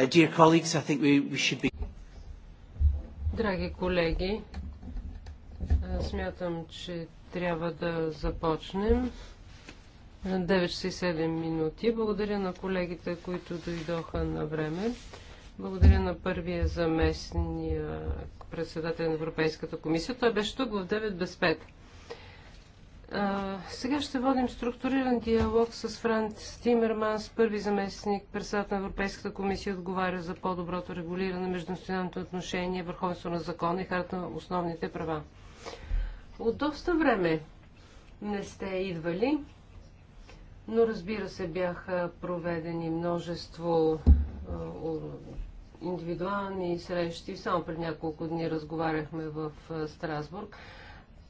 Uh, dear colleagues, I think we, should be... Драги колеги, смятам, че трябва да започнем. 9 минути. Благодаря на колегите, които дойдоха на време. Благодаря на първия заместния председател на Европейската комисия. Той беше тук в 9 без 5 сега ще водим структуриран диалог с Франт Тимерманс, първи заместник, председател на Европейската комисия, отговаря за по-доброто регулиране на междунационалните отношения, върховенство на закона и харта на основните права. От доста време не сте идвали, но разбира се бяха проведени множество индивидуални срещи. Само пред няколко дни разговаряхме в Страсбург.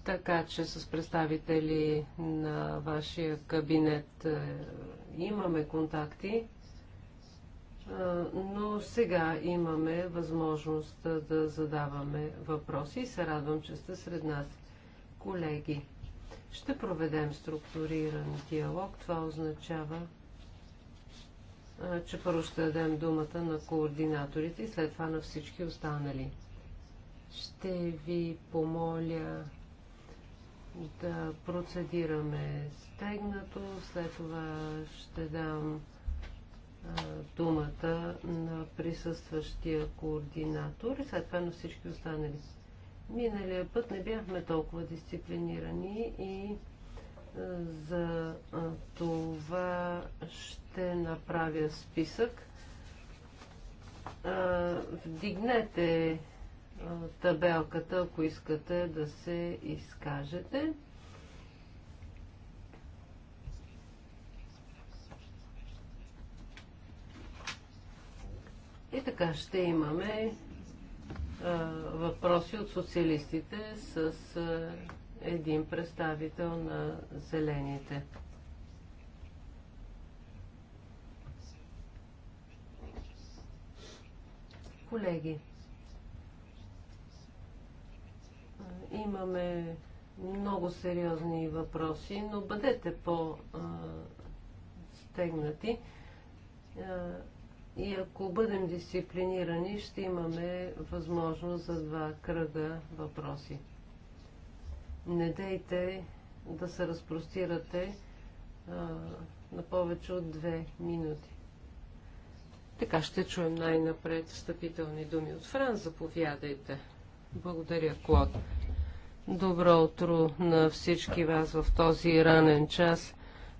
Така че с представители на вашия кабинет е, имаме контакти, е, но сега имаме възможност да задаваме въпроси и се радвам, че сте сред нас, колеги. Ще проведем структуриран диалог. Това означава, е, че първо ще дадем думата на координаторите и след това на всички останали. Ще ви помоля да процедираме стегнато. След това ще дам а, думата на присъстващия координатор и след това на всички останали. Миналия път не бяхме толкова дисциплинирани и за това ще направя списък. Вдигнете табелката, ако искате да се изкажете. И така ще имаме а, въпроси от социалистите с а, един представител на зелените. Колеги, Имаме много сериозни въпроси, но бъдете по-стегнати. И ако бъдем дисциплинирани, ще имаме възможност за два кръга въпроси. Не дейте да се разпростирате а, на повече от две минути. Така ще чуем най-напред встъпителни думи от Франс. Заповядайте. Благодаря, Клод. Добро утро на всички вас в този ранен час.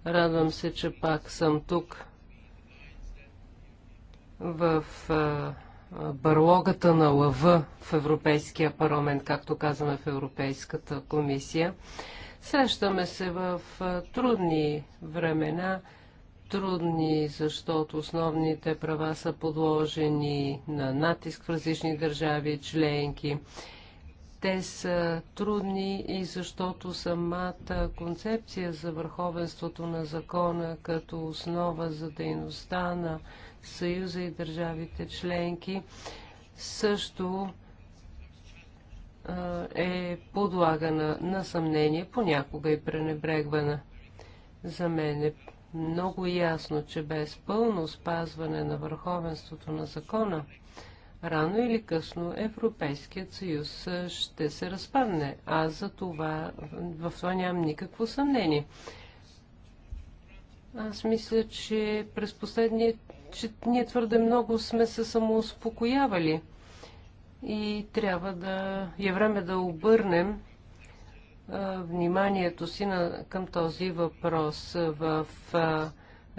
Радвам се, че пак съм тук в барлогата на лъва в Европейския парламент, както казваме в Европейската комисия. Срещаме се в трудни времена, трудни, защото основните права са подложени на натиск в различни държави членки те са трудни и защото самата концепция за върховенството на закона като основа за дейността на Съюза и държавите членки също е подлагана на съмнение, понякога и пренебрегвана. За мен е много ясно, че без пълно спазване на върховенството на закона – рано или късно Европейският съюз ще се разпадне. Аз за това, в това нямам никакво съмнение. Аз мисля, че през последния, че ние твърде много сме се самоуспокоявали и трябва да е време да обърнем а, вниманието си на, към този въпрос в а,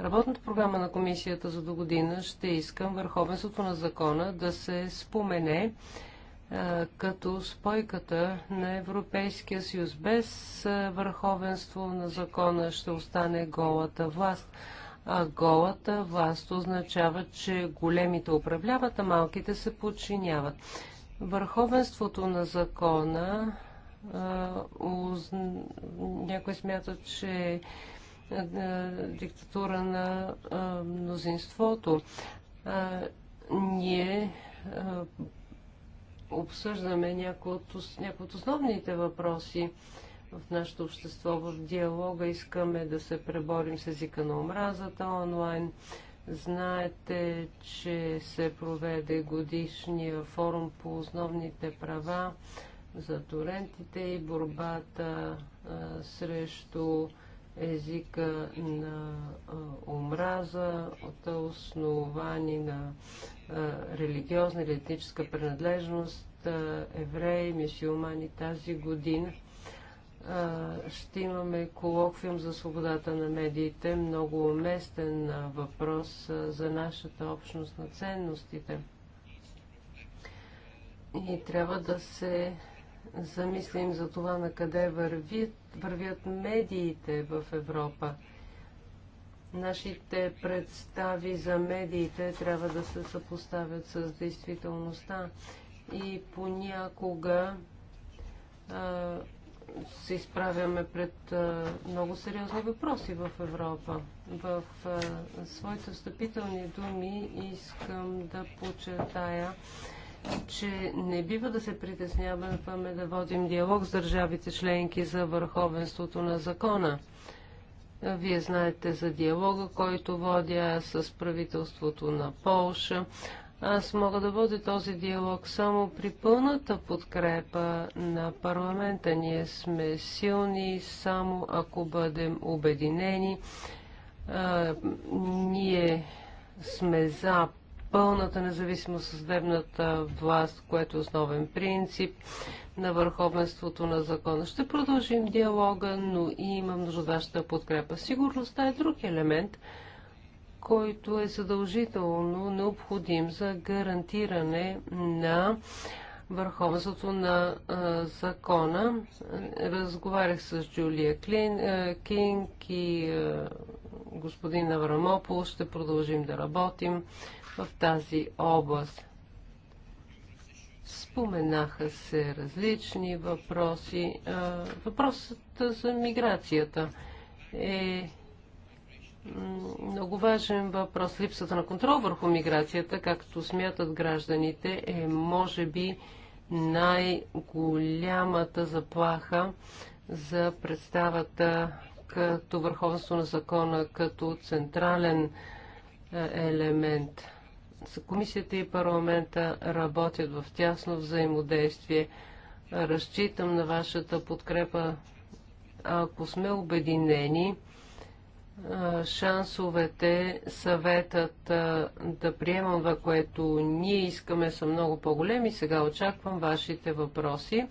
работната програма на комисията за до година ще искам върховенството на закона да се спомене като спойката на Европейския съюз. Без върховенство на закона ще остане голата власт. А голата власт означава, че големите управляват, а малките се подчиняват. Върховенството на закона някой смята, че е, диктатура на е, мнозинството. Е, ние обсъждаме някои от, основните въпроси в нашето общество, в диалога. Искаме да се преборим с езика на омразата онлайн. Знаете, че се проведе годишния форум по основните права за торентите и борбата а, срещу езика на омраза, от основани на религиозна или етническа принадлежност, евреи, мисиомани тази година. Ще имаме колоквиум за свободата на медиите, много уместен въпрос за нашата общност на ценностите. И трябва да се замислим за това на къде вървят, вървят медиите в Европа. Нашите представи за медиите трябва да се съпоставят с действителността и понякога а, се изправяме пред а, много сериозни въпроси в Европа. В а, своите встъпителни думи искам да подчертая, че не бива да се притесняваме да водим диалог с държавите членки за върховенството на закона. Вие знаете за диалога, който водя с правителството на Полша. Аз мога да водя този диалог само при пълната подкрепа на парламента. Ние сме силни само ако бъдем обединени. А, ние сме за пълната независимост съдебната власт, което е основен принцип на върховенството на закона. Ще продължим диалога, но и имам нужда вашата подкрепа. Сигурността е друг елемент, който е задължително необходим за гарантиране на върховенството на а, закона. Разговарях с Джулия Клин, а, Кинг и а, господин Аврамопол. Ще продължим да работим в тази област. Споменаха се различни въпроси. А, въпросът за миграцията е много важен въпрос. Липсата на контрол върху миграцията, както смятат гражданите, е може би най-голямата заплаха за представата като върховенство на закона, като централен е, елемент. Комисията и парламента работят в тясно взаимодействие. Разчитам на вашата подкрепа. Ако сме обединени, шансовете съветът да приемам това, което ние искаме, са много по-големи. Сега очаквам вашите въпроси.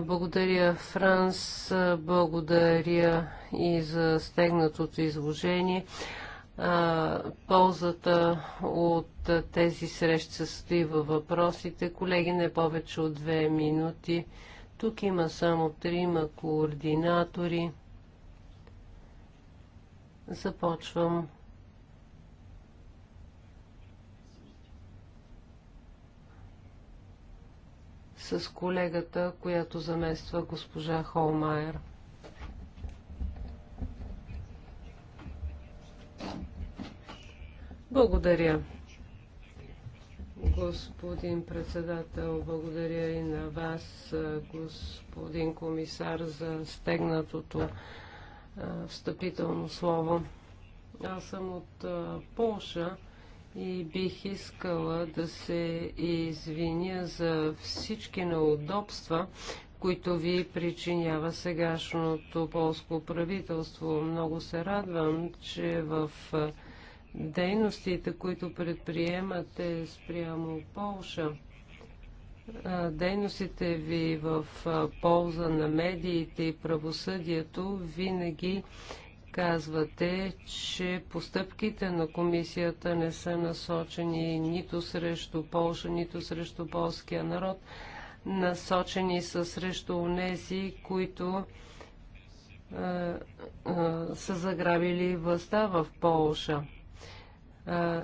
Благодаря, Франс. Благодаря и за стегнатото изложение. Ползата от тези срещи се състои във въпросите. Колеги, не повече от две минути. Тук има само трима координатори. Започвам. с колегата, която замества госпожа Холмайер. Благодаря. Господин председател, благодаря и на вас, господин комисар, за стегнатото е, встъпително слово. Аз съм от е, Полша и бих искала да се извиня за всички неудобства, които ви причинява сегашното полско правителство. Много се радвам, че в е, дейностите, които предприемате спрямо Полша, дейностите ви в полза на медиите и правосъдието винаги казвате, че постъпките на комисията не са насочени нито срещу Полша, нито срещу полския народ. Насочени са срещу унези, които са заграбили властта в Полша.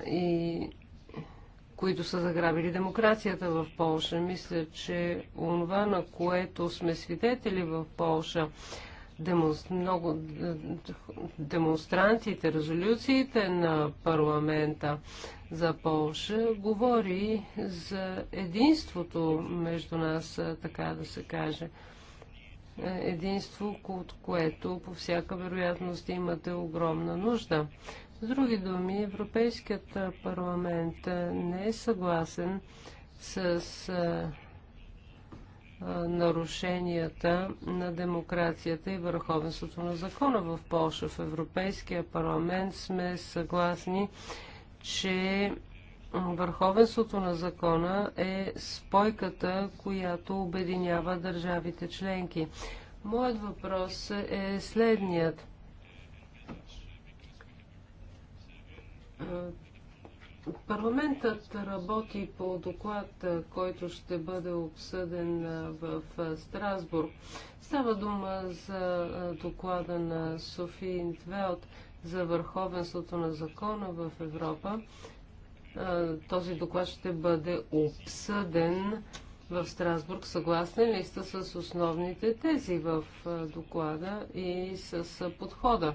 и които са заграбили демокрацията в Полша. Мисля, че онова, на което сме свидетели в Полша, много демонстрантите, резолюциите на парламента за Полша говори за единството между нас, така да се каже. Единство, от което по всяка вероятност имате огромна нужда. С други думи, Европейският парламент не е съгласен с нарушенията на демокрацията и върховенството на закона в Польша. В Европейския парламент сме съгласни, че върховенството на закона е спойката, която обединява държавите членки. Моят въпрос е следният. Парламентът работи по доклад, който ще бъде обсъден в Страсбург. Става дума за доклада на Софи Интвелт за върховенството на закона в Европа. Този доклад ще бъде обсъден в Страсбург. Съгласна ли сте с основните тези в доклада и с подхода?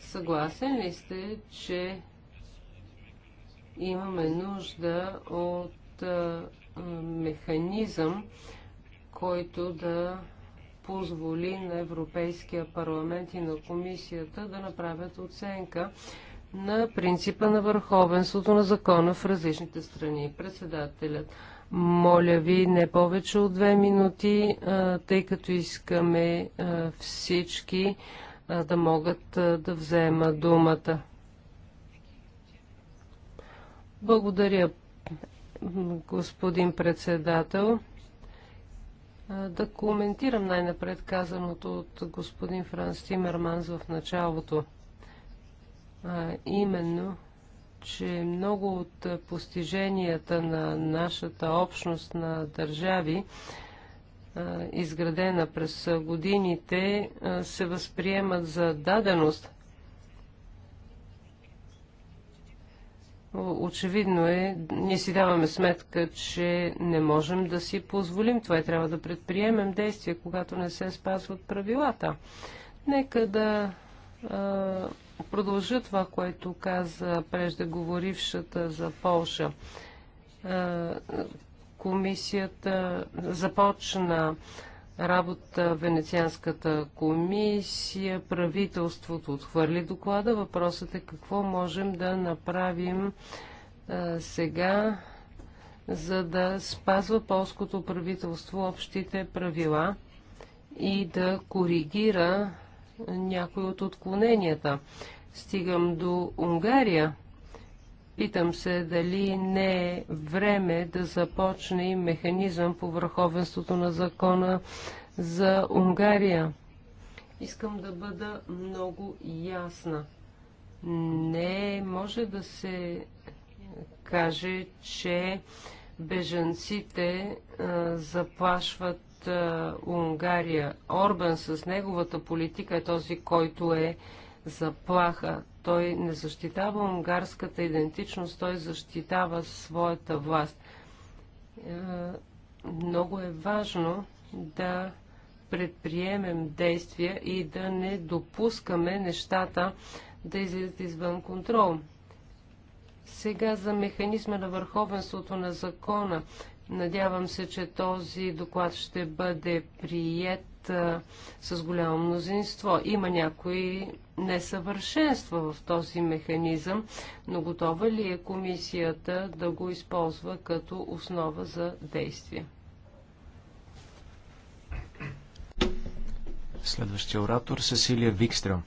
Съгласен ли сте, че Имаме нужда от а, механизъм, който да позволи на Европейския парламент и на комисията да направят оценка на принципа на върховенството на закона в различните страни. Председателят, моля ви не повече от две минути, тъй като искаме всички да могат да взема думата. Благодаря, господин председател. Да коментирам най-напред казаното от господин Франс Тимерманс в началото. А, именно, че много от постиженията на нашата общност на държави, изградена през годините, се възприемат за даденост. Очевидно е, ние си даваме сметка, че не можем да си позволим това е трябва да предприемем действия, когато не се спазват правилата. Нека да а, продължа това, което каза преждеговорившата за Полша. А, комисията започна работа Венецианската комисия, правителството отхвърли доклада. Въпросът е какво можем да направим а, сега, за да спазва полското правителство общите правила и да коригира някои от отклоненията. Стигам до Унгария. Питам се дали не е време да започне и механизъм по върховенството на закона за Унгария. Искам да бъда много ясна. Не може да се каже, че бежанците а, заплашват а, Унгария. Орбан с неговата политика е този, който е заплаха. Той не защитава унгарската идентичност, той защитава своята власт. Е, много е важно да предприемем действия и да не допускаме нещата да излизат извън контрол. Сега за механизма на върховенството на закона. Надявам се, че този доклад ще бъде прият с голямо мнозинство. Има някои несъвършенства в този механизъм, но готова ли е комисията да го използва като основа за действие? Следващия оратор Сесилия Викстрем.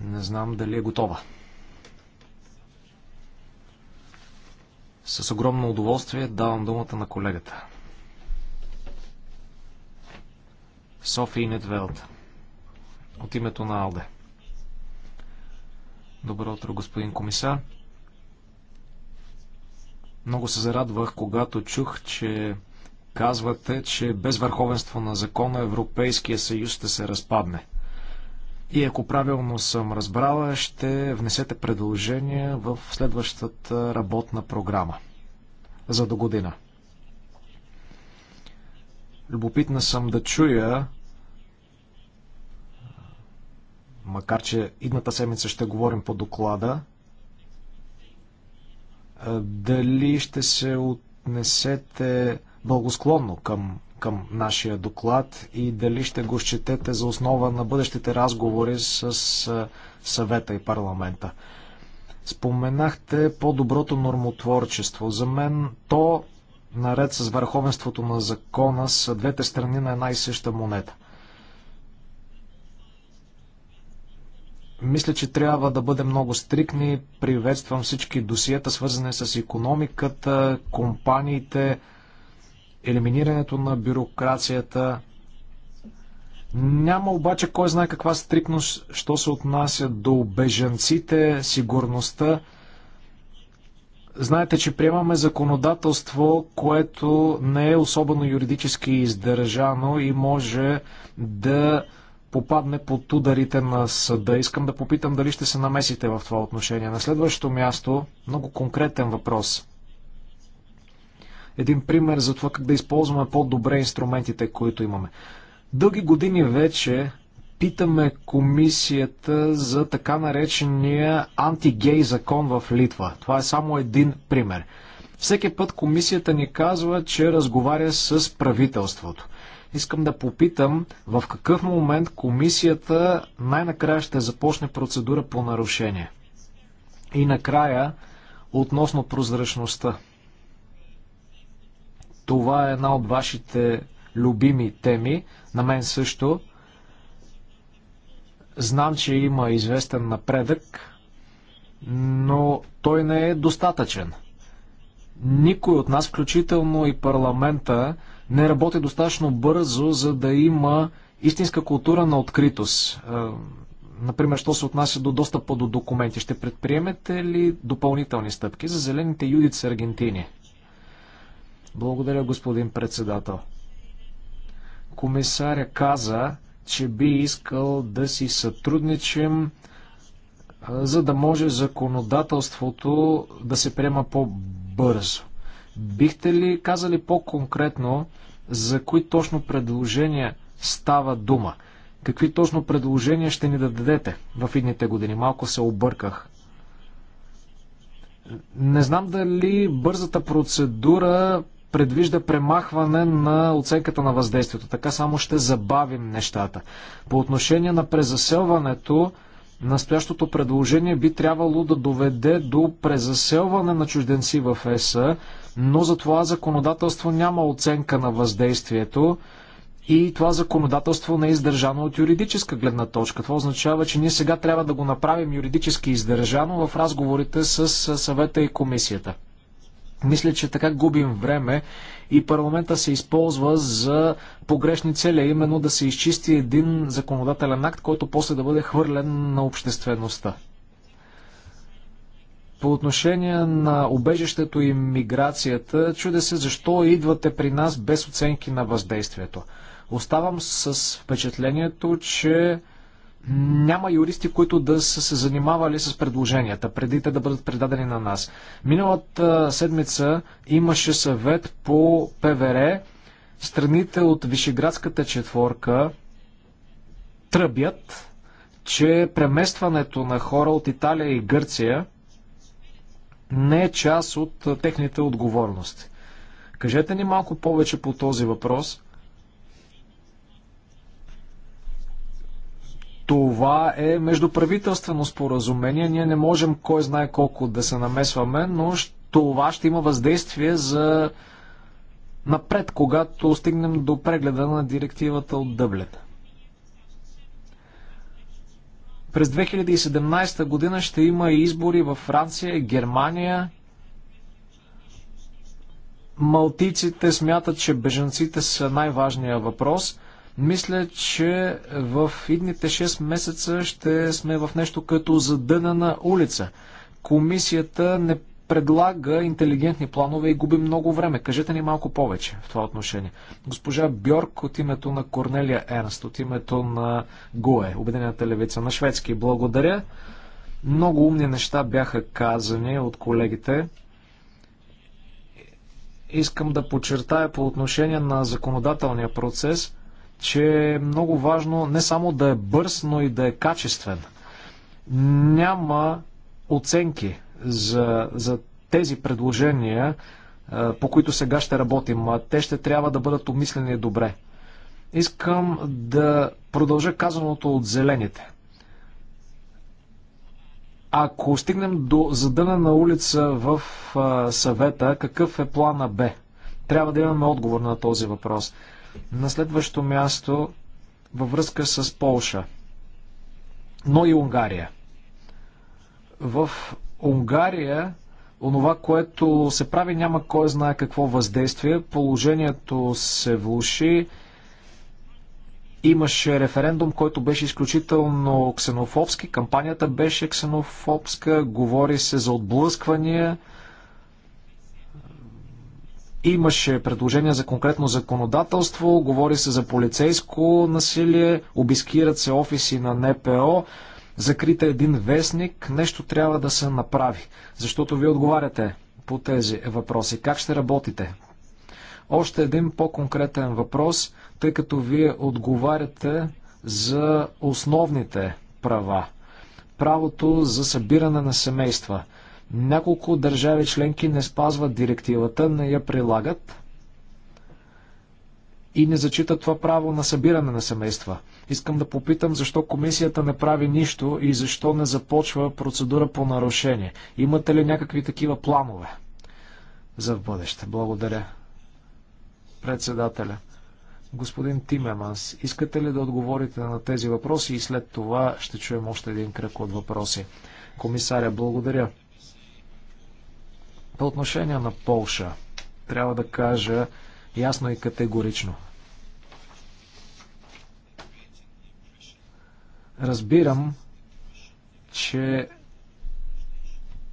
Не знам дали е готова. С огромно удоволствие давам думата на колегата. Софи Недвелт от името на Алде. Добро утро, господин комисар. Много се зарадвах, когато чух, че казвате, че без върховенство на закона Европейския съюз ще се разпадне. И ако правилно съм разбрала, ще внесете предложения в следващата работна програма за до година. Любопитна съм да чуя, макар че идната седмица ще говорим по доклада, дали ще се отнесете благосклонно към, към нашия доклад и дали ще го счетете за основа на бъдещите разговори с съвета и парламента. Споменахте по-доброто нормотворчество. За мен то наред с върховенството на закона, са двете страни на една и съща монета. Мисля, че трябва да бъдем много стрикни. Приветствам всички досиета, свързани с економиката, компаниите, елиминирането на бюрокрацията. Няма обаче кой знае каква стрикност, що се отнася до беженците сигурността. Знаете, че приемаме законодателство, което не е особено юридически издържано и може да попадне под ударите на съда. Искам да попитам дали ще се намесите в това отношение. На следващото място, много конкретен въпрос. Един пример за това как да използваме по-добре инструментите, които имаме. Дълги години вече питаме комисията за така наречения антигей закон в Литва. Това е само един пример. Всеки път комисията ни казва, че разговаря с правителството. Искам да попитам в какъв момент комисията най-накрая ще започне процедура по нарушение. И накрая, относно прозрачността. Това е една от вашите любими теми, на мен също – Знам, че има известен напредък, но той не е достатъчен. Никой от нас, включително и парламента, не работи достатъчно бързо, за да има истинска култура на откритост. Е, например, що се отнася до достъпа до документи, ще предприемете ли допълнителни стъпки за зелените юдици Аргентини? Благодаря, господин председател. Комисаря каза, че би искал да си сътрудничим, за да може законодателството да се приема по-бързо. Бихте ли казали по-конкретно за кои точно предложения става дума? Какви точно предложения ще ни дадете в идните години? Малко се обърках. Не знам дали бързата процедура предвижда премахване на оценката на въздействието. Така само ще забавим нещата. По отношение на презаселването, настоящото предложение би трябвало да доведе до презаселване на чужденци в ЕСА, но за това законодателство няма оценка на въздействието и това законодателство не е издържано от юридическа гледна точка. Това означава, че ние сега трябва да го направим юридически издържано в разговорите с съвета и комисията. Мисля, че така губим време и парламента се използва за погрешни цели, именно да се изчисти един законодателен акт, който после да бъде хвърлен на обществеността. По отношение на обежището и миграцията, чуде се защо идвате при нас без оценки на въздействието. Оставам с впечатлението, че няма юристи, които да са се занимавали с предложенията, преди те да бъдат предадени на нас. Миналата седмица имаше съвет по ПВР. Страните от Вишеградската четворка тръбят, че преместването на хора от Италия и Гърция не е част от техните отговорности. Кажете ни малко повече по този въпрос. Това е междуправителствено споразумение. Ние не можем кой знае колко да се намесваме, но това ще има въздействие за напред, когато стигнем до прегледа на директивата от Дъблета. През 2017 година ще има и избори във Франция, и Германия. Малтиците смятат, че беженците са най-важният въпрос. Мисля, че в идните 6 месеца ще сме в нещо като задънена улица. Комисията не предлага интелигентни планове и губи много време. Кажете ни малко повече в това отношение. Госпожа Бьорк от името на Корнелия Ернст, от името на ГУЕ, Обединената левица на шведски. Благодаря. Много умни неща бяха казани от колегите. Искам да подчертая по отношение на законодателния процес че е много важно не само да е бърз, но и да е качествен. Няма оценки за, за тези предложения, по които сега ще работим. Те ще трябва да бъдат обмислени добре. Искам да продължа казаното от зелените. Ако стигнем до на улица в съвета, какъв е плана Б? Трябва да имаме отговор на този въпрос. На следващо място във връзка с Полша, но и Унгария. В Унгария онова, което се прави, няма кой знае какво въздействие. Положението се влуши. Имаше референдум, който беше изключително ксенофобски. Кампанията беше ксенофобска. Говори се за отблъсквания Имаше предложения за конкретно законодателство, говори се за полицейско насилие, обискират се офиси на НПО, закрита е един вестник, нещо трябва да се направи, защото ви отговаряте по тези въпроси. Как ще работите? Още един по-конкретен въпрос, тъй като вие отговаряте за основните права. Правото за събиране на семейства. Няколко държави членки не спазват директивата, не я прилагат и не зачитат това право на събиране на семейства. Искам да попитам защо комисията не прави нищо и защо не започва процедура по нарушение. Имате ли някакви такива планове за в бъдеще? Благодаря. Председателя. Господин Тимеманс, искате ли да отговорите на тези въпроси и след това ще чуем още един кръг от въпроси? Комисаря, благодаря. По отношение на Полша, трябва да кажа ясно и категорично. Разбирам, че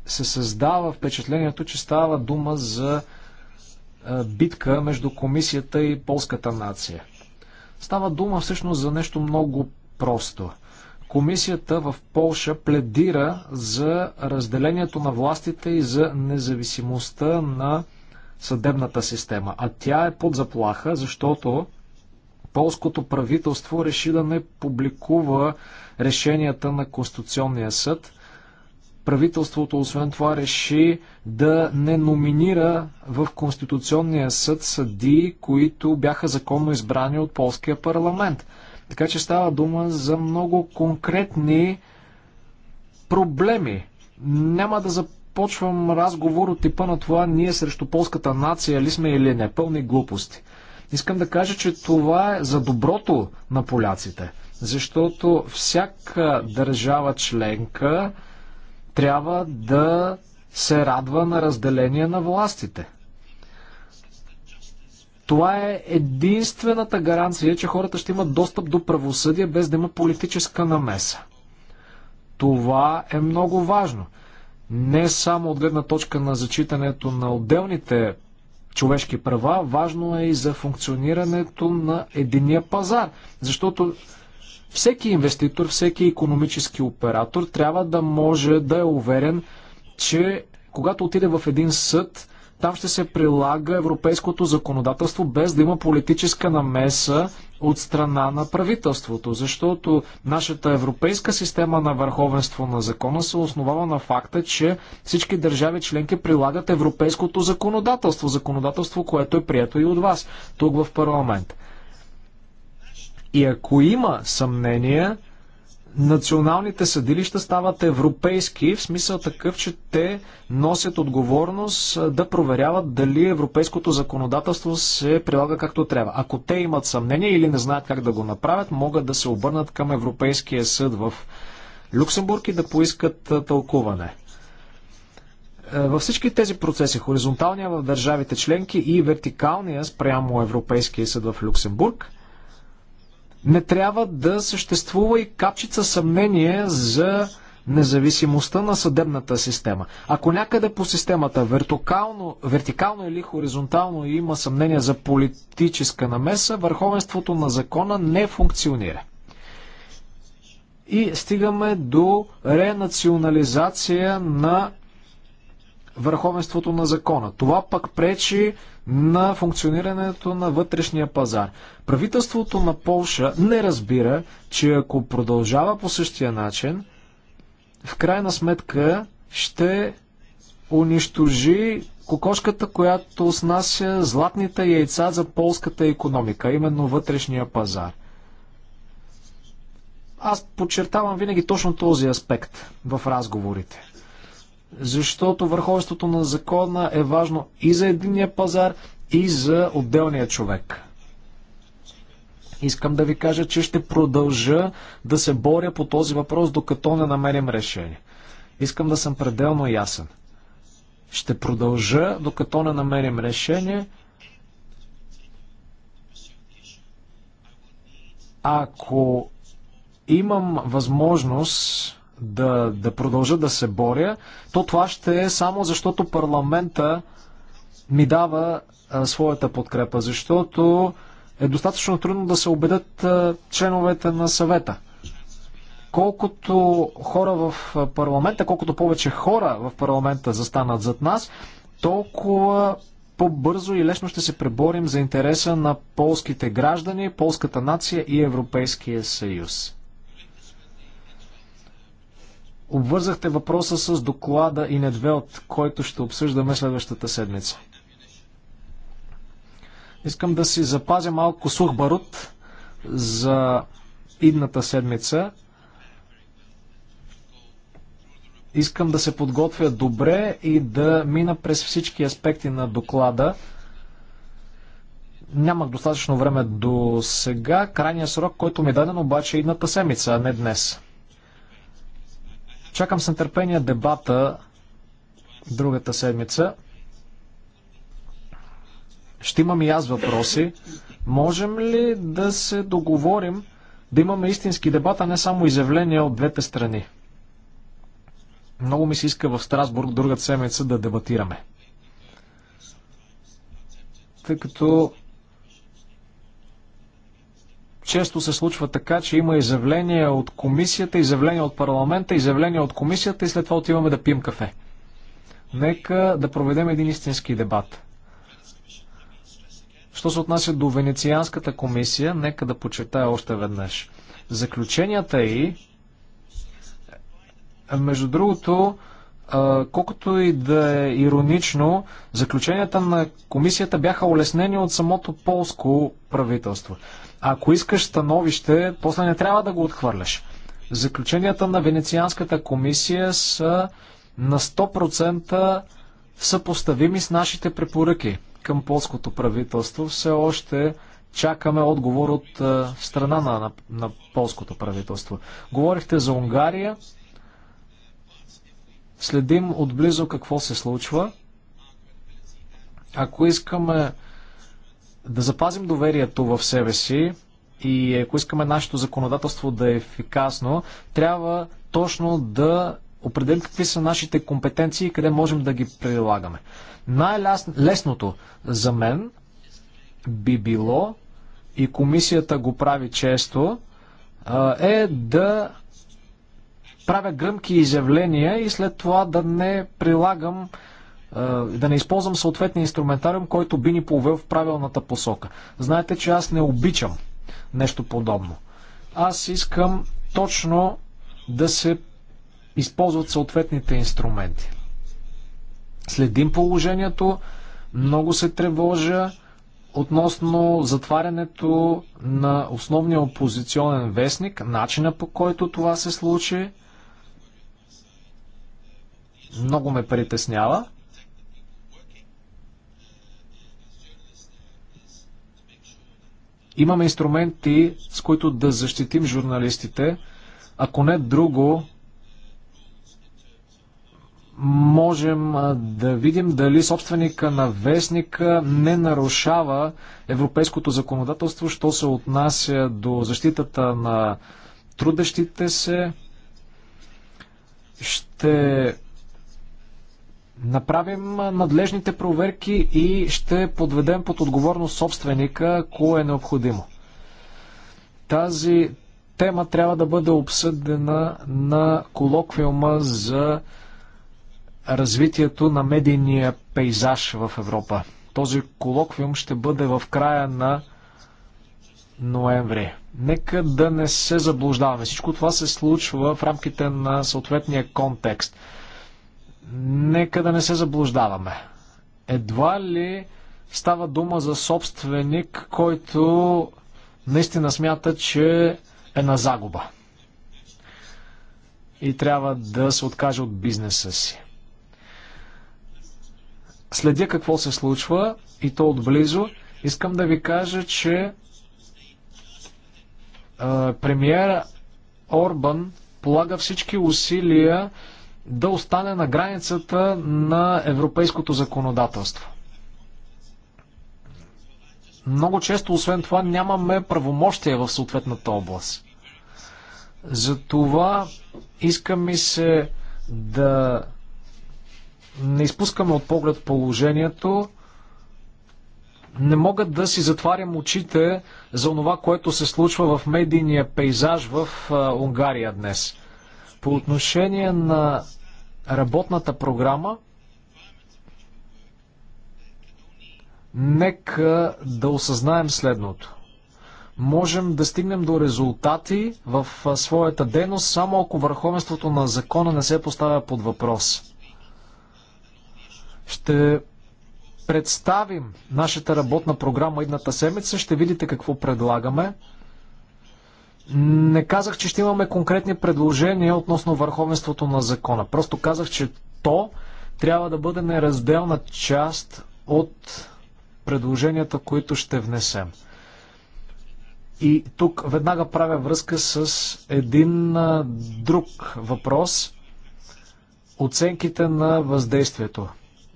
се създава впечатлението, че става дума за битка между комисията и полската нация. Става дума всъщност за нещо много просто – Комисията в Полша пледира за разделението на властите и за независимостта на съдебната система. А тя е под заплаха, защото полското правителство реши да не публикува решенията на Конституционния съд. Правителството, освен това, реши да не номинира в Конституционния съд съдии, които бяха законно избрани от полския парламент. Така че става дума за много конкретни проблеми. Няма да започвам разговор от типа на това ние срещу полската нация ли сме или не. Пълни глупости. Искам да кажа, че това е за доброто на поляците. Защото всяка държава членка трябва да се радва на разделение на властите. Това е единствената гаранция, че хората ще имат достъп до правосъдие без да има политическа намеса. Това е много важно. Не само от гледна точка на зачитането на отделните човешки права, важно е и за функционирането на единия пазар. Защото всеки инвеститор, всеки економически оператор трябва да може да е уверен, че когато отиде в един съд, там ще се прилага европейското законодателство без да има политическа намеса от страна на правителството, защото нашата европейска система на върховенство на закона се основава на факта, че всички държави членки прилагат европейското законодателство, законодателство, което е прието и от вас, тук в парламент. И ако има съмнения, националните съдилища стават европейски, в смисъл такъв, че те носят отговорност да проверяват дали европейското законодателство се прилага както трябва. Ако те имат съмнение или не знаят как да го направят, могат да се обърнат към Европейския съд в Люксембург и да поискат тълкуване. Е, във всички тези процеси, хоризонталния в държавите членки и вертикалния спрямо Европейския съд в Люксембург, не трябва да съществува и капчица съмнение за независимостта на съдебната система. Ако някъде по системата вертикално, вертикално или хоризонтално има съмнение за политическа намеса, върховенството на закона не функционира. И стигаме до ренационализация на върховенството на закона. Това пък пречи на функционирането на вътрешния пазар. Правителството на Полша не разбира, че ако продължава по същия начин, в крайна сметка ще унищожи кокошката, която снася златните яйца за полската економика, именно вътрешния пазар. Аз подчертавам винаги точно този аспект в разговорите защото върховенството на закона е важно и за единния пазар, и за отделния човек. Искам да ви кажа, че ще продължа да се боря по този въпрос, докато не намерим решение. Искам да съм пределно ясен. Ще продължа, докато не намерим решение. Ако имам възможност да, да продължа да се боря, то това ще е само защото парламента ми дава а, своята подкрепа, защото е достатъчно трудно да се убедят а, членовете на съвета. Колкото хора в парламента, колкото повече хора в парламента застанат зад нас, толкова по-бързо и лесно ще се преборим за интереса на полските граждани, полската нация и Европейския съюз. Обвързахте въпроса с доклада и Недвелт, който ще обсъждаме следващата седмица. Искам да си запазя малко сух барут за идната седмица. Искам да се подготвя добре и да мина през всички аспекти на доклада. Нямах достатъчно време до сега. Крайният срок, който ми е даден обаче е идната седмица, а не днес. Чакам с нетърпение дебата другата седмица. Ще имам и аз въпроси. Можем ли да се договорим да имаме истински дебат, а не само изявления от двете страни? Много ми се иска в Страсбург другата седмица да дебатираме. Тъй като често се случва така, че има изявления от комисията, изявления от парламента, изявления от комисията и след това отиваме да пием кафе. Нека да проведем един истински дебат. Що се отнася до Венецианската комисия, нека да почетая още веднъж. Заключенията и, между другото, колкото и да е иронично, заключенията на комисията бяха улеснени от самото полско правителство. Ако искаш становище, после не трябва да го отхвърляш. Заключенията на Венецианската комисия са на 100% съпоставими с нашите препоръки към полското правителство. Все още чакаме отговор от страна на, на, на полското правителство. Говорихте за Унгария. Следим отблизо какво се случва. Ако искаме да запазим доверието в себе си и ако искаме нашето законодателство да е ефикасно, трябва точно да определим какви са нашите компетенции и къде можем да ги прилагаме. Най-лесното за мен би било, и комисията го прави често, е да правя гръмки изявления и след това да не прилагам да не използвам съответния инструментариум, който би ни повел в правилната посока. Знаете, че аз не обичам нещо подобно. Аз искам точно да се използват съответните инструменти. Следим положението, много се тревожа относно затварянето на основния опозиционен вестник, начина по който това се случи много ме притеснява. Имаме инструменти, с които да защитим журналистите. Ако не друго, можем да видим дали собственика на вестника не нарушава европейското законодателство, що се отнася до защитата на трудещите се. Ще направим надлежните проверки и ще подведем под отговорност собственика, ако е необходимо. Тази тема трябва да бъде обсъдена на колоквиума за развитието на медийния пейзаж в Европа. Този колоквиум ще бъде в края на ноември. Нека да не се заблуждаваме. Всичко това се случва в рамките на съответния контекст – Нека да не се заблуждаваме. Едва ли става дума за собственик, който наистина смята, че е на загуба и трябва да се откаже от бизнеса си. Следя какво се случва и то отблизо. Искам да ви кажа, че е, премиера Орбан полага всички усилия да остане на границата на европейското законодателство. Много често, освен това, нямаме правомощия в съответната област. Затова искам и се да не изпускаме от поглед положението. Не мога да си затварям очите за това, което се случва в медийния пейзаж в Унгария днес. По отношение на работната програма нека да осъзнаем следното. Можем да стигнем до резултати в своята дейност, само ако върховенството на закона не се поставя под въпрос. Ще представим нашата работна програма едната седмица, ще видите какво предлагаме. Не казах, че ще имаме конкретни предложения относно върховенството на закона. Просто казах, че то трябва да бъде неразделна част от предложенията, които ще внесем. И тук веднага правя връзка с един друг въпрос оценките на въздействието.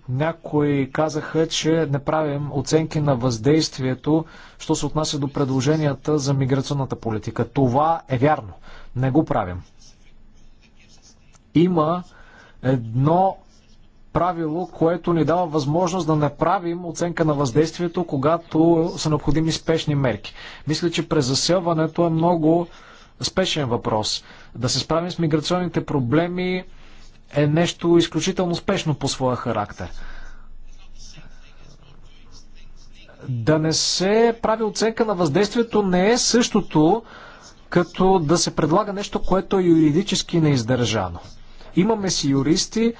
Някои казаха, че не правим оценки на въздействието, що се отнася до предложенията за миграционната политика. Това е вярно. Не го правим. Има едно правило, което ни дава възможност да направим оценка на въздействието, когато са необходими спешни мерки. Мисля, че през заселването е много спешен въпрос. Да се справим с миграционните проблеми е нещо изключително спешно по своя характер. Да не се прави оценка на въздействието не е същото, като да се предлага нещо, което е юридически неиздържано. Имаме си юристи,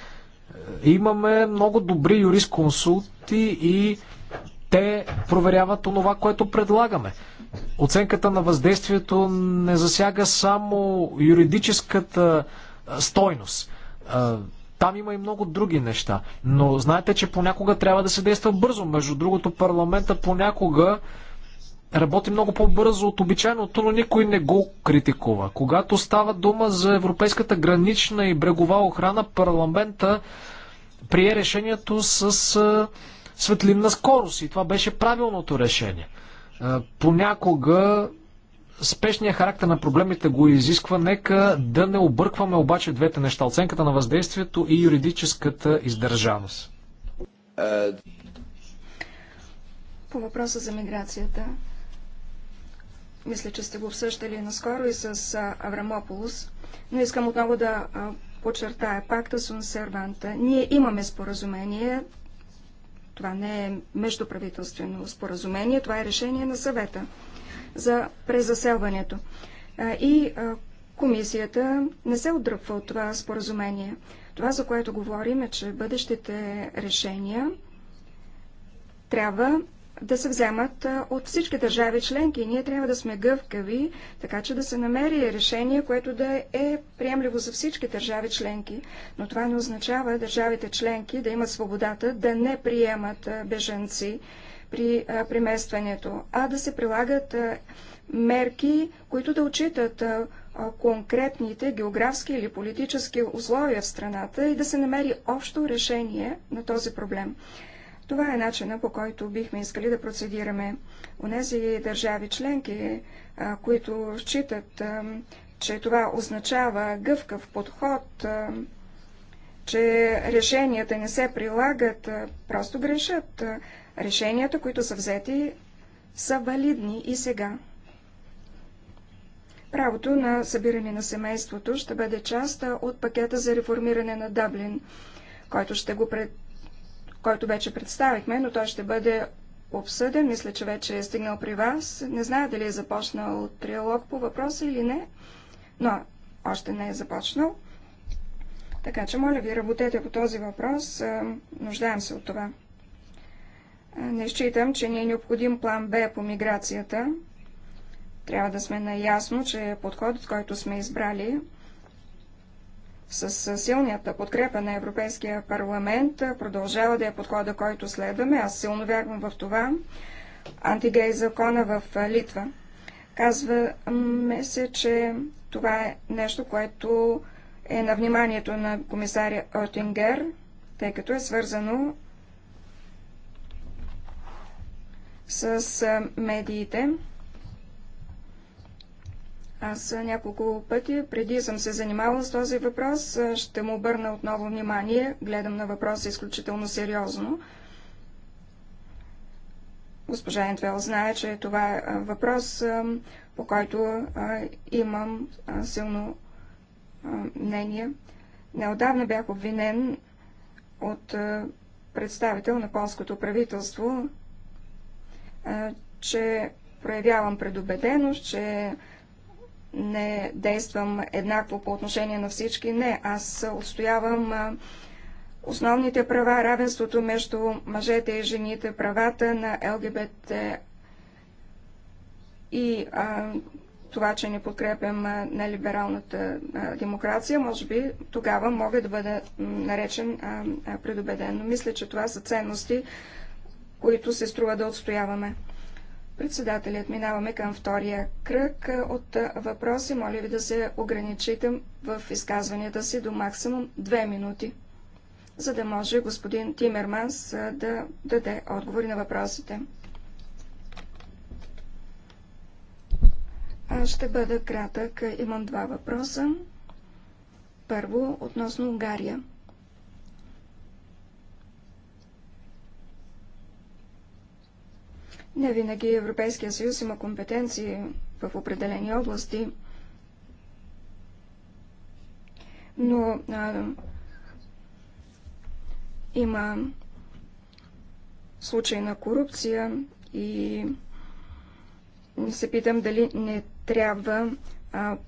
имаме много добри юрисконсулти и те проверяват онова, което предлагаме. Оценката на въздействието не засяга само юридическата стойност. Там има и много други неща. Но знаете, че понякога трябва да се действа бързо. Между другото, парламента понякога работи много по-бързо от обичайното, но никой не го критикува. Когато става дума за европейската гранична и брегова охрана, парламента прие решението с светлинна скорост и това беше правилното решение. Понякога Спешният характер на проблемите го изисква. Нека да не объркваме обаче двете неща. Оценката на въздействието и юридическата издържаност. По въпроса за миграцията, мисля, че сте го обсъждали наскоро и с Аврамополус, но искам отново да подчертая пакта с Унсерванта. Ние имаме споразумение, това не е междуправителствено споразумение, това е решение на съвета за презаселването. И комисията не се отдръпва от това споразумение. Това, за което говорим, е, че бъдещите решения трябва да се вземат от всички държави членки и ние трябва да сме гъвкави, така че да се намери решение, което да е приемливо за всички държави членки. Но това не означава държавите членки да имат свободата да не приемат беженци при преместването, а да се прилагат мерки, които да отчитат конкретните географски или политически условия в страната и да се намери общо решение на този проблем. Това е начина по който бихме искали да процедираме. у нези държави членки, които считат, че това означава гъвкав подход, че решенията не се прилагат, просто грешат. Решенията, които са взети, са валидни и сега. Правото на събиране на семейството ще бъде част от пакета за реформиране на Даблин, който, ще го пред... който вече представихме, но той ще бъде обсъден. Мисля, че вече е стигнал при вас. Не знае дали е започнал триалог по въпроса или не, но още не е започнал. Така че, моля ви, работете по този въпрос. Нуждаем се от това. Не считам, че ни е необходим план Б по миграцията. Трябва да сме наясно, че подходът, който сме избрали с силнията подкрепа на Европейския парламент, продължава да е подхода, който следваме. Аз силно вярвам в това. Антигей закона в Литва. Казваме се, че това е нещо, което е на вниманието на комисаря Отингер, тъй като е свързано с медиите. Аз няколко пъти преди съм се занимавала с този въпрос. Ще му обърна отново внимание. Гледам на въпроса изключително сериозно. Госпожа Ентвел знае, че това е въпрос, по който имам силно мнение. Неодавна бях обвинен от представител на полското правителство е, че проявявам предубеденост, че не действам еднакво по отношение на всички. Не, аз отстоявам е, основните права, равенството между мъжете и жените, правата на ЛГБТ и а, е, това, че не подкрепям нелибералната демокрация, може би тогава мога да бъда наречен а, предубеден. Но мисля, че това са ценности, които се струва да отстояваме. Председателят, минаваме към втория кръг от въпроси. Моля ви да се ограничите в изказванията си до максимум две минути, за да може господин Тимерманс да даде отговори на въпросите. Аз ще бъда кратък. Имам два въпроса. Първо, относно Унгария. Не винаги Европейския съюз има компетенции в определени области, но а, има случай на корупция и се питам дали не трябва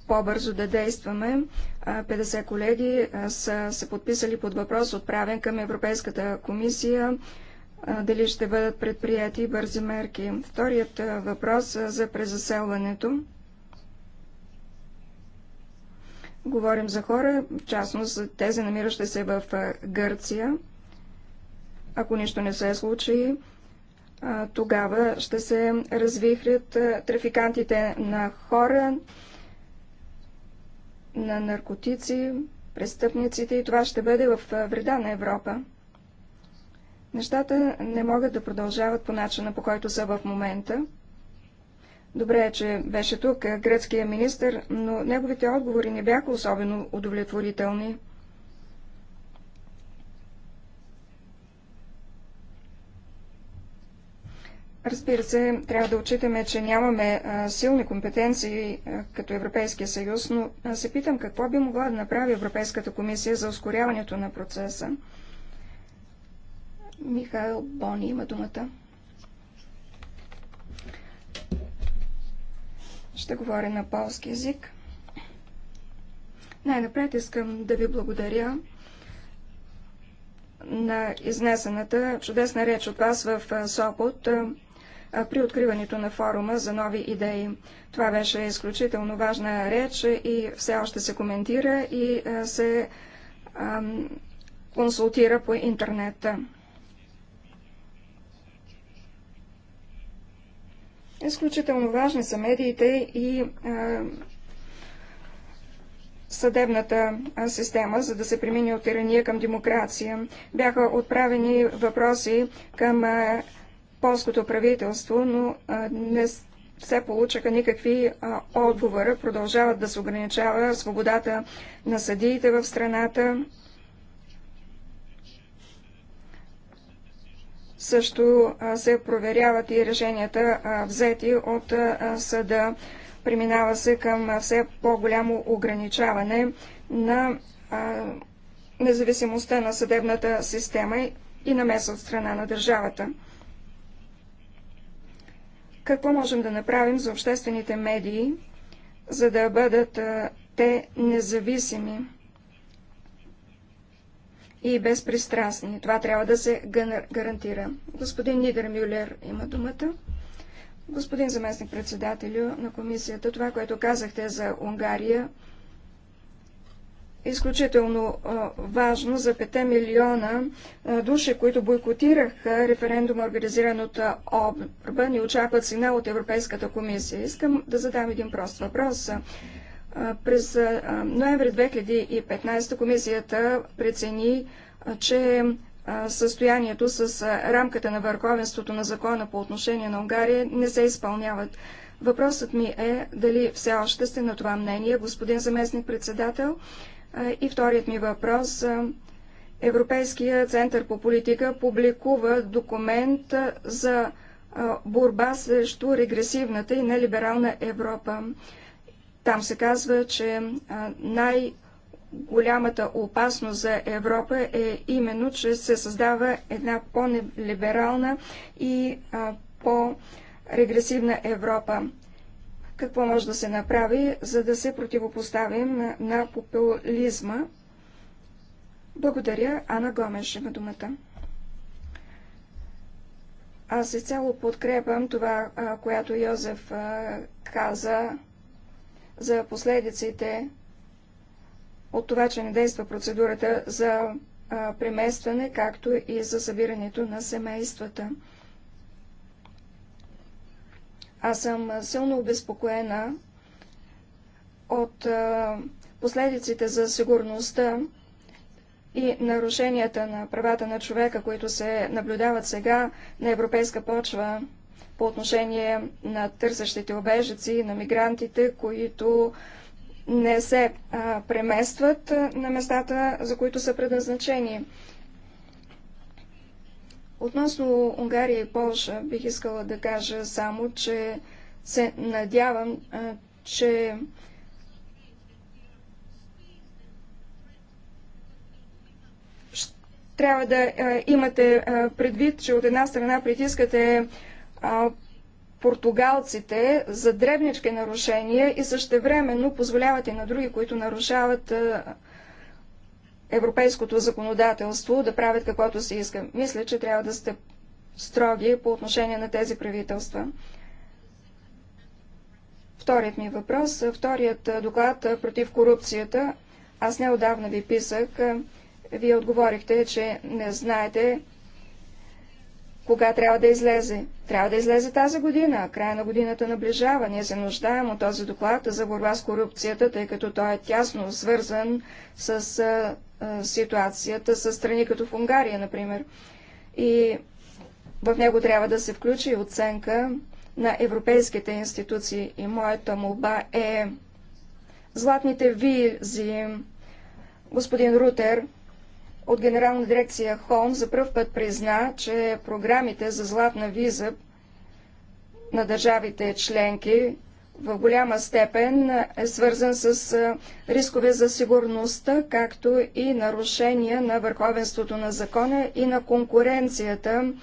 по-бързо да действаме. А, 50 колеги а, са се подписали под въпрос, отправен към Европейската комисия дали ще бъдат предприяти бързи мерки. Вторият въпрос за презаселването. Говорим за хора, в частност за тези намиращи се в Гърция. Ако нищо не се случи, тогава ще се развихрят трафикантите на хора, на наркотици, престъпниците и това ще бъде в вреда на Европа. Нещата не могат да продължават по начина, по който са в момента. Добре е, че беше тук е, гръцкия министр, но неговите отговори не бяха особено удовлетворителни. Разбира се, трябва да отчитаме, че нямаме силни компетенции като Европейския съюз, но се питам какво би могла да направи Европейската комисия за ускоряването на процеса. Михайл Бони има думата. Ще говоря на полски язик. Най-напред искам да ви благодаря на изнесената чудесна реч от вас в Сопот при откриването на форума за нови идеи. Това беше изключително важна реч и все още се коментира и се консултира по интернета. Изключително важни са медиите и а, е, съдебната е, система, за да се премине от тирания към демокрация. Бяха отправени въпроси към а, е, полското правителство, но а, не се получаха никакви а, отговора. Продължават да се ограничава свободата на съдиите в страната. Също се проверяват и решенията взети от съда. Преминава се към все по-голямо ограничаване на независимостта на съдебната система и намеса от страна на държавата. Какво можем да направим за обществените медии, за да бъдат те независими? и безпристрастни. Това трябва да се гарантира. Господин Нидер Мюлер има думата. Господин заместник председателю на комисията, това, което казахте за Унгария, е изключително важно за 5 милиона души, които бойкотираха референдум, организиран от Орбан и очакват сигнал от Европейската комисия. Искам да задам един прост въпрос. През ноември 2015 комисията прецени, че състоянието с рамката на върховенството на закона по отношение на Унгария не се изпълняват. Въпросът ми е дали все още сте на това мнение, господин заместник-председател. И вторият ми въпрос. Европейския център по политика публикува документ за борба срещу регресивната и нелиберална Европа. Там се казва, че най-голямата опасност за Европа е именно, че се създава една по-либерална и по-регресивна Европа. Какво може да се направи, за да се противопоставим на популизма? Благодаря. Ана Гомеш има думата. Аз изцяло подкрепям това, което Йозеф каза за последиците от това, че не действа процедурата за преместване, както и за събирането на семействата. Аз съм силно обезпокоена от последиците за сигурността и нарушенията на правата на човека, които се наблюдават сега на европейска почва по отношение на търсещите обежици и на мигрантите, които не се а, преместват на местата, за които са предназначени. Относно Унгария и Польша, бих искала да кажа само, че се надявам, а, че трябва да а, имате предвид, че от една страна притискате а, португалците за дребнички нарушения и същевременно позволяват и на други, които нарушават европейското законодателство, да правят каквото се иска. Мисля, че трябва да сте строги по отношение на тези правителства. Вторият ми въпрос, вторият доклад против корупцията. Аз неодавна ви писах. Вие отговорихте, че не знаете кога трябва да излезе? Трябва да излезе тази година. Края на годината наближава. Ние се нуждаем от този доклад за борба с корупцията, тъй като той е тясно свързан с а, а, ситуацията с страни като в Унгария, например. И в него трябва да се включи оценка на европейските институции. И моята молба е златните визи. Господин Рутер от Генерална дирекция Холм за първ път призна, че програмите за златна виза на държавите членки в голяма степен е свързан с рискове за сигурността, както и нарушения на върховенството на закона и на конкуренцията,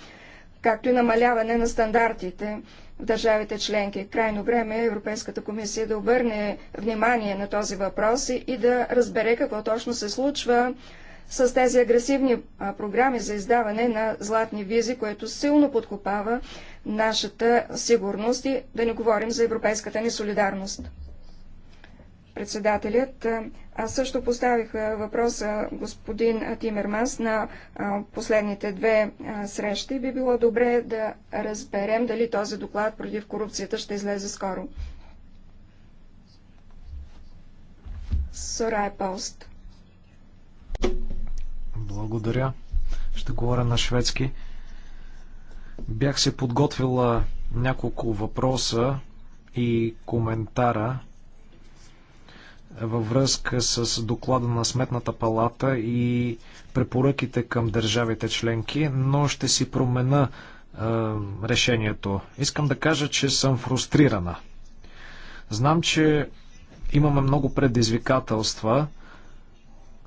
както и намаляване на стандартите в държавите членки. Крайно време е Европейската комисия да обърне внимание на този въпрос и да разбере какво точно се случва с тези агресивни програми за издаване на златни визи, което силно подкопава нашата сигурност и да не говорим за европейската ни солидарност. Председателят, аз също поставих въпроса господин Тимерманс на последните две срещи. Би било добре да разберем дали този доклад против корупцията ще излезе скоро. Сорай Пост. Благодаря. Ще говоря на шведски. Бях се подготвила няколко въпроса и коментара във връзка с доклада на Сметната палата и препоръките към държавите членки, но ще си промена е, решението. Искам да кажа, че съм фрустрирана. Знам, че имаме много предизвикателства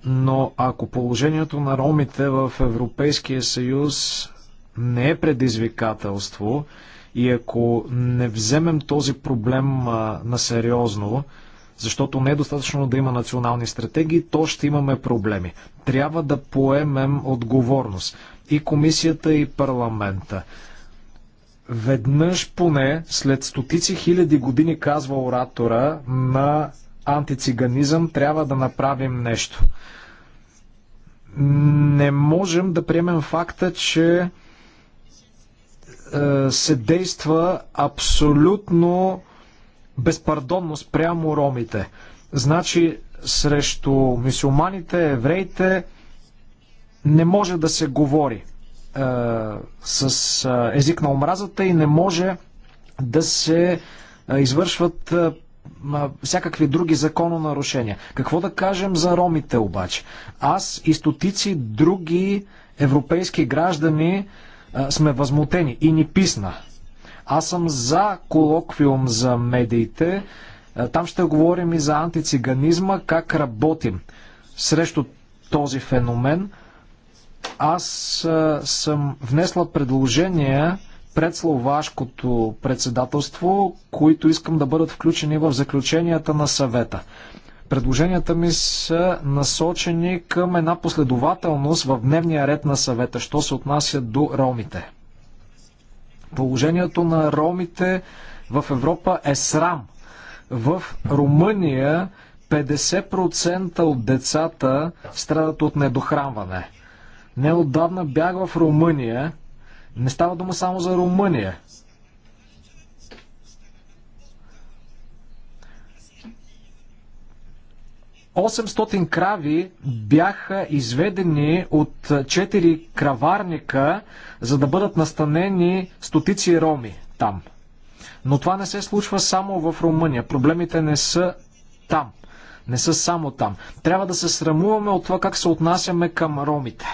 но ако положението на ромите в Европейския съюз не е предизвикателство и ако не вземем този проблем а, на сериозно, защото не е достатъчно да има национални стратегии, то ще имаме проблеми. Трябва да поемем отговорност. И комисията, и парламента. Веднъж поне, след стотици хиляди години, казва оратора на антициганизъм, трябва да направим нещо. Не можем да приемем факта, че е, се действа абсолютно безпардонно спрямо ромите. Значи, срещу мисюлманите, евреите не може да се говори е, с е, език на омразата и не може да се е, извършват всякакви други закононарушения. Какво да кажем за ромите обаче? Аз и стотици други европейски граждани а, сме възмутени и ни писна. Аз съм за колоквиум за медиите. А, там ще говорим и за антициганизма, как работим срещу този феномен. Аз а, съм внесла предложения пред словашкото председателство, които искам да бъдат включени в заключенията на съвета. Предложенията ми са насочени към една последователност в дневния ред на съвета, що се отнася до ромите. Положението на ромите в Европа е срам. В Румъния 50% от децата страдат от недохранване. Неотдавна бях в Румъния не става дума само за Румъния. Осемстотин крави бяха изведени от четири краварника, за да бъдат настанени стотици роми там. Но това не се случва само в Румъния. Проблемите не са там. Не са само там. Трябва да се срамуваме от това как се отнасяме към ромите.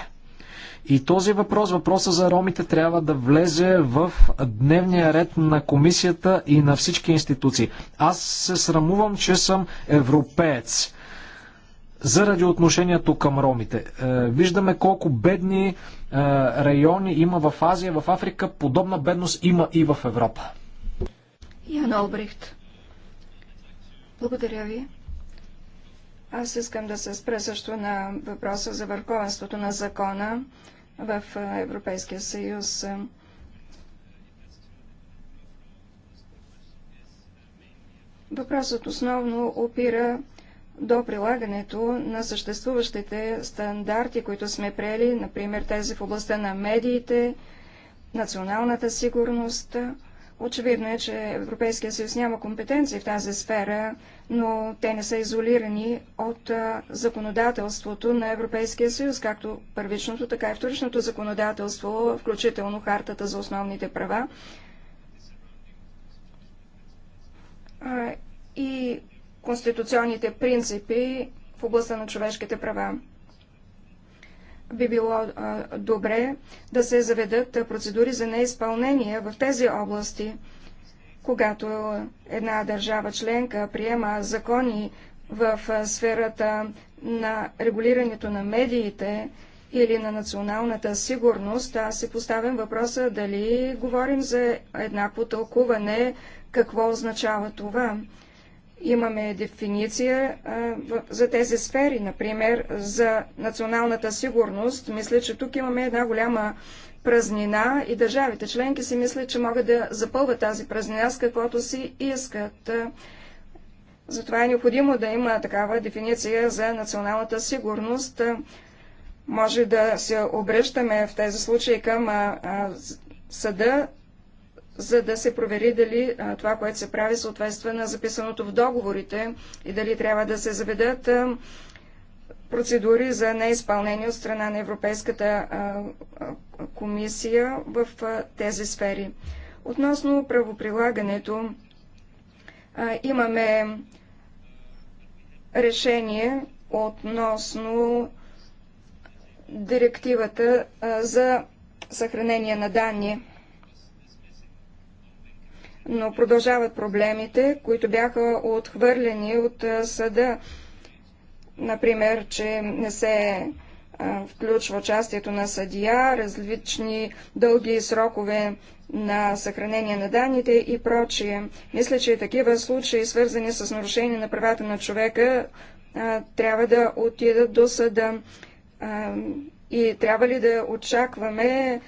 И този въпрос, въпроса за ромите, трябва да влезе в дневния ред на комисията и на всички институции. Аз се срамувам, че съм европеец заради отношението към ромите. Е, виждаме колко бедни е, райони има в Азия, в Африка. Подобна бедност има и в Европа. Ян Олбрихт. Благодаря ви. Аз искам да се спре също на въпроса за върховенството на закона в Европейския съюз. Въпросът основно опира до прилагането на съществуващите стандарти, които сме приели, например тези в областта на медиите, националната сигурност, Очевидно е, че Европейския съюз няма компетенции в тази сфера, но те не са изолирани от законодателството на Европейския съюз, както първичното, така и вторичното законодателство, включително Хартата за основните права. И конституционните принципи в областта на човешките права би било добре да се заведат процедури за неизпълнение в тези области. Когато една държава членка приема закони в сферата на регулирането на медиите или на националната сигурност, аз се поставям въпроса дали говорим за еднакво тълкуване, какво означава това. Имаме дефиниция а, за тези сфери, например за националната сигурност. Мисля, че тук имаме една голяма празнина и държавите членки си мислят, че могат да запълват тази празнина с каквото си искат. Затова е необходимо да има такава дефиниция за националната сигурност. Може да се обръщаме в тези случаи към а, а, съда за да се провери дали това, което се прави, съответства на записаното в договорите и дали трябва да се заведат процедури за неизпълнение от страна на Европейската комисия в тези сфери. Относно правоприлагането, имаме решение относно директивата за съхранение на данни но продължават проблемите, които бяха отхвърлени от съда. Например, че не се включва участието на съдия, различни дълги срокове на съхранение на данните и прочие. Мисля, че такива случаи, свързани с нарушение на правата на човека, трябва да отидат до съда. И трябва ли да очакваме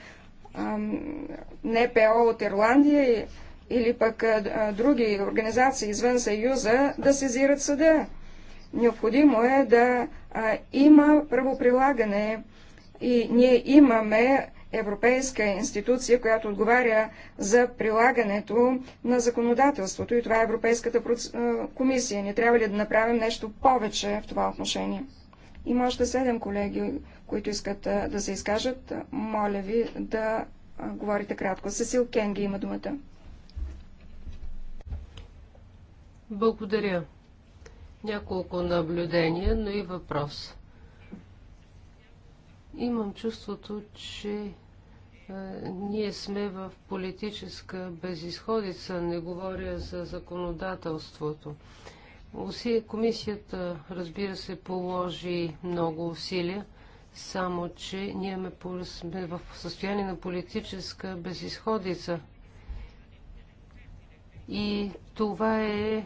НПО от Ирландия и или пък а, други организации извън Съюза да сезират съда. Необходимо е да а, има правоприлагане и ние имаме европейска институция, която отговаря за прилагането на законодателството и това е Европейската комисия. Не трябва ли да направим нещо повече в това отношение? Има още седем колеги, които искат да се изкажат. Моля ви да говорите кратко. Сесил Кенги има думата. Благодаря. Няколко наблюдения, но и въпрос. Имам чувството, че е, ние сме в политическа безисходица, не говоря за законодателството. Комисията, разбира се, положи много усилия, само че ние сме в състояние на политическа безисходица – и това е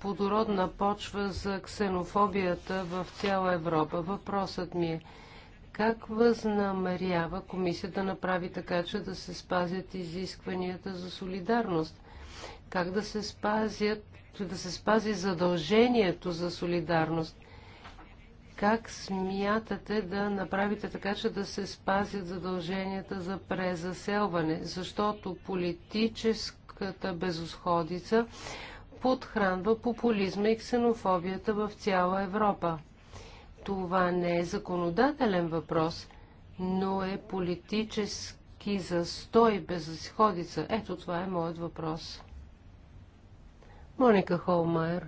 плодородна почва за ксенофобията в цяла Европа. Въпросът ми е как възнамерява комисията да направи така, че да се спазят изискванията за солидарност? Как да се, спазят, да се спази задължението за солидарност? Как смятате да направите така, че да се спазят задълженията за презаселване? Защото политическо търговската безосходица подхранва популизма и ксенофобията в цяла Европа. Това не е законодателен въпрос, но е политически застой безисходица. Ето това е моят въпрос. Моника Холмайер.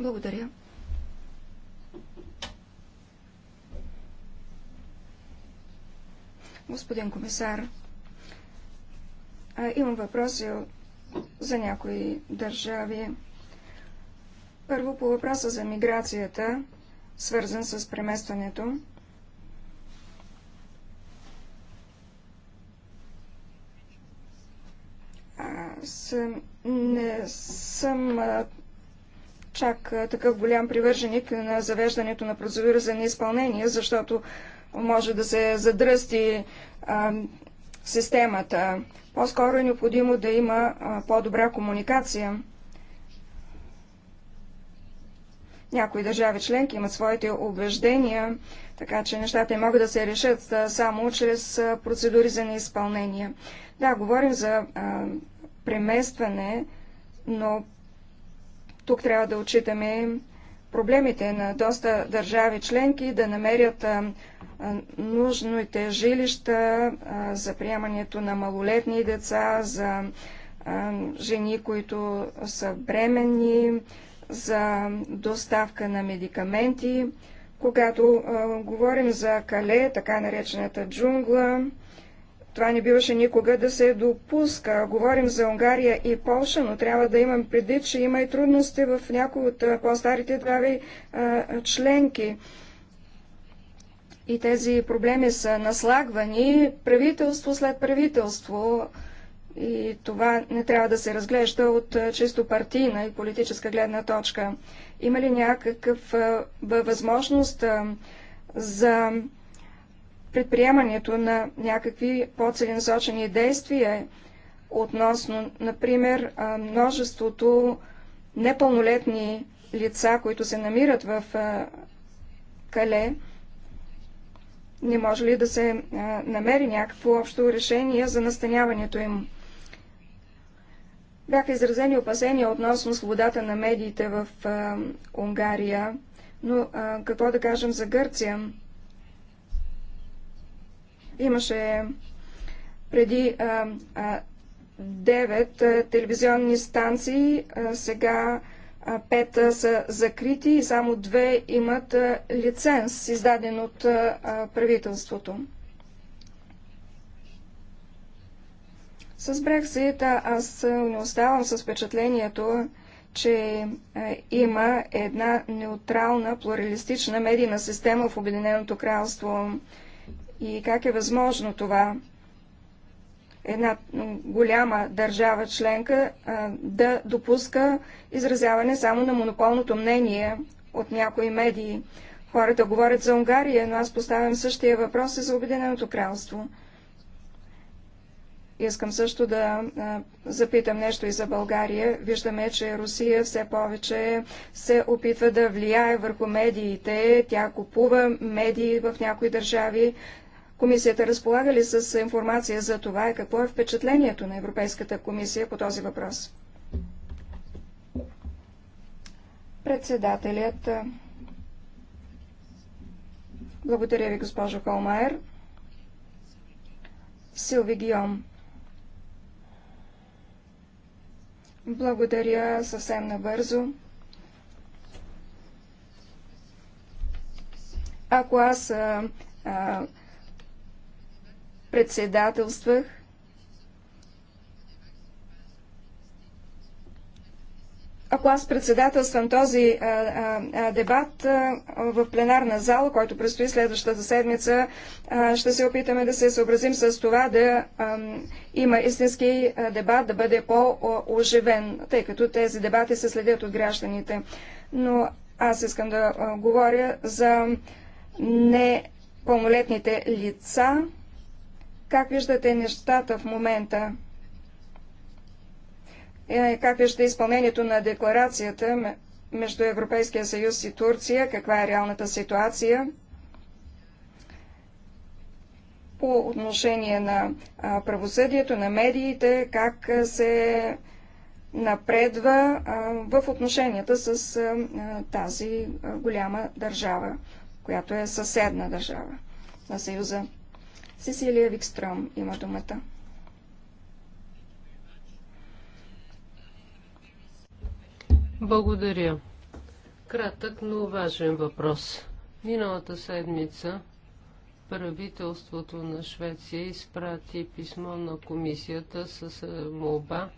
Благодаря. Господин комисар, имам въпроси за някои държави. Първо по въпроса за миграцията, свързан с преместването. Аз не съм чак такъв голям привърженик на завеждането на процедура за неизпълнение, защото може да се задръсти а, системата. По-скоро е необходимо да има по-добра комуникация. Някои държави членки имат своите убеждения, така че нещата могат да се решат само чрез процедури за неизпълнение. Да, говорим за а, преместване, но тук трябва да отчитаме проблемите на доста държави членки да намерят нужните жилища за приемането на малолетни деца, за жени, които са бременни, за доставка на медикаменти. Когато говорим за кале, така наречената джунгла, това не биваше никога да се допуска. Говорим за Унгария и Полша, но трябва да имам предвид, че има и трудности в някои от по-старите държави членки. И тези проблеми са наслагвани правителство след правителство. И това не трябва да се разглежда от чисто партийна и политическа гледна точка. Има ли някакъв възможност за предприемането на някакви по-целенасочени действия относно, например, множеството непълнолетни лица, които се намират в Кале, не може ли да се намери някакво общо решение за настаняването им? Бяха изразени опасения относно свободата на медиите в Унгария, но какво да кажем за Гърция? Имаше преди а, а, 9 телевизионни станции, а, сега пет 5 са закрити и само две имат лиценз, издаден от правителството. С Брексит аз не оставам с впечатлението, че има една неутрална, плуралистична медийна система в Обединеното кралство и как е възможно това една голяма държава членка да допуска изразяване само на монополното мнение от някои медии. Хората говорят за Унгария, но аз поставям същия въпрос и за Обединеното кралство. Искам също да запитам нещо и за България. Виждаме, че Русия все повече се опитва да влияе върху медиите. Тя купува медии в някои държави, Комисията разполага ли с информация за това и какво е впечатлението на Европейската комисия по този въпрос? Председателят. Благодаря ви, госпожо Холмайер. Силви Гиом. Благодаря съвсем набързо. Ако аз а, а, председателствах ако аз председателствам този а, а, дебат а, в пленарна зала, който предстои следващата седмица, а, ще се опитаме да се съобразим с това да а, има истински дебат, да бъде по-оживен, тъй като тези дебати се следят от гражданите. Но аз искам да а, говоря за непълнолетните лица, как виждате нещата в момента? Е, как виждате изпълнението на декларацията между Европейския съюз и Турция? Каква е реалната ситуация? По отношение на правосъдието, на медиите, как се напредва в отношенията с тази голяма държава, която е съседна държава на Съюза. Сесилия Викстром има думата. Благодаря. Кратък, но важен въпрос. Миналата седмица правителството на Швеция изпрати писмо на комисията с молба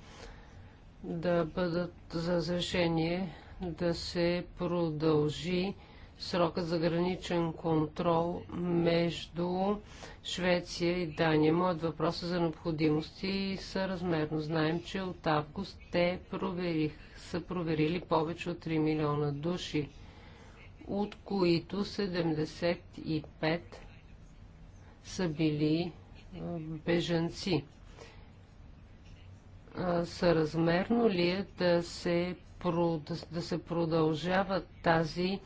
да бъдат за решение да се продължи Срока за граничен контрол между Швеция и Дания. Моят въпрос е за необходимост и съразмерно. Знаем, че от август те проверих, са проверили повече от 3 милиона души, от които 75 са били бежанци. Съразмерно ли е да се, да се продължава тази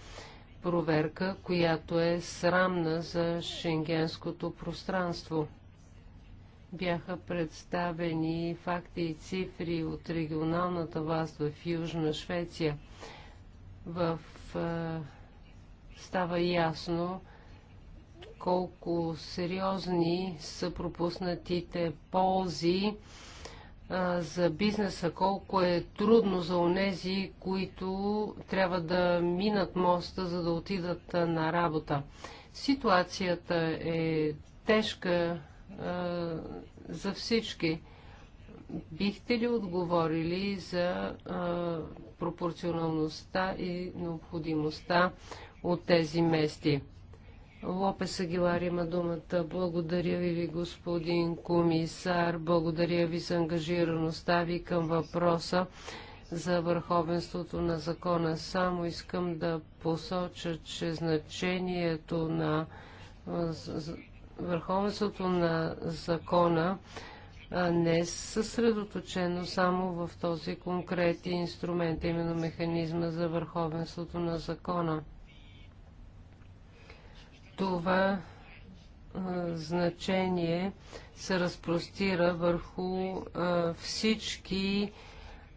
проверка, която е срамна за шенгенското пространство. Бяха представени факти и цифри от регионалната власт в Южна Швеция. В, е, става ясно колко сериозни са пропуснатите ползи за бизнеса, колко е трудно за онези, които трябва да минат моста, за да отидат на работа. Ситуацията е тежка а, за всички. Бихте ли отговорили за а, пропорционалността и необходимостта от тези мести? Лопес Агилар има думата. Благодаря ви, господин комисар. Благодаря ви за ангажираността ви към въпроса за върховенството на закона. Само искам да посоча, че значението на върховенството на закона не е съсредоточено само в този конкретен инструмент, именно механизма за върховенството на закона това значение се разпростира върху а, всички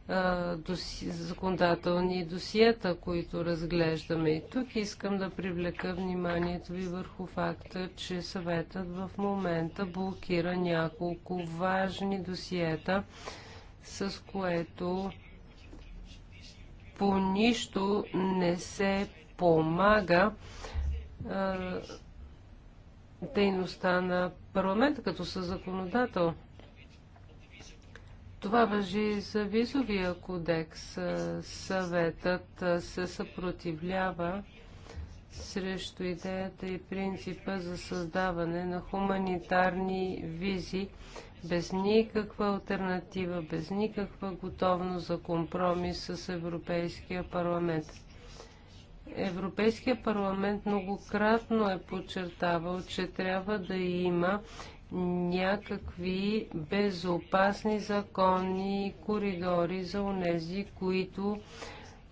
а, доси, законодателни досиета, които разглеждаме. И тук искам да привлека вниманието ви върху факта, че съветът в момента блокира няколко важни досиета, с което по нищо не се помага дейността на парламента като съзаконодател. Това въжи за визовия кодекс. Съветът се съпротивлява срещу идеята и принципа за създаване на хуманитарни визи без никаква альтернатива, без никаква готовност за компромис с Европейския парламент. Европейския парламент многократно е подчертавал, че трябва да има някакви безопасни и коридори за унези, които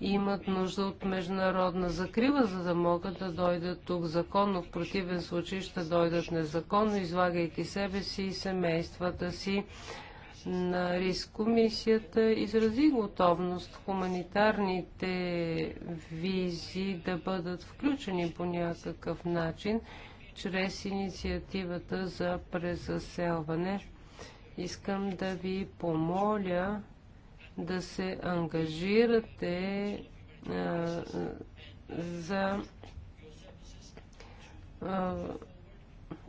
имат нужда от международна закрива, за да могат да дойдат тук законно. В противен случай ще дойдат незаконно, излагайки себе си и семействата си на риск. Комисията изрази готовност хуманитарните визи да бъдат включени по някакъв начин чрез инициативата за презаселване. Искам да ви помоля да се ангажирате а, за а,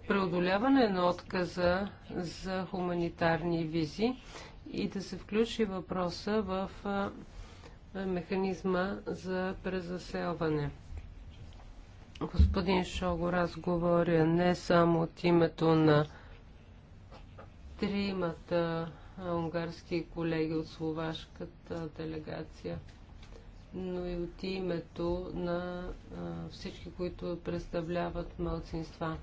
преодоляване на отказа за хуманитарни визи и да се включи въпроса в механизма за презаселване. Господин Шого разговоря не само от името на тримата унгарски колеги от словашката делегация, но и от името на всички, които представляват мълцинства.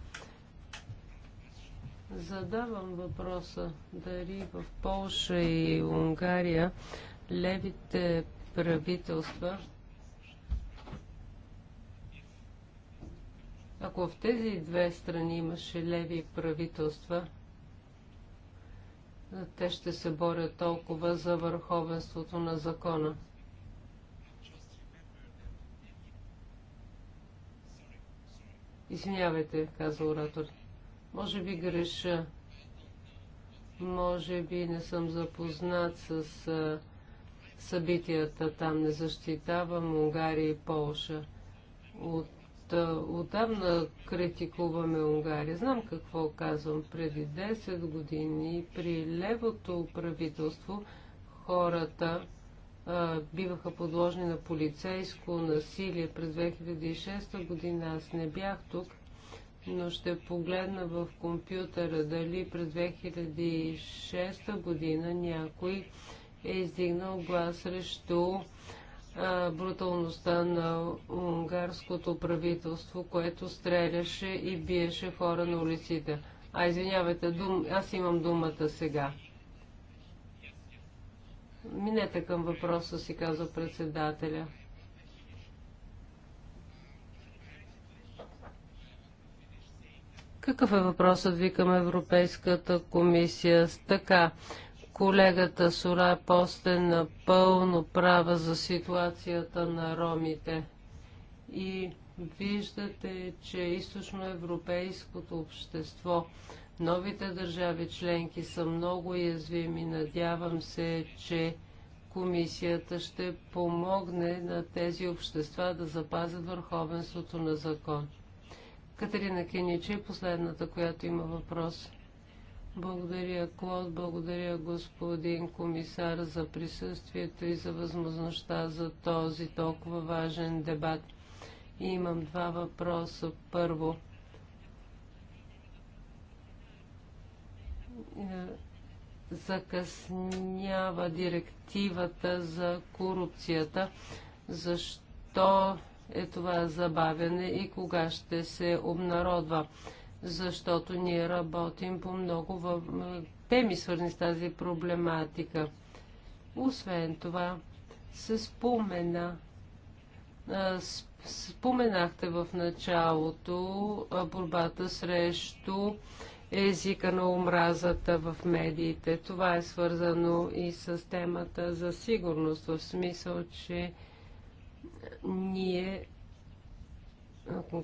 Задавам въпроса дали в Полша и Унгария левите правителства Ако в тези две страни имаше леви правителства, те ще се борят толкова за върховенството на закона. Извинявайте, каза оратор. Може би греша. Може би не съм запознат с събитията там. Не защитавам Унгария и Полша. От отдавна критикуваме Унгария. Знам какво казвам. Преди 10 години при левото правителство хората а, биваха подложени на полицейско насилие. През 2006 година аз не бях тук, но ще погледна в компютъра дали през 2006 година някой е издигнал глас срещу а, бруталността на унгарското правителство, което стреляше и биеше хора на улиците. А, извинявайте, дум... аз имам думата сега. Минете към въпроса си, казва председателя. Какъв е въпросът ви към Европейската комисия? Така, колегата Сора Пост е напълно права за ситуацията на ромите. И виждате, че източноевропейското общество, новите държави членки са много язвими. Надявам се, че комисията ще помогне на тези общества да запазят върховенството на закон. Катерина Кенича е последната, която има въпрос. Благодаря, Клод, благодаря, господин комисар, за присъствието и за възможността за този толкова важен дебат. И имам два въпроса. Първо, е, закъснява директивата за корупцията. Защо е това забавяне и кога ще се обнародва. Защото ние работим по много във... теми, свързани с тази проблематика. Освен това, се спомена, споменахте в началото борбата срещу езика на омразата в медиите. Това е свързано и с темата за сигурност, в смисъл, че ние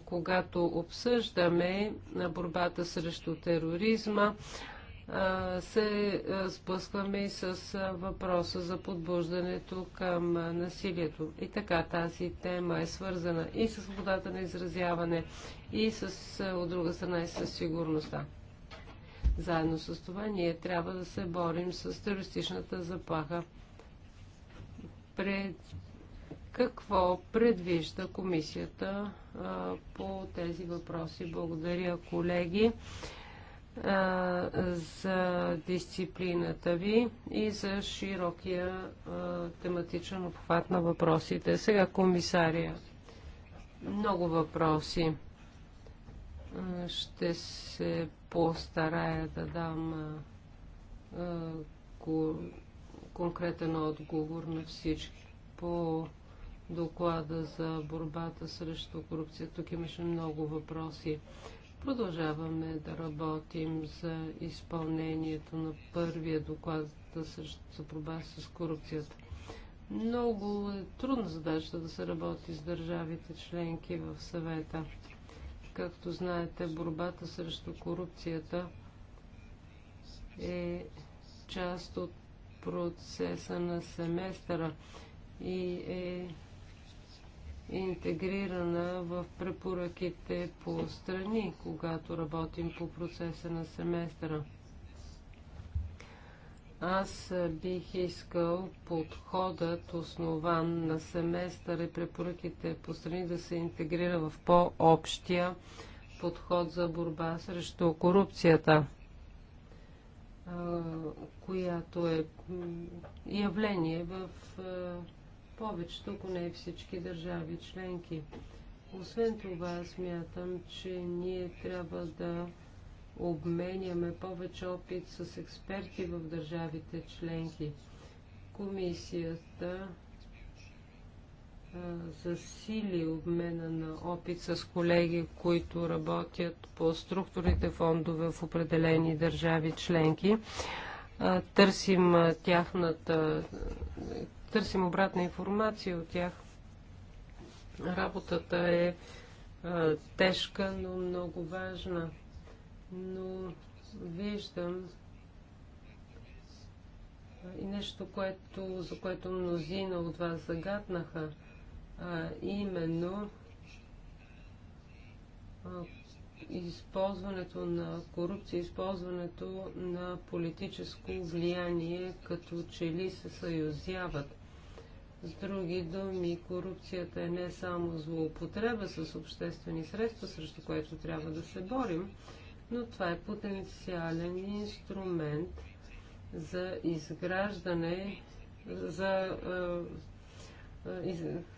когато обсъждаме на борбата срещу тероризма, се сблъскваме и с въпроса за подбуждането към насилието. И така тази тема е свързана и с свободата на изразяване, и с, от друга страна и с сигурността. Заедно с това ние трябва да се борим с терористичната заплаха. Пред, какво предвижда комисията а, по тези въпроси? Благодаря, колеги, а, за дисциплината ви и за широкия а, тематичен обхват на въпросите. Сега, комисария, много въпроси. Ще се постарая да дам конкретен отговор на всички. По доклада за борбата срещу корупция. Тук имаше много въпроси. Продължаваме да работим за изпълнението на първия доклад срещу за борба с корупцията. Много е трудна задача да се работи с държавите членки в съвета. Както знаете, борбата срещу корупцията е част от процеса на семестъра и е интегрирана в препоръките по страни, когато работим по процеса на семестъра. Аз бих искал подходът, основан на семестър и препоръките по страни, да се интегрира в по-общия подход за борба срещу корупцията, която е явление в повечето, ако не всички държави членки. Освен това, смятам, че ние трябва да обменяме повече опит с експерти в държавите членки. Комисията засили обмена на опит с колеги, които работят по структурите фондове в определени държави членки. Търсим тяхната търсим обратна информация от тях. Работата е а, тежка, но много важна. Но виждам и нещо, което, за което мнозина от вас загаднаха, а именно а, използването на корупция, използването на политическо влияние, като че ли се съюзяват. С други думи, корупцията е не само злоупотреба с обществени средства, срещу което трябва да се борим, но това е потенциален инструмент за изграждане, за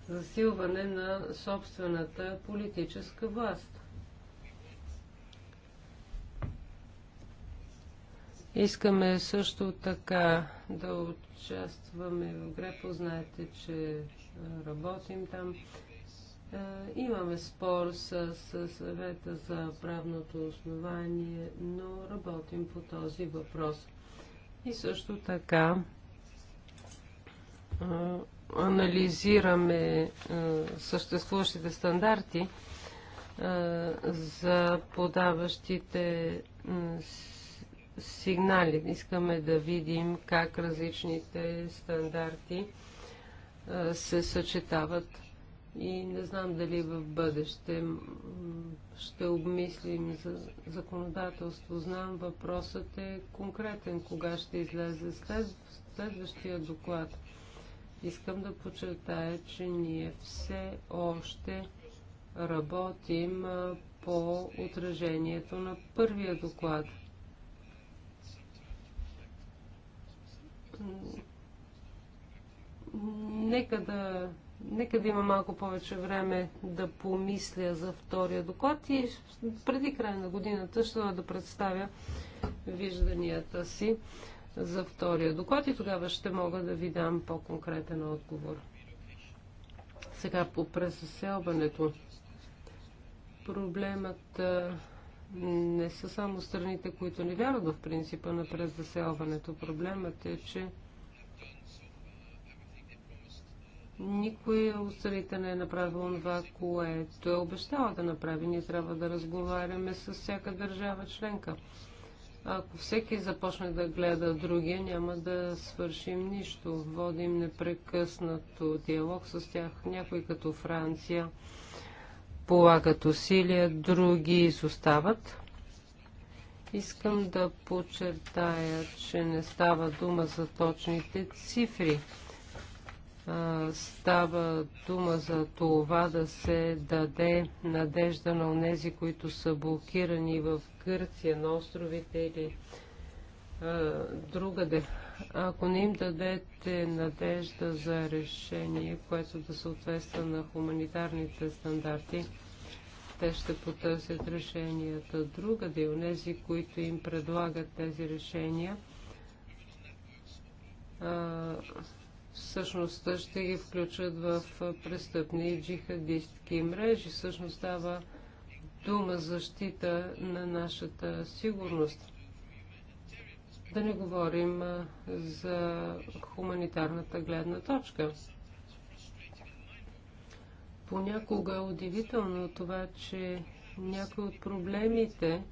засилване на собствената политическа власт. Искаме също така да участваме в Грепо. Знаете, че работим там. Имаме спор с, с съвета за правното основание, но работим по този въпрос. И също така анализираме съществуващите стандарти за подаващите сигнали. Искаме да видим как различните стандарти се съчетават и не знам дали в бъдеще ще обмислим за законодателство. Знам, въпросът е конкретен, кога ще излезе следващия доклад. Искам да подчертая, че ние все още работим по отражението на първия доклад – Нека да, нека да има малко повече време да помисля за втория доклад и преди края на годината ще да представя вижданията си за втория доклад и тогава ще мога да ви дам по-конкретен отговор. Сега по презаселването. Проблемът не са само страните, които не вярват в принципа на презаселването. Проблемът е, че никой от страните не е направил това, което е обещала да направи. Ние трябва да разговаряме с всяка държава членка. Ако всеки започне да гледа другия, няма да свършим нищо. Водим непрекъснато диалог с тях. Някой като Франция полагат усилия, други изостават. Искам да подчертая, че не става дума за точните цифри. А, става дума за това да се даде надежда на онези, които са блокирани в Гърция, на островите или а, другаде ако не им дадете надежда за решение, което да съответства на хуманитарните стандарти, те ще потърсят решенията да и онези, които им предлагат тези решения, всъщност ще ги включат в престъпни джихадистки мрежи. Всъщност става дума защита на нашата сигурност. Да не говорим за хуманитарната гледна точка. Понякога е удивително това, че някои от проблемите,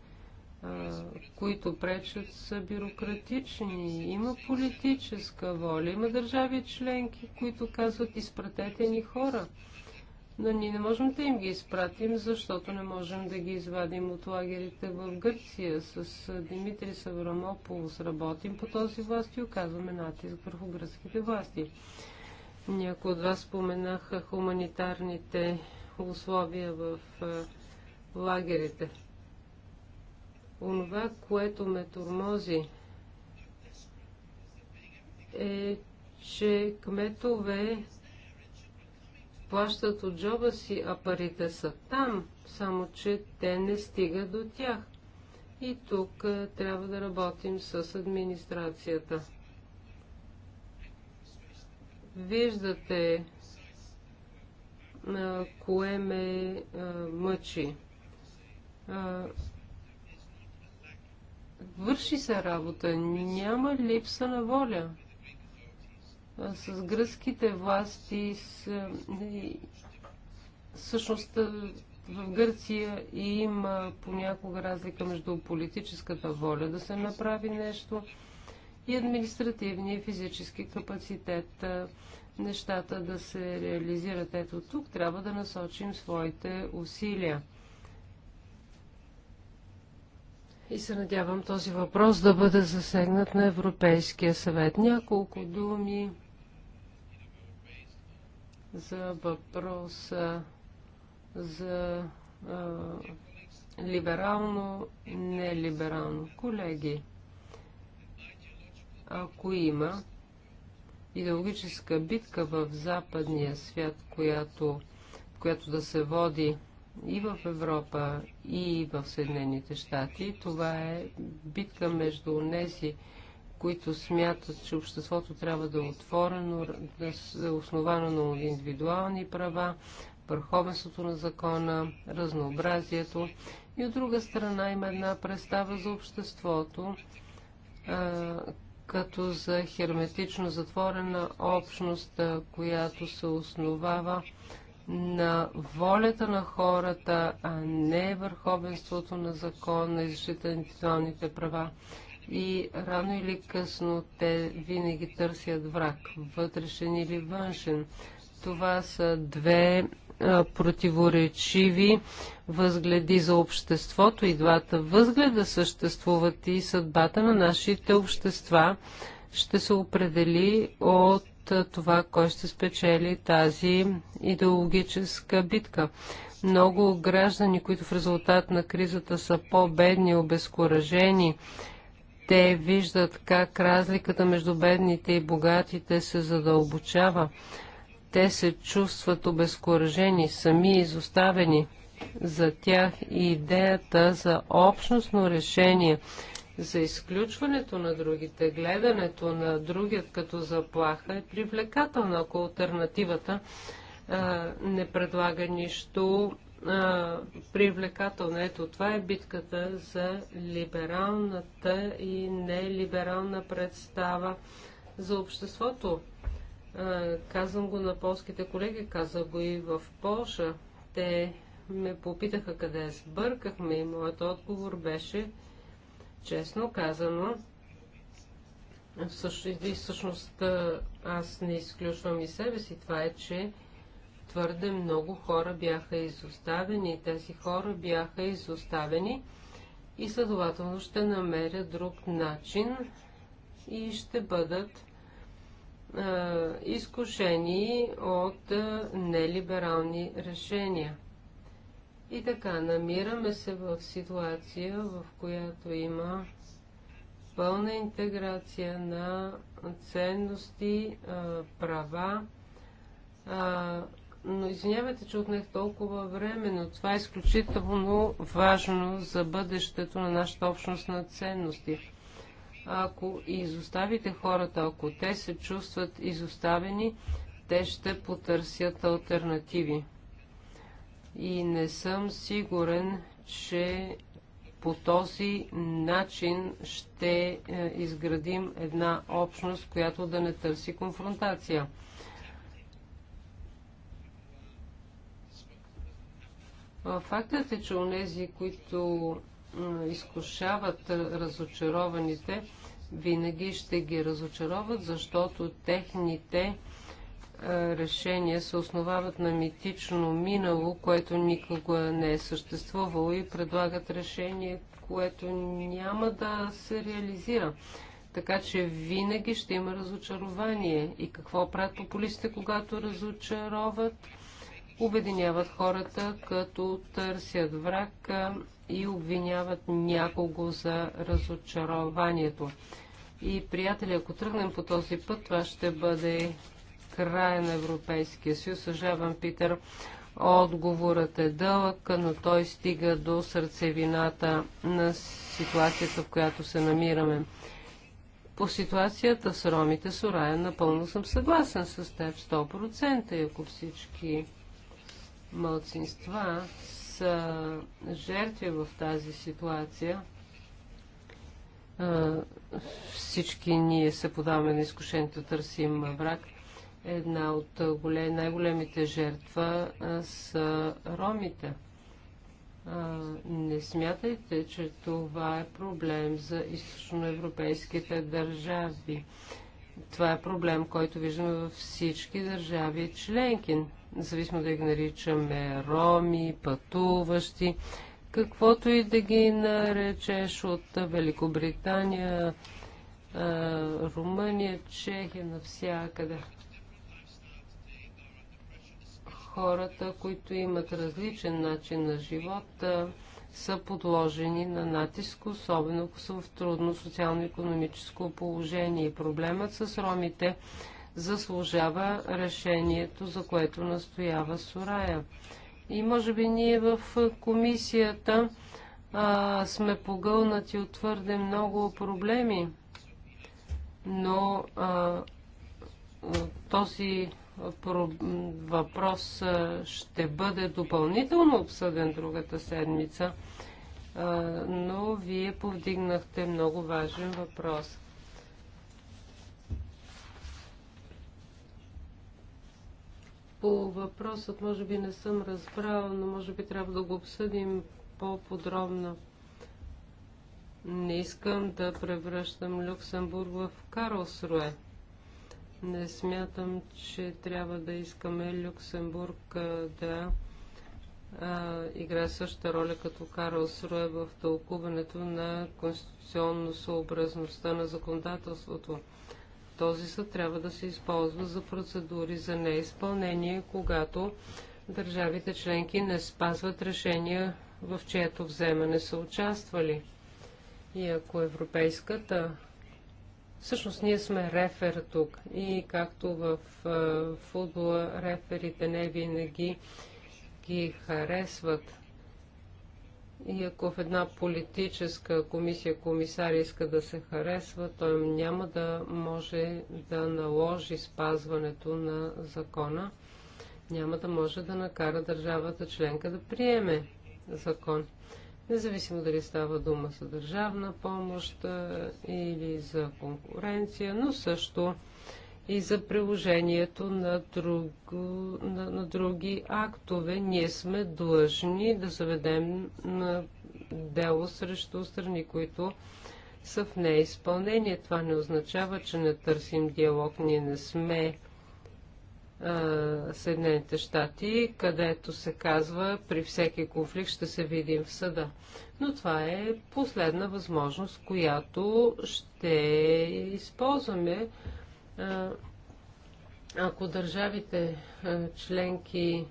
които пречат, са бюрократични. Има политическа воля, има държави членки, които казват изпратете ни хора но ние не можем да им ги изпратим, защото не можем да ги извадим от лагерите в Гърция. С Димитри Саврамополос работим по този власт и оказваме натиск върху гръцките власти. Някои от вас споменаха хуманитарните условия в лагерите. Онова, което ме тормози, е, че кметове плащат от джоба си, а парите са там, само че те не стигат до тях. И тук е, трябва да работим с администрацията. Виждате е, кое ме е, мъчи. Върши се работа, няма липса на воля с гръцките власти, с, всъщност е, в Гърция има понякога разлика между политическата воля да се направи нещо и административния и физически капацитет е, нещата да се реализират. Ето тук трябва да насочим своите усилия. И се надявам този въпрос да бъде засегнат на Европейския съвет. Няколко думи за въпроса за а, либерално, нелиберално. Колеги, ако има идеологическа битка в западния свят, която, която да се води и в Европа, и в Съединените щати, това е битка между нези, които смятат, че обществото трябва да е отворено, да е основано на индивидуални права, върховенството на закона, разнообразието. И от друга страна има една представа за обществото, а, като за херметично затворена общност, която се основава на волята на хората, а не върховенството на закона и защита на индивидуалните права и рано или късно те винаги търсят враг, вътрешен или външен. Това са две а, противоречиви възгледи за обществото и двата възгледа съществуват и съдбата на нашите общества ще се определи от това, кой ще спечели тази идеологическа битка. Много граждани, които в резултат на кризата са по-бедни, обезкуражени, те виждат как разликата между бедните и богатите се задълбочава. Те се чувстват обезкуражени, сами изоставени. За тях и идеята за общностно решение, за изключването на другите, гледането на другият като заплаха е привлекателна, ако альтернативата а, не предлага нищо а, привлекателна. Ето това е битката за либералната и нелиберална представа за обществото. А, казвам го на полските колеги, каза го и в Полша. Те ме попитаха къде е. сбъркахме и моят отговор беше, честно казано, всъщност аз не изключвам и себе си, това е, че Твърде много хора бяха изоставени. Тези хора бяха изоставени и следователно ще намерят друг начин и ще бъдат а, изкушени от а, нелиберални решения. И така, намираме се в ситуация, в която има пълна интеграция на ценности, а, права, а, но извинявайте, че отнех толкова време, но това е изключително важно за бъдещето на нашата общност на ценности. Ако изоставите хората, ако те се чувстват изоставени, те ще потърсят альтернативи. И не съм сигурен, че по този начин ще е, изградим една общност, която да не търси конфронтация. Фактът е, че онези, които изкушават разочарованите, винаги ще ги разочароват, защото техните решения се основават на митично минало, което никога не е съществувало и предлагат решение, което няма да се реализира. Така че винаги ще има разочарование. И какво правят популистите, когато разочароват? обединяват хората, като търсят враг и обвиняват някого за разочарованието. И, приятели, ако тръгнем по този път, това ще бъде края на Европейския съюз. Съжавам, Питър, отговорът е дълъг, но той стига до сърцевината на ситуацията, в която се намираме. По ситуацията с ромите, Сорая, напълно съм съгласен с теб 100%. И ако всички мълцинства са жертви в тази ситуация. Всички ние се подаваме на изкушението да търсим враг. Една от най-големите жертва са ромите. Не смятайте, че това е проблем за източноевропейските държави. Това е проблем, който виждаме във всички държави членки независимо да ги наричаме роми, пътуващи, каквото и да ги наречеш от Великобритания, Румъния, Чехия, навсякъде. Хората, които имат различен начин на живота, са подложени на натиск, особено ако са в трудно социално-економическо положение. Проблемът с ромите е, заслужава решението, за което настоява Сорая. И може би ние в комисията а, сме погълнати от твърде много проблеми, но а, този въпрос ще бъде допълнително обсъден другата седмица, но вие повдигнахте много важен въпрос. По въпросът може би не съм разбрал, но може би трябва да го обсъдим по-подробно. Не искам да превръщам Люксембург в Карлсруе. Не смятам, че трябва да искаме Люксембург да а, играе същата роля като Карлсруе в тълкуването на конституционно съобразността на законодателството. Този съд трябва да се използва за процедури за неизпълнение, когато държавите членки не спазват решения, в чието вземане са участвали. И ако Европейската Всъщност ние сме рефер тук и както в е, футбола реферите не винаги ги харесват. И ако в една политическа комисия комисар иска да се харесва, той няма да може да наложи спазването на закона, няма да може да накара държавата членка да приеме закон. Независимо дали става дума за държавна помощ или за конкуренция, но също и за приложението на, друго, на, на други актове. Ние сме длъжни да заведем на дело срещу страни, които са в неизпълнение. Това не означава, че не търсим диалог. Ние не сме Съединените щати, където се казва при всеки конфликт ще се видим в съда. Но това е последна възможност, която ще използваме, ако държавите членки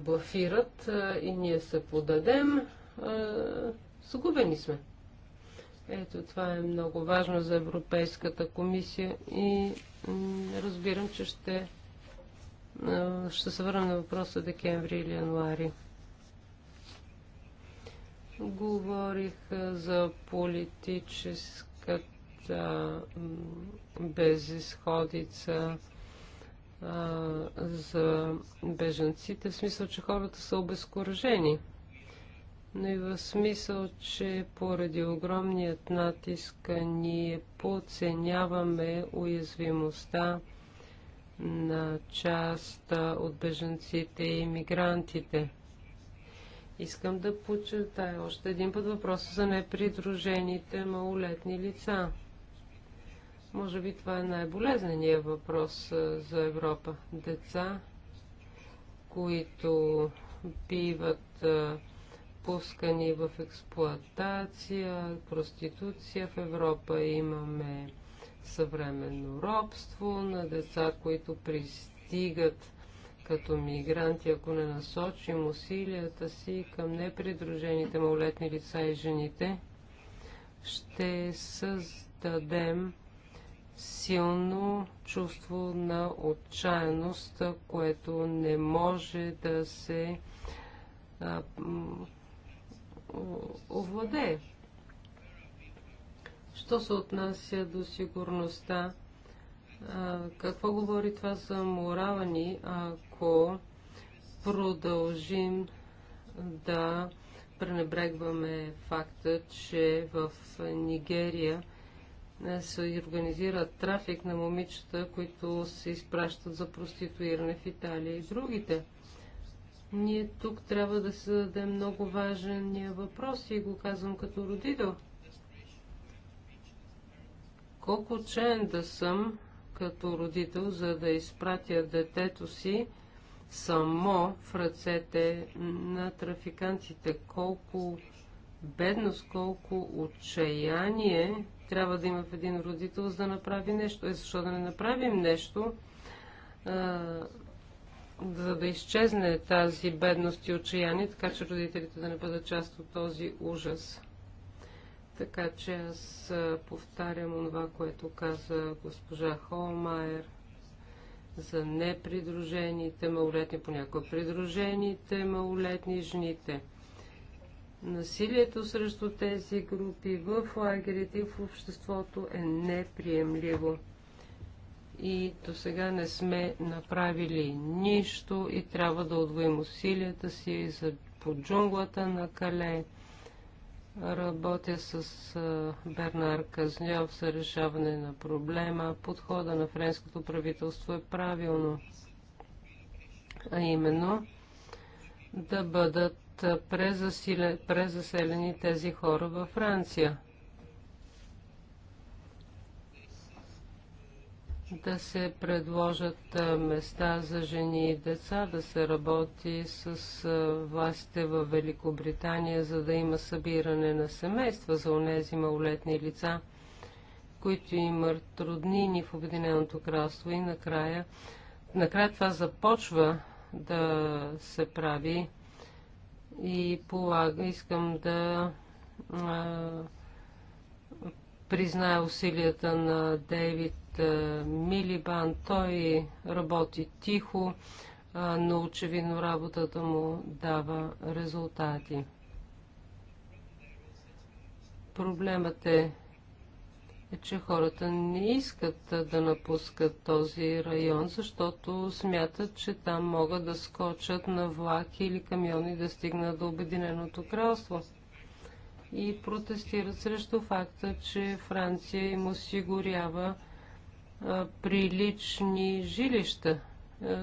блафират и ние се подадем, загубени сме. Ето това е много важно за Европейската комисия и разбирам, че ще, ще се върна на въпроса декември или януари. Говорих за политическата а, безисходица а, за бежанците, в смисъл, че хората са обезкуражени, но и в смисъл, че поради огромният натиск ние подценяваме уязвимостта на част от бежанците и мигрантите. Искам да подчертая още един път въпроса за непридружените малолетни лица. Може би това е най-болезненият въпрос за Европа. Деца, които биват пускани в експлоатация, проституция в Европа. Имаме съвременно робство на деца, които пристигат като мигранти, ако не насочим усилията си към непридружените малолетни лица и жените, ще създадем силно чувство на отчаяност, което не може да се а, овладее. Що се отнася до сигурността? А, какво говори това за морала ни, ако продължим да пренебрегваме факта, че в Нигерия – е, се организира трафик на момичета, които се изпращат за проституиране в Италия и другите. Ние тук трябва да се даде много важен въпрос и го казвам като родител. Колко чен да съм като родител, за да изпратя детето си само в ръцете на трафикантите? Колко бедност, колко отчаяние трябва да има в един родител, за да направи нещо. Е, защо да не направим нещо, а, за да изчезне тази бедност и отчаяние, така че родителите да не бъдат част от този ужас. Така че аз повтарям това, което каза госпожа Холмайер за непридружените малолетни, понякога придружените малолетни жените – Насилието срещу тези групи в лагерите и в обществото е неприемливо. И до сега не сме направили нищо и трябва да отвоим усилията си за по джунглата на Кале. Работя с Бернар Казньов за решаване на проблема. Подхода на френското правителство е правилно, а именно да бъдат презаселени тези хора във Франция. Да се предложат места за жени и деца, да се работи с властите в Великобритания, за да има събиране на семейства за онези малолетни лица, които имат труднини в Обединеното кралство и накрая. Накрая това започва да се прави и полага, искам да а, призная усилията на Дейвид Милибан. Той работи тихо, а, но очевидно работата му дава резултати. Проблемът е, е, че хората не искат да напускат този район, защото смятат, че там могат да скочат на влаки или камиони да стигнат до Обединеното кралство. И протестират срещу факта, че Франция им осигурява а, прилични жилища.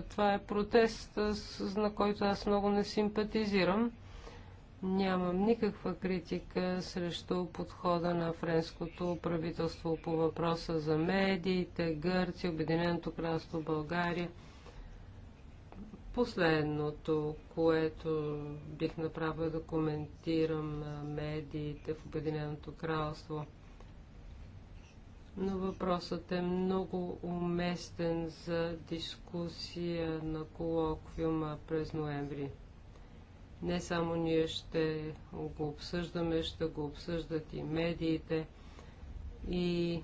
това е протест, на който аз много не симпатизирам Нямам никаква критика срещу подхода на френското правителство по въпроса за медиите, Гърция, Обединеното кралство, България. Последното, което бих направил е да коментирам медиите в Обединеното кралство. Но въпросът е много уместен за дискусия на колоквиума през ноември. Не само ние ще го обсъждаме, ще го обсъждат и медиите и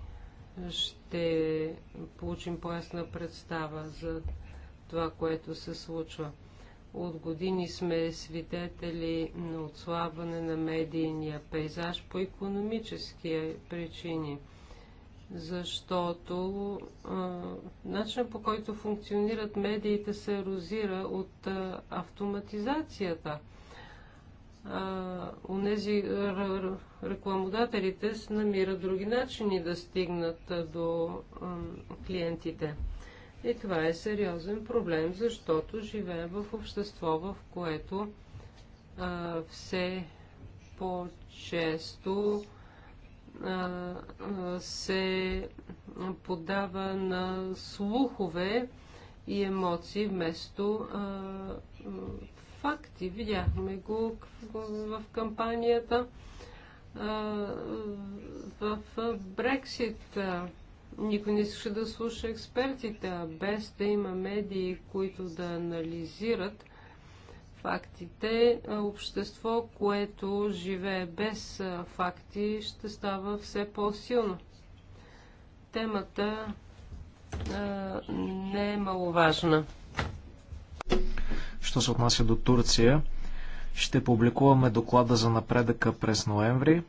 ще получим по-ясна представа за това, което се случва. От години сме свидетели на отслабване на медийния пейзаж по економически причини – защото начинът по който функционират медиите се ерозира от а, автоматизацията. А, нези рекламодателите намират други начини да стигнат а, до клиентите. И това е сериозен проблем, защото живеем в общество, в което все по-често се подава на слухове и емоции вместо факти. Видяхме го в кампанията в Брексит. Никой не искаше да слуша експертите, без да има медии, които да анализират фактите. Е, общество, което живее без е, факти, ще става все по-силно. Темата а, е, не е маловажна. Що се отнася до Турция, ще публикуваме доклада за напредъка през ноември.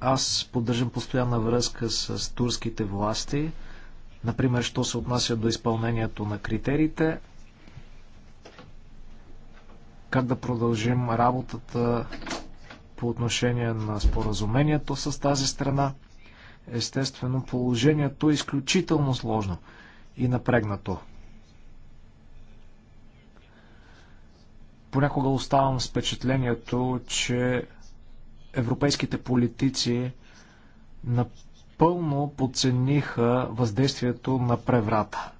Аз поддържам постоянна връзка с турските власти, например, що се отнася до изпълнението на критериите как да продължим работата по отношение на споразумението с тази страна. Естествено, положението е изключително сложно и напрегнато. Понякога оставам с впечатлението, че европейските политици напълно подцениха въздействието на преврата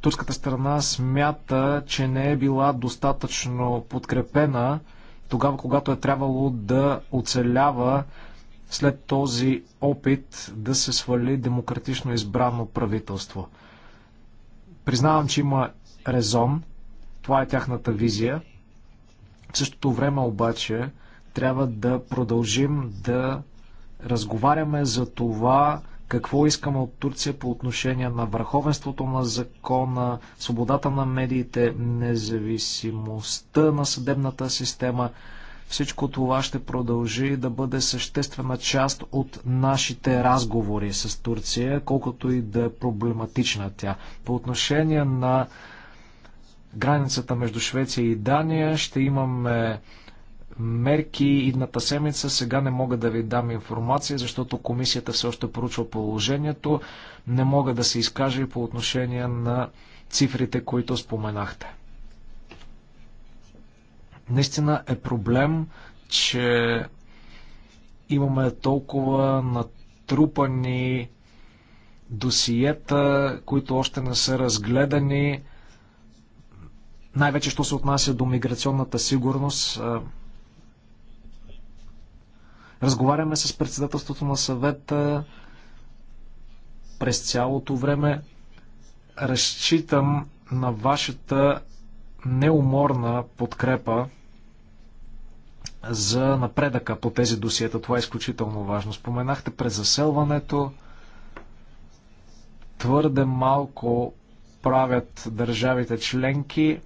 турската страна смята, че не е била достатъчно подкрепена тогава, когато е трябвало да оцелява след този опит да се свали демократично избрано правителство. Признавам, че има резон, това е тяхната визия. В същото време обаче трябва да продължим да разговаряме за това какво искаме от Турция по отношение на върховенството на закона, свободата на медиите, независимостта на съдебната система. Всичко това ще продължи да бъде съществена част от нашите разговори с Турция, колкото и да е проблематична тя. По отношение на границата между Швеция и Дания ще имаме мерки идната седмица. Сега не мога да ви дам информация, защото комисията все още проучва положението. Не мога да се изкажа и по отношение на цифрите, които споменахте. Наистина е проблем, че имаме толкова натрупани досиета, които още не са разгледани. Най-вече, що се отнася до миграционната сигурност, Разговаряме с председателството на съвета през цялото време. Разчитам на вашата неуморна подкрепа за напредъка по тези досиета. Това е изключително важно. Споменахте през заселването. Твърде малко правят държавите членки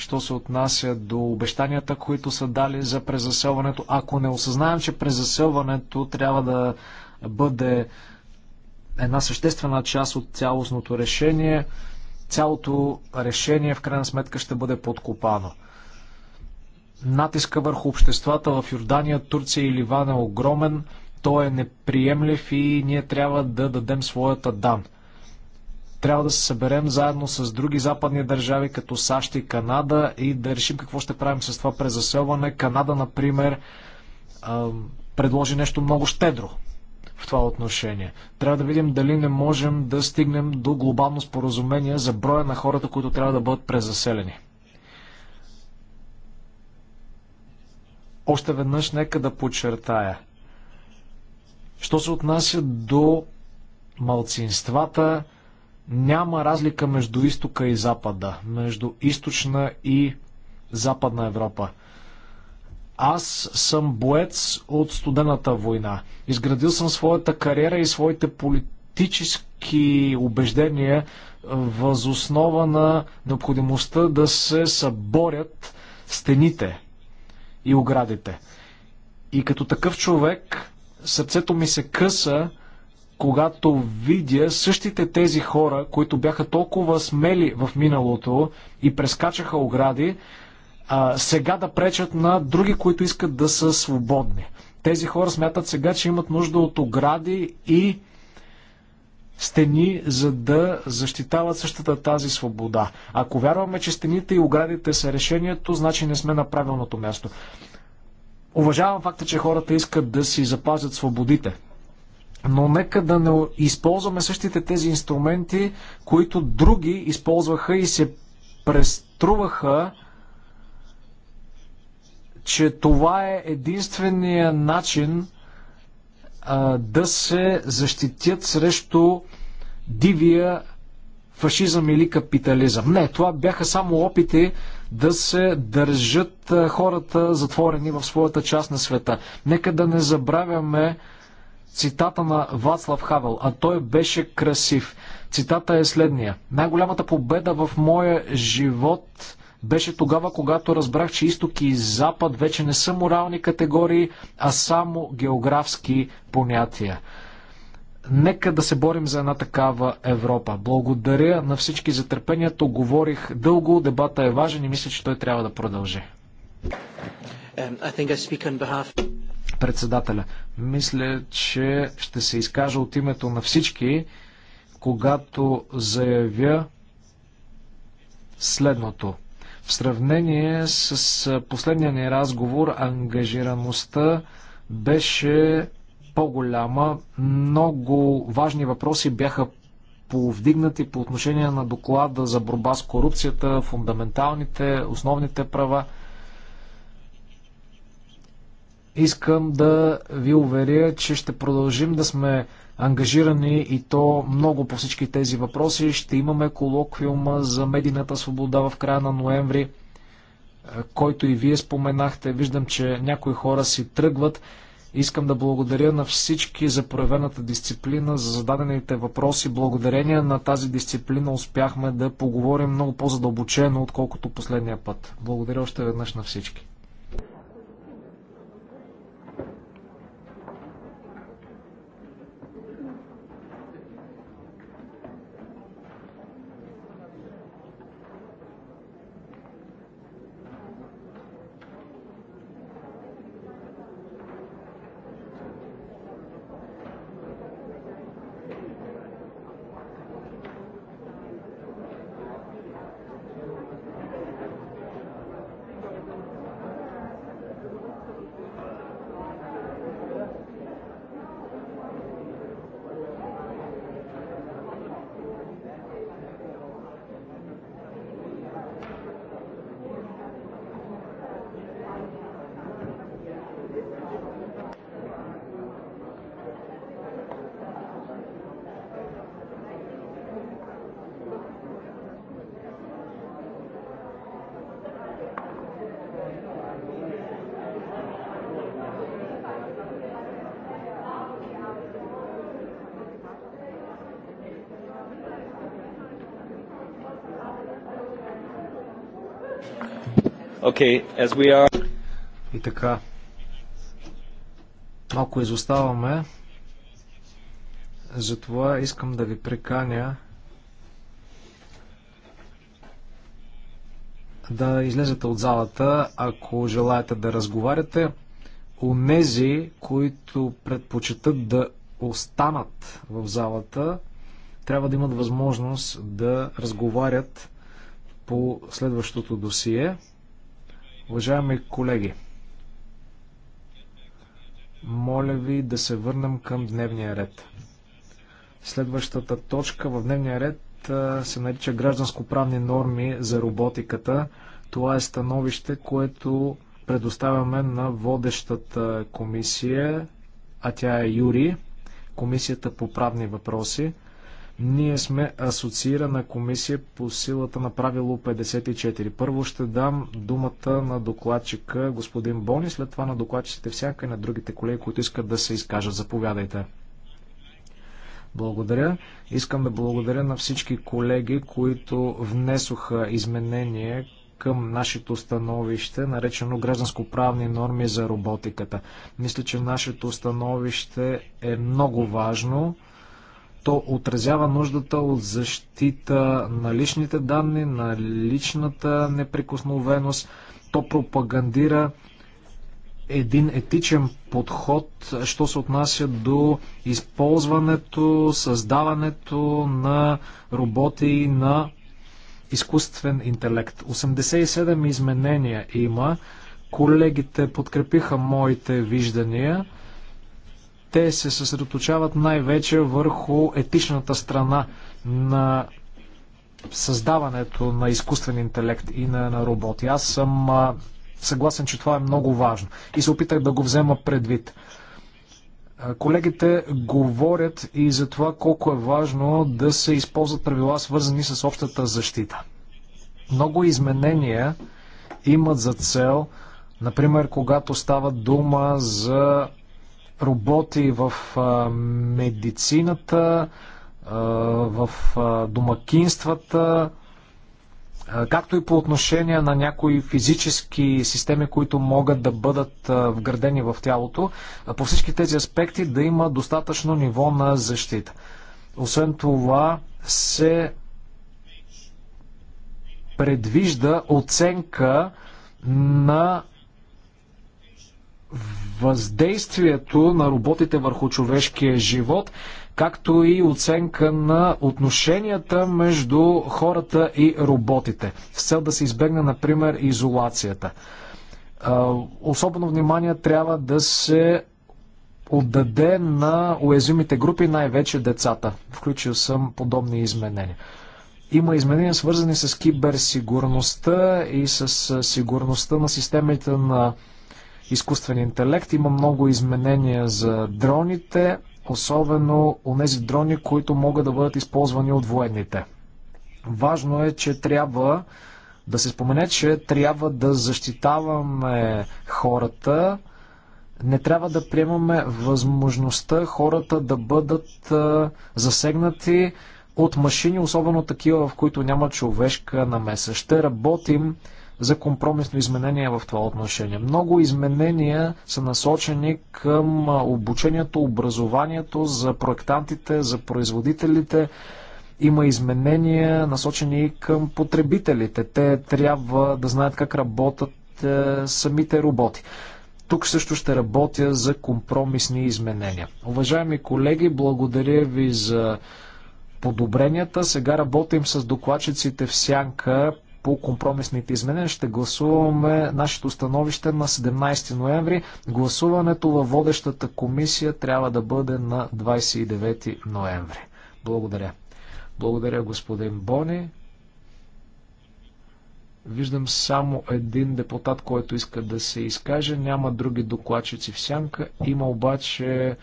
що се отнася до обещанията, които са дали за презаселването. Ако не осъзнаем, че презаселването трябва да бъде една съществена част от цялостното решение, цялото решение в крайна сметка ще бъде подкопано. Натиска върху обществата в Йордания, Турция и Ливан е огромен. Той е неприемлив и ние трябва да дадем своята дан трябва да се съберем заедно с други западни държави, като САЩ и Канада, и да решим какво ще правим с това презаселване. Канада, например, предложи нещо много щедро в това отношение. Трябва да видим дали не можем да стигнем до глобално споразумение за броя на хората, които трябва да бъдат презаселени. Още веднъж нека да подчертая. Що се отнася до малцинствата, няма разлика между изтока и запада, между източна и западна Европа. Аз съм боец от студената война. Изградил съм своята кариера и своите политически убеждения възоснова на необходимостта да се съборят стените и оградите. И като такъв човек, сърцето ми се къса, когато видя същите тези хора, които бяха толкова смели в миналото и прескачаха огради, а, сега да пречат на други, които искат да са свободни. Тези хора смятат сега, че имат нужда от огради и стени, за да защитават същата тази свобода. Ако вярваме, че стените и оградите са решението, значи не сме на правилното място. Уважавам факта, че хората искат да си запазят свободите, но нека да не използваме същите тези инструменти, които други използваха и се преструваха, че това е единствения начин а, да се защитят срещу дивия фашизъм или капитализъм. Не, това бяха само опити да се държат хората затворени в своята част на света. Нека да не забравяме цитата на Вацлав Хавел, а той беше красив. Цитата е следния. Най-голямата победа в моя живот беше тогава, когато разбрах, че изток и запад вече не са морални категории, а само географски понятия. Нека да се борим за една такава Европа. Благодаря на всички за търпението. Говорих дълго, дебата е важен и мисля, че той трябва да продължи. Um, I I behalf... Председателя, мисля, че ще се изкажа от името на всички, когато заявя следното. В сравнение с последния ни разговор, ангажираността беше по-голяма. Много важни въпроси бяха повдигнати по отношение на доклада за борба с корупцията, фундаменталните, основните права. Искам да ви уверя, че ще продължим да сме ангажирани и то много по всички тези въпроси. Ще имаме колоквиум за медийната свобода в края на ноември, е, който и вие споменахте. Виждам, че някои хора си тръгват. Искам да благодаря на всички за проявената дисциплина, за зададените въпроси. Благодарение на тази дисциплина успяхме да поговорим много по-задълбочено, отколкото последния път. Благодаря още веднъж на всички. Okay, as we are... И така. Малко изоставаме. Затова искам да ви приканя да излезете от залата, ако желаете да разговаряте. унези, които предпочитат да останат в залата, трябва да имат възможност да разговарят по следващото досие. Уважаеми колеги, моля ви да се върнем към дневния ред. Следващата точка в дневния ред се нарича гражданско-правни норми за роботиката. Това е становище, което предоставяме на водещата комисия, а тя е Юри, Комисията по правни въпроси. Ние сме асоциирана комисия по силата на правило 54. Първо ще дам думата на докладчика господин Бони, след това на докладчиците всяка и на другите колеги, които искат да се изкажат. Заповядайте. Благодаря. Искам да благодаря на всички колеги, които внесоха изменения към нашето становище, наречено гражданско-правни норми за роботиката. Мисля, че нашето становище е много важно. То отразява нуждата от защита на личните данни, на личната неприкосновеност. То пропагандира един етичен подход, що се отнася до използването, създаването на роботи на изкуствен интелект. 87 изменения има. Колегите подкрепиха моите виждания. Те се съсредоточават най-вече върху етичната страна на създаването на изкуствен интелект и на, на роботи. Аз съм а, съгласен, че това е много важно и се опитах да го взема предвид. Колегите говорят и за това колко е важно да се използват правила, свързани с общата защита. Много изменения имат за цел, например, когато става дума за работи в медицината, в домакинствата, както и по отношение на някои физически системи, които могат да бъдат вградени в тялото, по всички тези аспекти да има достатъчно ниво на защита. Освен това се предвижда оценка на въздействието на роботите върху човешкия живот, както и оценка на отношенията между хората и роботите, с цел да се избегне, например, изолацията. Особено внимание трябва да се отдаде на уязвимите групи, най-вече децата. Включил съм подобни изменения. Има изменения свързани с киберсигурността и с сигурността на системите на изкуствен интелект. Има много изменения за дроните, особено у нези дрони, които могат да бъдат използвани от военните. Важно е, че трябва да се спомене, че трябва да защитаваме хората, не трябва да приемаме възможността хората да бъдат засегнати от машини, особено такива, в които няма човешка намеса. Ще работим за компромисно изменение в това отношение. Много изменения са насочени към обучението, образованието за проектантите, за производителите. Има изменения насочени и към потребителите. Те трябва да знаят как работят е, самите роботи. Тук също ще работя за компромисни изменения. Уважаеми колеги, благодаря ви за подобренията. Сега работим с докладчиците в сянка по компромисните изменения. Ще гласуваме нашето становище на 17 ноември. Гласуването във водещата комисия трябва да бъде на 29 ноември. Благодаря. Благодаря, господин Бони. Виждам само един депутат, който иска да се изкаже. Няма други докладчици в сянка. Има обаче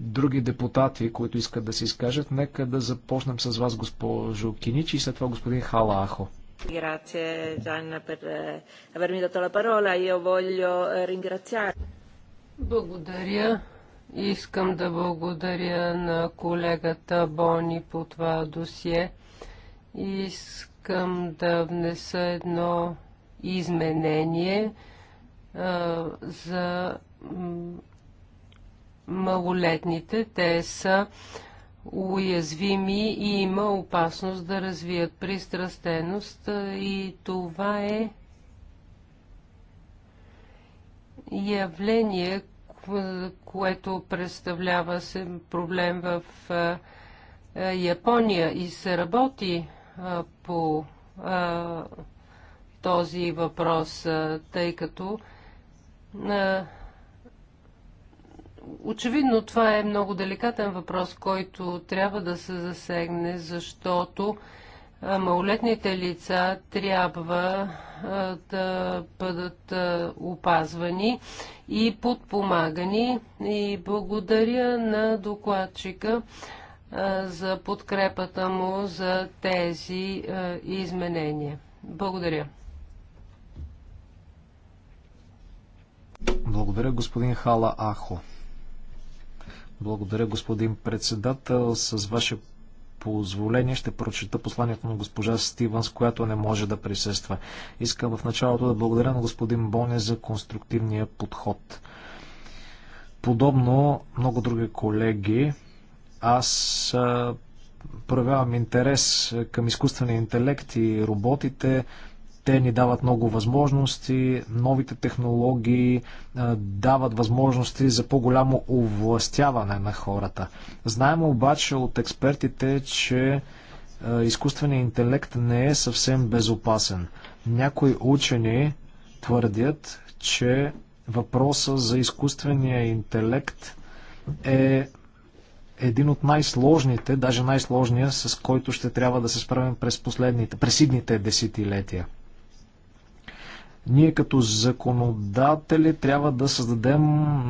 други депутати, които искат да се изкажат. Нека да започнем с вас, госпожо Киничи, и след това господин Хала Ахо. Grazie Gianna per eh, avermi dato la parola. Io voglio eh, ringraziare. Благодаря. Искам да благодаря на колегата Бони по това досие. Искам да внеса едно изменение а, за малолетните. Те са а, уязвими и има опасност да развият пристрастеност и това е явление, което представлява се проблем в Япония и се работи по този въпрос, тъй като Очевидно това е много деликатен въпрос, който трябва да се засегне, защото малолетните лица трябва да бъдат опазвани и подпомагани. И благодаря на докладчика за подкрепата му за тези изменения. Благодаря. Благодаря, господин Хала Ахо. Благодаря, господин председател. С ваше позволение ще прочета посланието на госпожа Стиванс, която не може да присъства. Искам в началото да благодаря на господин Боне за конструктивния подход. Подобно много други колеги, аз проявявам интерес към изкуствения интелект и роботите. Те ни дават много възможности, новите технологии е, дават възможности за по-голямо овластяване на хората. Знаем обаче от експертите, че е, изкуственият интелект не е съвсем безопасен. Някои учени твърдят, че въпроса за изкуствения интелект е един от най-сложните, даже най-сложния, с който ще трябва да се справим през последните, през идните десетилетия. Ние като законодатели трябва да създадем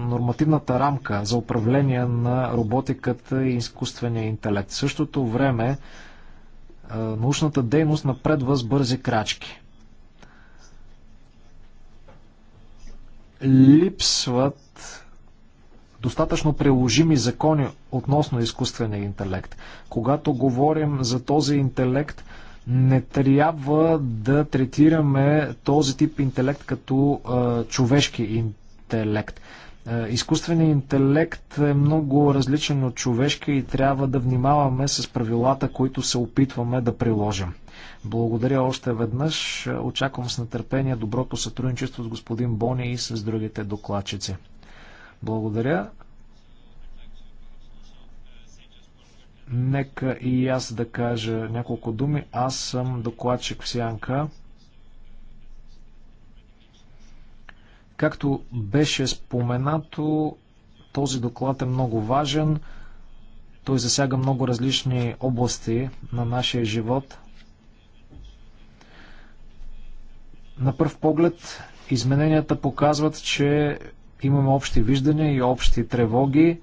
нормативната рамка за управление на роботиката и изкуствения интелект. В същото време научната дейност напредва с бързи крачки. Липсват достатъчно приложими закони относно изкуствения интелект. Когато говорим за този интелект, не трябва да третираме този тип интелект като а, човешки интелект. Изкуственият интелект е много различен от човешки и трябва да внимаваме с правилата, които се опитваме да приложим. Благодаря още веднъж. Очаквам с нетърпение доброто сътрудничество с господин Бони и с другите докладчици. Благодаря. Нека и аз да кажа няколко думи. Аз съм докладчик в Сянка. Както беше споменато, този доклад е много важен. Той засяга много различни области на нашия живот. На пръв поглед, измененията показват, че имаме общи виждания и общи тревоги.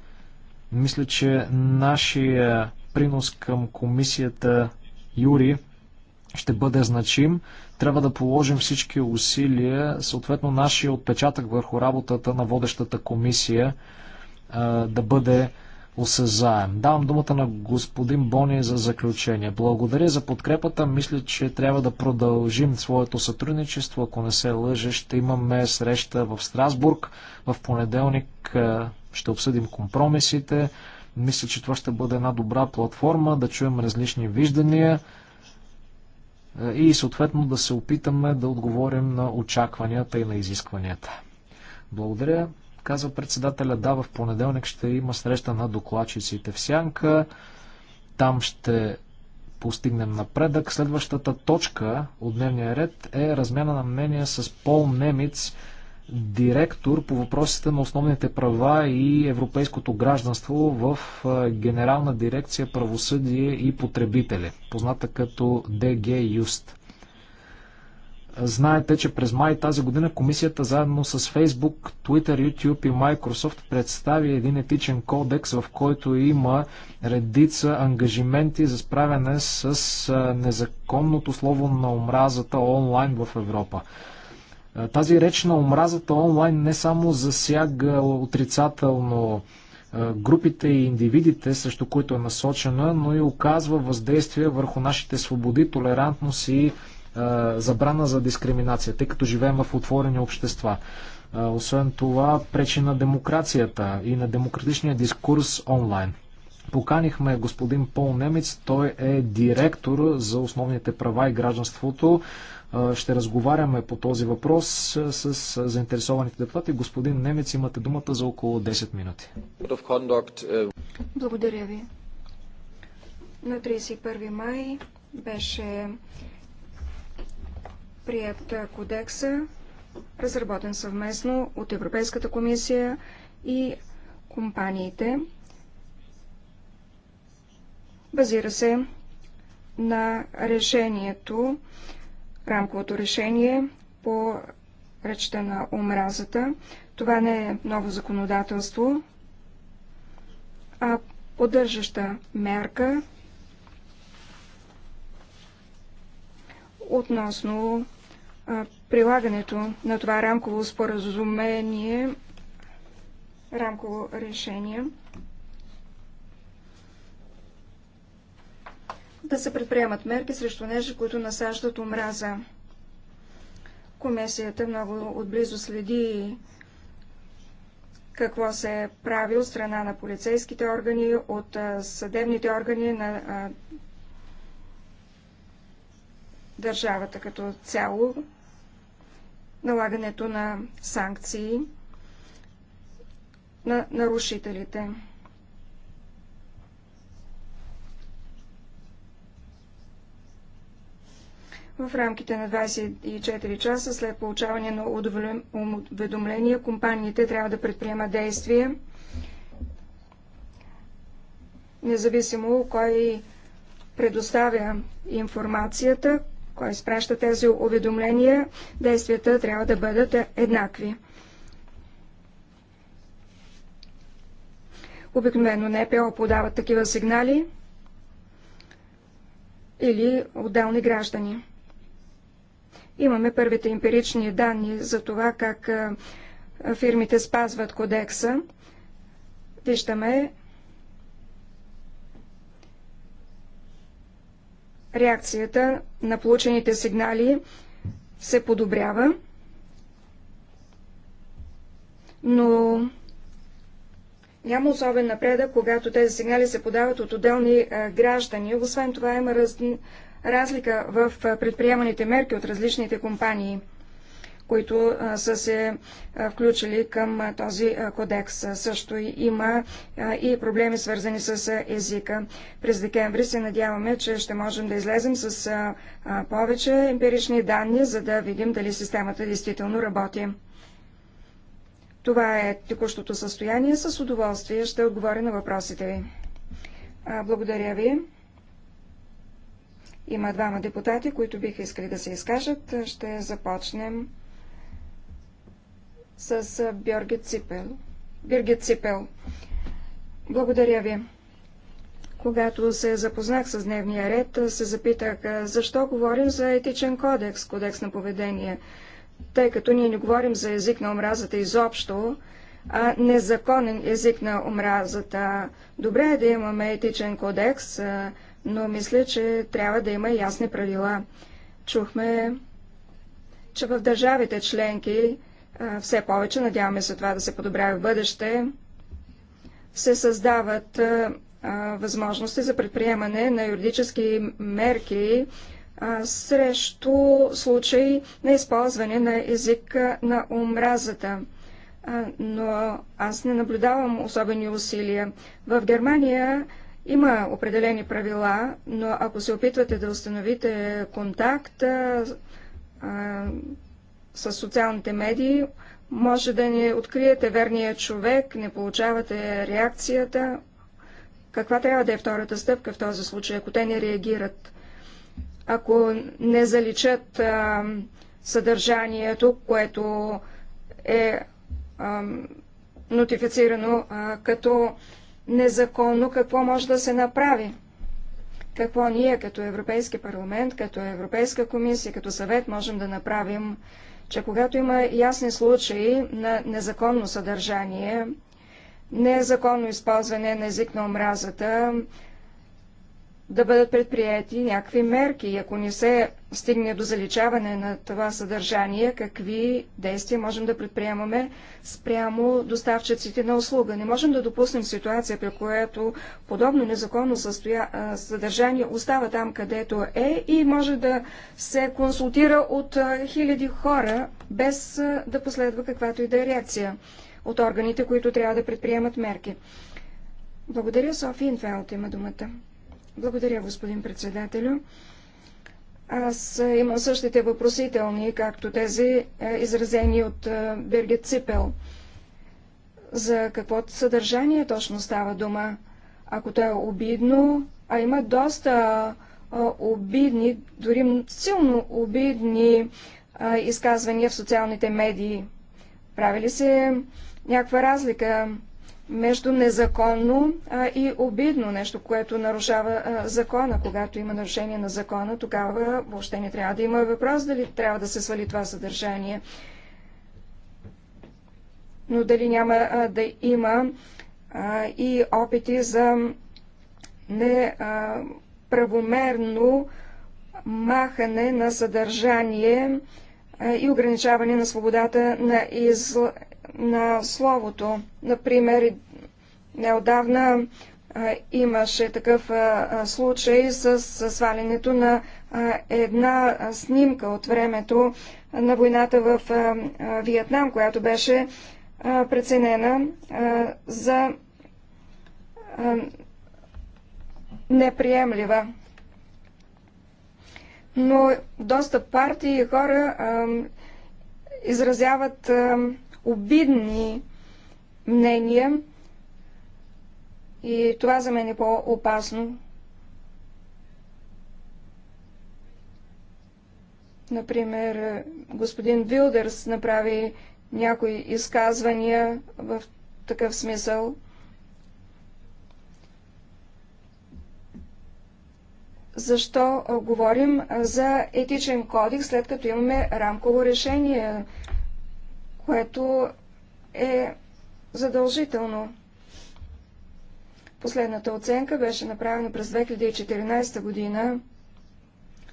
Мисля, че нашия принос към комисията Юри ще бъде значим. Трябва да положим всички усилия, съответно нашия отпечатък върху работата на водещата комисия да бъде осъзаем. Давам думата на господин Бони за заключение. Благодаря за подкрепата. Мисля, че трябва да продължим своето сътрудничество. Ако не се лъжа, ще имаме среща в Страсбург в понеделник ще обсъдим компромисите. Мисля, че това ще бъде една добра платформа да чуем различни виждания е, и съответно да се опитаме да отговорим на очакванията и на изискванията. Благодаря, казва председателя. Да, в понеделник ще има среща на докладчиците в Сянка. Там ще постигнем напредък. Следващата точка от дневния ред е размяна на мнение с Пол Немиц, директор по въпросите на основните права и европейското гражданство в Генерална дирекция правосъдие и потребители, позната като ДГ Юст. Знаете, че през май тази година комисията заедно с Facebook, Twitter, YouTube и Microsoft представи един етичен кодекс, в който има редица ангажименти за справяне с незаконното слово на омразата онлайн в Европа. Тази реч на омразата онлайн не само засяга отрицателно групите и индивидите, срещу които е насочена, но и оказва въздействие върху нашите свободи, толерантност и забрана за дискриминация, тъй като живеем в отворени общества. Освен това, пречи на демокрацията и на демократичния дискурс онлайн. Поканихме господин Пол Немец, той е директор за основните права и гражданството ще разговаряме по този въпрос с заинтересованите депутати. Господин Немец, имате думата за около 10 минути. Благодаря ви. На 31 май беше прият кодекса, разработен съвместно от Европейската комисия и компаниите. Базира се на решението рамковото решение по речта на омразата. Това не е ново законодателство, а поддържаща мерка относно прилагането на това рамково споразумение, рамково решение. да се предприемат мерки срещу нежи, които насаждат омраза. Комисията много отблизо следи какво се прави от страна на полицейските органи, от съдебните органи на държавата като цяло, налагането на санкции на нарушителите. В рамките на 24 часа след получаване на уведомление, компаниите трябва да предприемат действия, независимо кой предоставя информацията, кой изпраща тези уведомления, действията трябва да бъдат еднакви. Обикновено НПО подават такива сигнали или отделни граждани. Имаме първите емпирични данни за това как фирмите спазват кодекса. Виждаме реакцията на получените сигнали се подобрява, но няма особен напредък, когато тези сигнали се подават от отделни граждани. Освен това има разни разлика в предприеманите мерки от различните компании, които са се включили към този кодекс. Също има и проблеми свързани с езика. През декември се надяваме, че ще можем да излезем с повече емпирични данни, за да видим дали системата действително работи. Това е текущото състояние. С удоволствие ще отговоря на въпросите ви. Благодаря ви. Има двама депутати, които биха искали да се изкажат. Ще започнем с Бьорги Ципел. Биргет Ципел. Благодаря ви. Когато се запознах с дневния ред, се запитах, защо говорим за етичен кодекс, кодекс на поведение, тъй като ние не говорим за език на омразата изобщо, а незаконен език на омразата. Добре е да имаме етичен кодекс, но мисля, че трябва да има ясни правила. Чухме, че в държавите членки все повече, надяваме се това да се подобрява в бъдеще, се създават възможности за предприемане на юридически мерки срещу случаи на използване на езика на омразата. Но аз не наблюдавам особени усилия. В Германия има определени правила, но ако се опитвате да установите контакт а, а, с социалните медии, може да не откриете верния човек, не получавате реакцията. Каква трябва да е втората стъпка в този случай, ако те не реагират? Ако не заличат а, съдържанието, което е а, нотифицирано а, като незаконно, какво може да се направи? Какво ние като Европейски парламент, като Европейска комисия, като съвет можем да направим, че когато има ясни случаи на незаконно съдържание, незаконно използване на език на омразата, да бъдат предприяти някакви мерки. И ако не се стигне до заличаване на това съдържание, какви действия можем да предприемаме спрямо доставчиците на услуга. Не можем да допуснем ситуация, при която подобно незаконно състоя... съдържание остава там, където е и може да се консултира от хиляди хора, без да последва каквато и да е реакция от органите, които трябва да предприемат мерки. Благодаря, София Инфелт има думата. Благодаря, господин председателю. Аз е, имам същите въпросителни, както тези е, изразени от е, Бергет Ципел. За какво съдържание точно става дума? Ако то е обидно, а има доста обидни, дори силно обидни изказвания в социалните медии. Прави ли се някаква разлика между незаконно и обидно, нещо, което нарушава закона. Когато има нарушение на закона, тогава въобще не трябва да има въпрос дали трябва да се свали това съдържание. Но дали няма да има и опити за неправомерно махане на съдържание и ограничаване на свободата на изл на словото. Например, неодавна имаше такъв случай с свалянето на една снимка от времето на войната в Виетнам, която беше преценена за неприемлива. Но доста партии и хора изразяват обидни мнения и това за мен е по-опасно. Например, господин Вилдърс направи някои изказвания в такъв смисъл. Защо говорим за етичен кодекс, след като имаме рамково решение което е задължително. Последната оценка беше направена през 2014 година,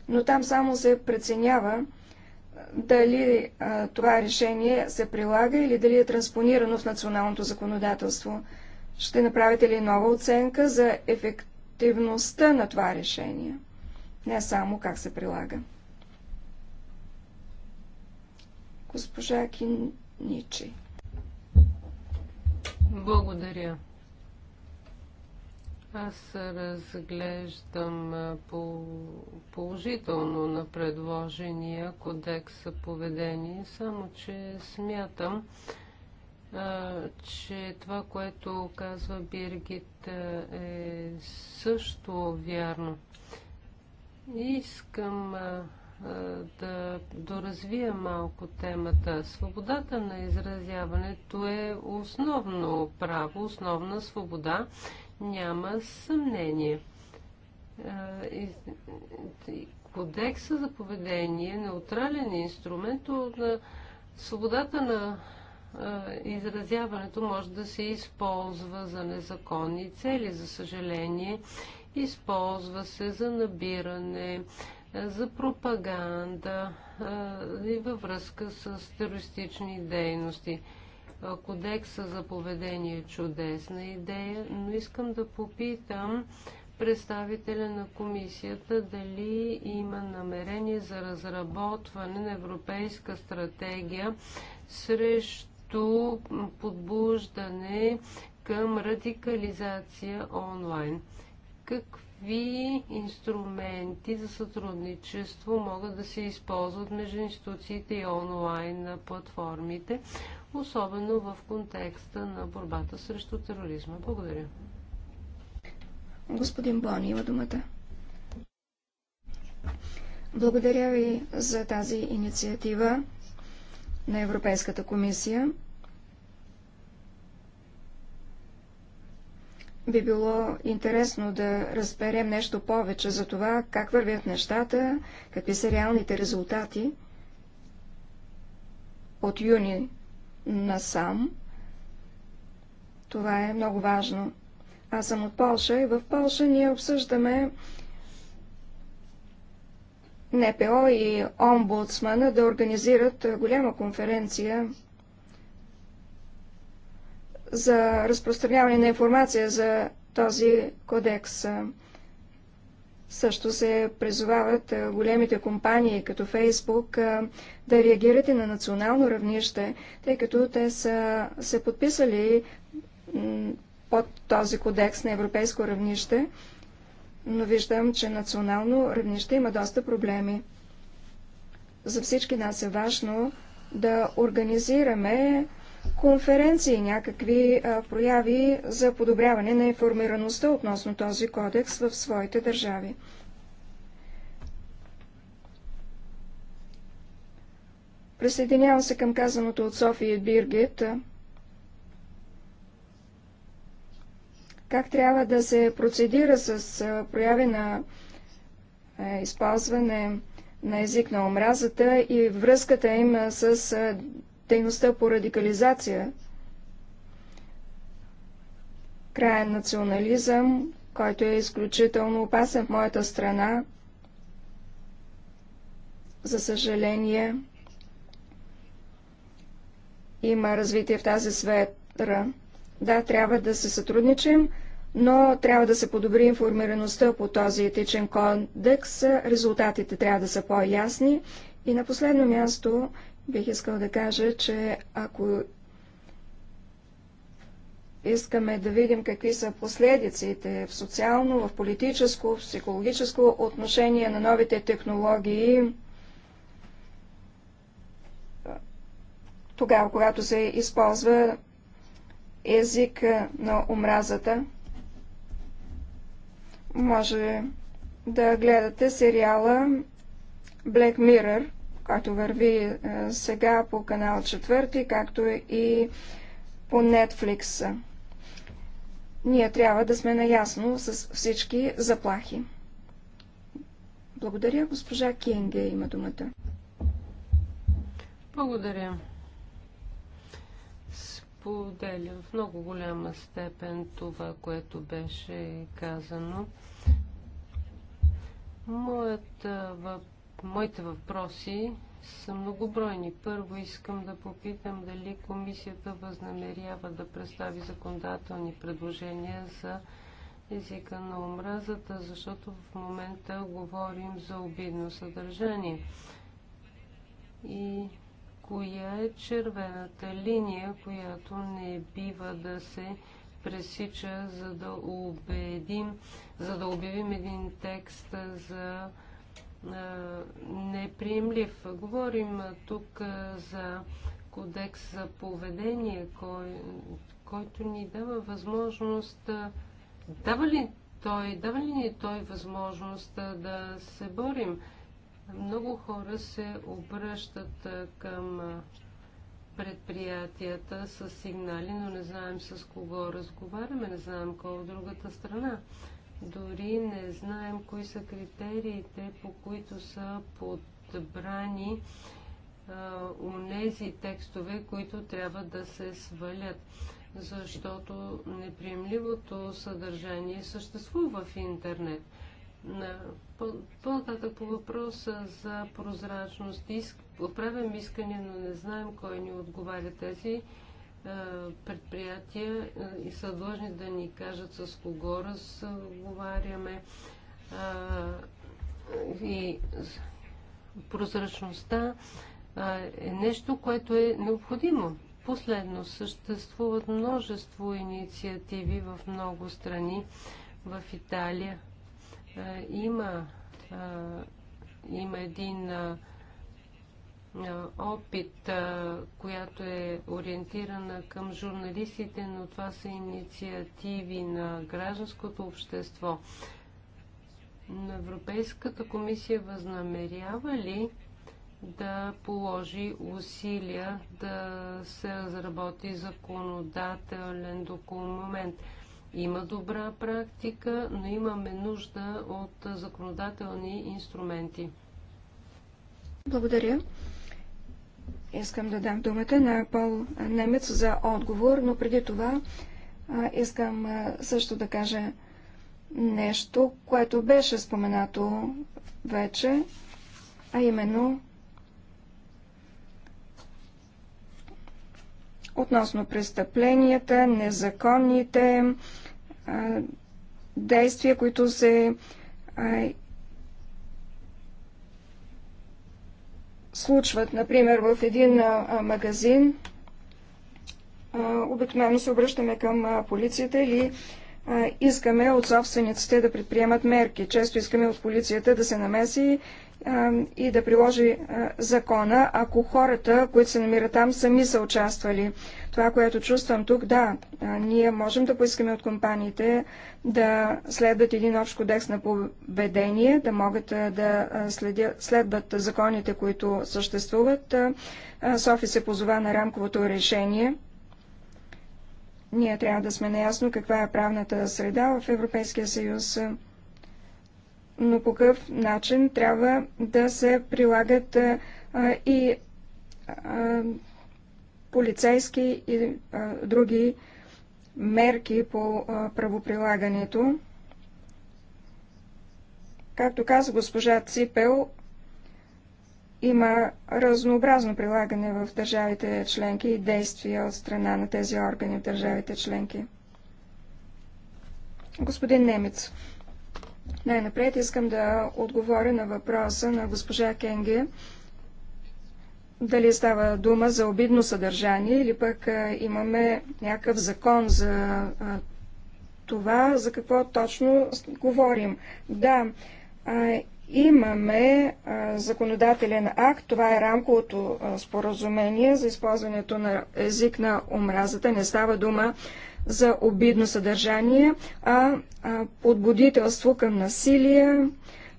но там само се преценява дали а, това решение се прилага или дали е транспонирано в националното законодателство. Ще направите ли нова оценка за ефективността на това решение? Не само как се прилага. госпожа Киничи. Благодаря. Аз разглеждам положително на предложения кодекс за поведение, само че смятам, че това, което казва Биргит е също вярно. Искам е, да доразвия малко темата. Свободата на изразяването е основно право, основна свобода. Няма съмнение. Е, кодекса за поведение е неутрален инструмент, е, свободата на изразяването може да се използва за незаконни цели, за съжаление. Използва се за набиране за пропаганда и във връзка с терористични дейности. Кодекса за поведение е чудесна идея, но искам да попитам представителя на комисията дали има намерение за разработване на европейска стратегия срещу подбуждане към радикализация онлайн. Какви какви инструменти за сътрудничество могат да се използват между институциите и онлайн на платформите, особено в контекста на борбата срещу тероризма. Благодаря. Господин Бони има думата. Благодаря ви за тази инициатива на Европейската комисия. Би било интересно да разберем нещо повече за това, как вървят нещата, какви са реалните резултати от юни насам. Това е много важно. Аз съм от Полша и в Полша ние обсъждаме НПО и омбудсмана да организират голяма конференция за разпространяване на информация за този кодекс. Също се призовават големите компании, като Фейсбук, да реагират и на национално равнище, тъй като те са се подписали под този кодекс на европейско равнище, но виждам, че национално равнище има доста проблеми. За всички нас е важно да организираме конференции, някакви а, прояви за подобряване на информираността относно този кодекс в своите държави. Присъединявам се към казаното от София Биргет. Как трябва да се процедира с прояви на използване на език на омразата и връзката им с дейността по радикализация, краен национализъм, който е изключително опасен в моята страна. За съжаление, има развитие в тази сфера. Да, трябва да се сътрудничим, но трябва да се подобри информираността по този етичен кодекс. Резултатите трябва да са по-ясни. И на последно място Бих искал да кажа, че ако искаме да видим какви са последиците в социално, в политическо, в психологическо отношение на новите технологии, тогава, когато се използва език на омразата, може да гледате сериала Black Mirror – който върви е, сега по канал 4, както и по Netflix. Ние трябва да сме наясно с всички заплахи. Благодаря, госпожа Кинге има думата. Благодаря. Споделям в много голяма степен това, което беше казано. Моят е, въпрос Моите въпроси са многобройни. Първо искам да попитам дали комисията възнамерява да представи законодателни предложения за езика на омразата, защото в момента говорим за обидно съдържание. И коя е червената линия, която не бива да се пресича, за да убедим, за да обявим един текст за неприемлив. Говорим тук за кодекс за поведение, кой, който ни дава възможност, дава ли той, дава ли ни той възможност да се борим? Много хора се обръщат към предприятията с сигнали, но не знаем с кого разговаряме, не знаем кой е от другата страна. Дори не знаем кои са критериите, по които са подбрани у нези текстове, които трябва да се свалят, защото неприемливото съдържание съществува в интернет. По-нататък по въпроса за прозрачност, отправям искане, но не знаем кой ни отговаря тези предприятия и са длъжни да ни кажат с кого разговаряме и прозрачността е нещо, което е необходимо. Последно, съществуват множество инициативи в много страни. В Италия има, има един е, опит, е, която е ориентирана към журналистите, но това са инициативи на гражданското общество. На Европейската комисия възнамерява ли да положи усилия да се разработи законодателен документ? Има добра практика, но имаме нужда от законодателни инструменти. Благодаря. Искам да дам думата на Пол Немец за отговор, но преди това искам също да кажа нещо, което беше споменато вече, а именно относно престъпленията, незаконните действия, които се случват. Например, в един магазин обикновено се обръщаме към полицията или искаме от собствениците да предприемат мерки. Често искаме от полицията да се намеси и да приложи закона, ако хората, които се намират там, сами са участвали. Това, което чувствам тук, да, ние можем да поискаме от компаниите да следват един общ кодекс на поведение, да могат да следват законите, които съществуват. Софи се позова на рамковото решение. Ние трябва да сме наясно каква е правната среда в Европейския съюз но по какъв начин трябва да се прилагат а, и а, полицейски и а, други мерки по а, правоприлагането. Както каза госпожа Ципел, има разнообразно прилагане в държавите членки и действия от страна на тези органи в държавите членки. Господин Немец. Най-напред искам да отговоря на въпроса на госпожа Кенге. Дали става дума за обидно съдържание или пък имаме някакъв закон за това, за какво точно говорим. Да, имаме законодателен акт, това е рамковото споразумение за използването на език на омразата. Не става дума за обидно съдържание, а, подбудителство към насилие,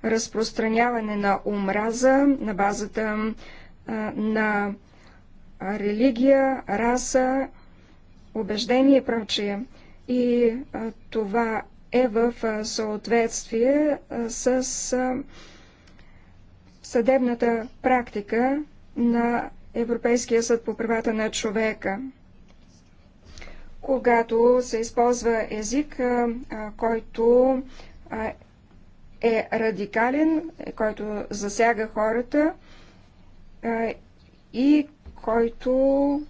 разпространяване на омраза на базата на религия, раса, убеждение и прочие. И това е в съответствие с съдебната практика на Европейския съд по правата на човека когато се използва език, който е радикален, който засяга хората и който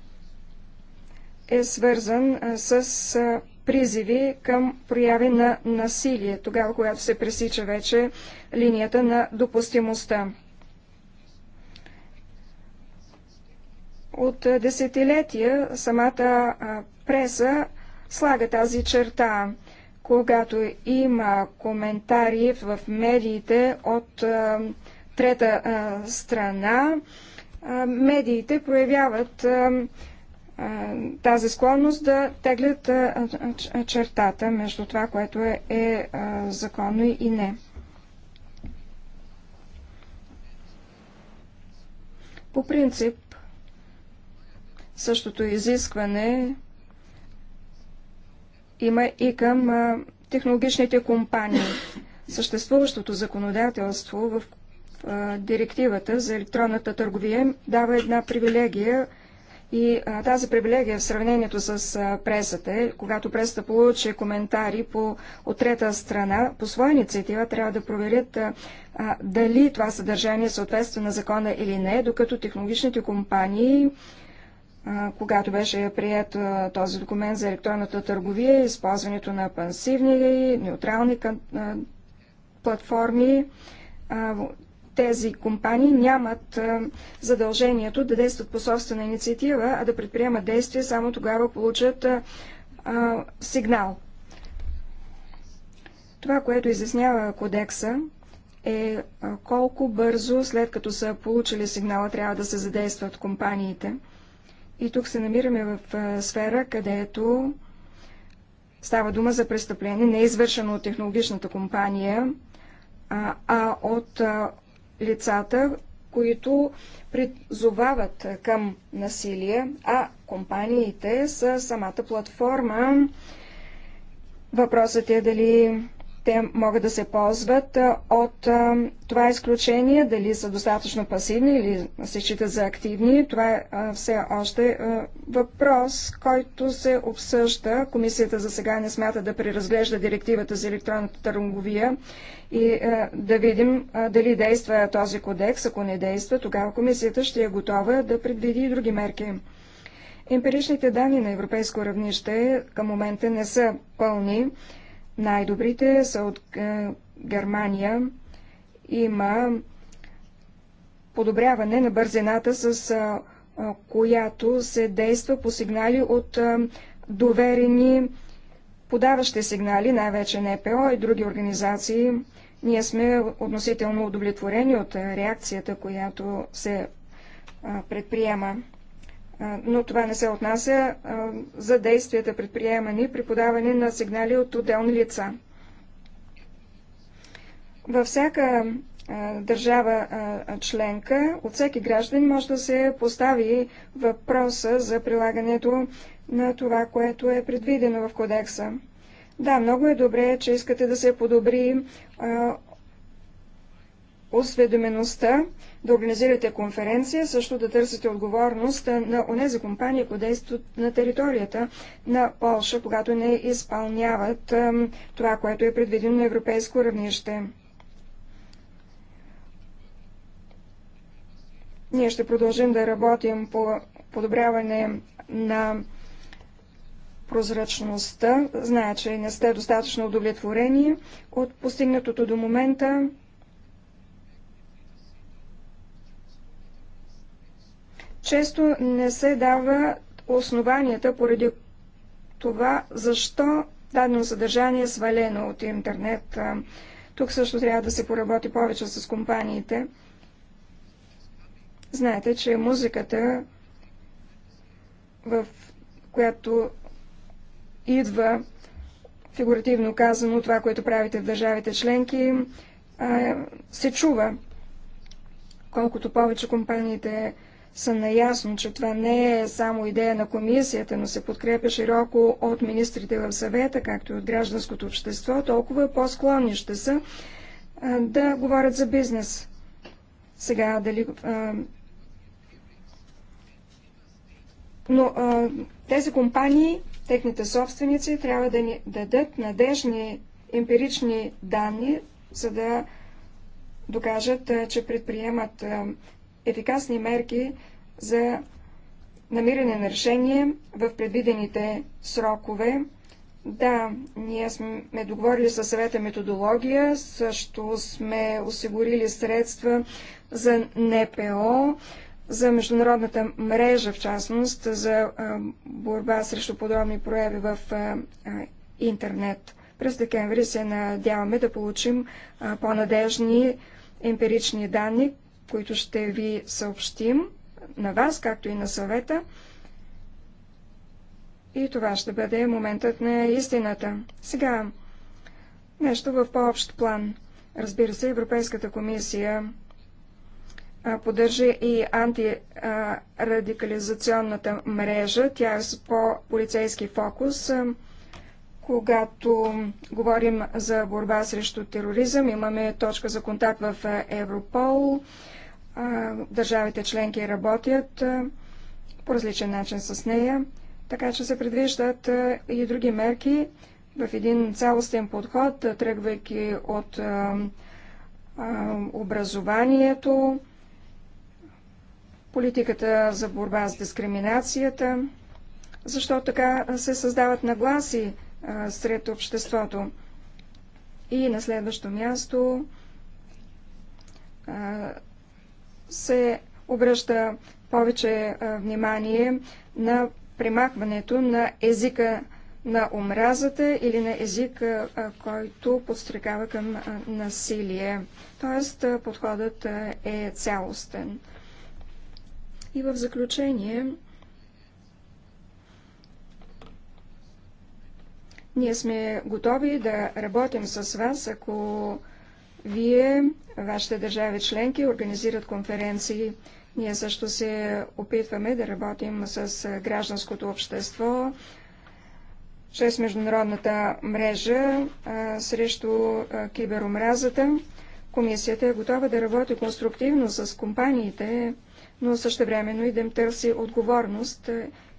е свързан с призиви към прояви на насилие, тогава, когато се пресича вече линията на допустимостта. От е, десетилетия самата преса слага тази черта. Когато има коментари в медиите от е, трета е, страна, медиите проявяват тази склонност да теглят чертата между това, което е, е законно и не. По принцип, Същото изискване има и към технологичните компании. Съществуващото законодателство в директивата за електронната търговия дава една привилегия и а, тази привилегия в сравнението с а, пресата е, когато пресата получи коментари по, от трета страна, по своя инициатива трябва да проверят а, а, дали това съдържание съответства на закона или не, докато технологичните компании когато беше прият този документ за електронната търговия, използването на пансивни и неутрални платформи, тези компании нямат задължението да действат по собствена инициатива, а да предприемат действия само тогава получат сигнал. Това, което изяснява кодекса, е колко бързо, след като са получили сигнала, трябва да се задействат компаниите – и тук се намираме в сфера, където става дума за престъпление, не е извършено от технологичната компания, а, а от а, лицата, които призовават към насилие, а компаниите са самата платформа. Въпросът е дали те могат да се ползват от това изключение, дали са достатъчно пасивни или се считат за активни. Това е все още въпрос, който се обсъжда. Комисията за сега не смята да преразглежда директивата за електронната търговия и да видим дали действа този кодекс. Ако не действа, тогава комисията ще е готова да предвиди и други мерки. Емпиричните данни на европейско равнище към момента не са пълни. Най-добрите са от е, Германия. Има подобряване на бързината, с е, е, която се действа по сигнали от доверени подаващи сигнали, най-вече НПО и други организации. Ние сме относително удовлетворени от реакцията, която се предприема но това не се отнася за действията предприемани при подаване на сигнали от отделни лица. Във всяка държава членка, от всеки граждан може да се постави въпроса за прилагането на това, което е предвидено в кодекса. Да, много е добре, че искате да се подобри осведомеността, да организирате конференция, също да търсите отговорност на онези компании, които действат на територията на Полша, когато не изпълняват това, което е предвидено на европейско равнище. Ние ще продължим да работим по подобряване на прозрачността. Зная, че не сте достатъчно удовлетворени от постигнатото до момента. често не се дава основанията, поради това, защо дадено съдържание е свалено от интернет. Тук също трябва да се поработи повече с компаниите. Знаете, че музиката, в която идва фигуративно казано това, което правите в държавите членки, се чува. Колкото повече компаниите са наясно, че това не е само идея на комисията, но се подкрепя широко от министрите в съвета, както и от гражданското общество, толкова по-склонни ще са да говорят за бизнес. Сега дали. но тези компании, техните собственици, трябва да ни дадат надежни емпирични данни, за да докажат, че предприемат ефикасни мерки за намиране на решение в предвидените срокове. Да, ние сме договорили със съвета методология, също сме осигурили средства за НПО, за международната мрежа, в частност, за борба срещу подобни прояви в интернет. През декември се надяваме да получим по-надежни емпирични данни, които ще ви съобщим на вас, както и на съвета. И това ще бъде моментът на истината. Сега, нещо в по-общ план. Разбира се, Европейската комисия поддържа и антирадикализационната мрежа. Тя е с по-полицейски фокус. Когато говорим за борба срещу тероризъм, имаме точка за контакт в Европол държавите членки работят по различен начин с нея, така че се предвиждат и други мерки в един цялостен подход, тръгвайки от образованието, политиката за борба с дискриминацията, защото така се създават нагласи сред обществото. И на следващо място се обръща повече е, внимание на примахването на езика на омразата или на език, е, е, който подстрекава към насилие. Тоест, подходът е цялостен. И в заключение, ние сме готови да работим с вас, ако вие, вашите държави членки, организират конференции. Ние също се опитваме да работим с гражданското общество, чрез международната мрежа а, срещу а, киберомразата. Комисията е готова да работи конструктивно с компаниите, но също времено и да им търси отговорност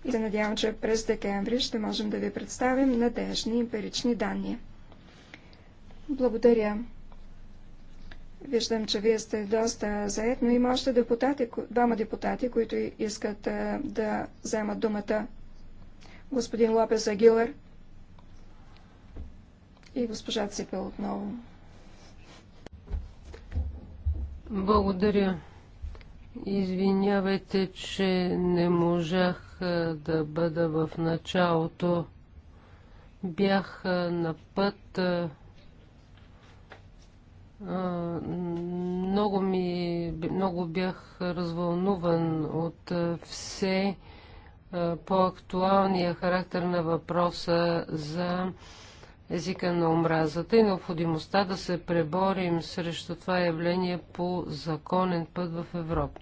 и се надявам, че през декември ще можем да ви представим надежни емпирични данни. Благодаря. Виждам, че вие сте доста заед, но има още депутати, двама депутати, които искат да вземат думата. Господин Лопес Агилър и госпожа Ципел отново. Благодаря. Извинявайте, че не можах да бъда в началото. Бях на път много, ми, много бях развълнуван от все по-актуалния характер на въпроса за езика на омразата и необходимостта да се преборим срещу това явление по законен път в Европа.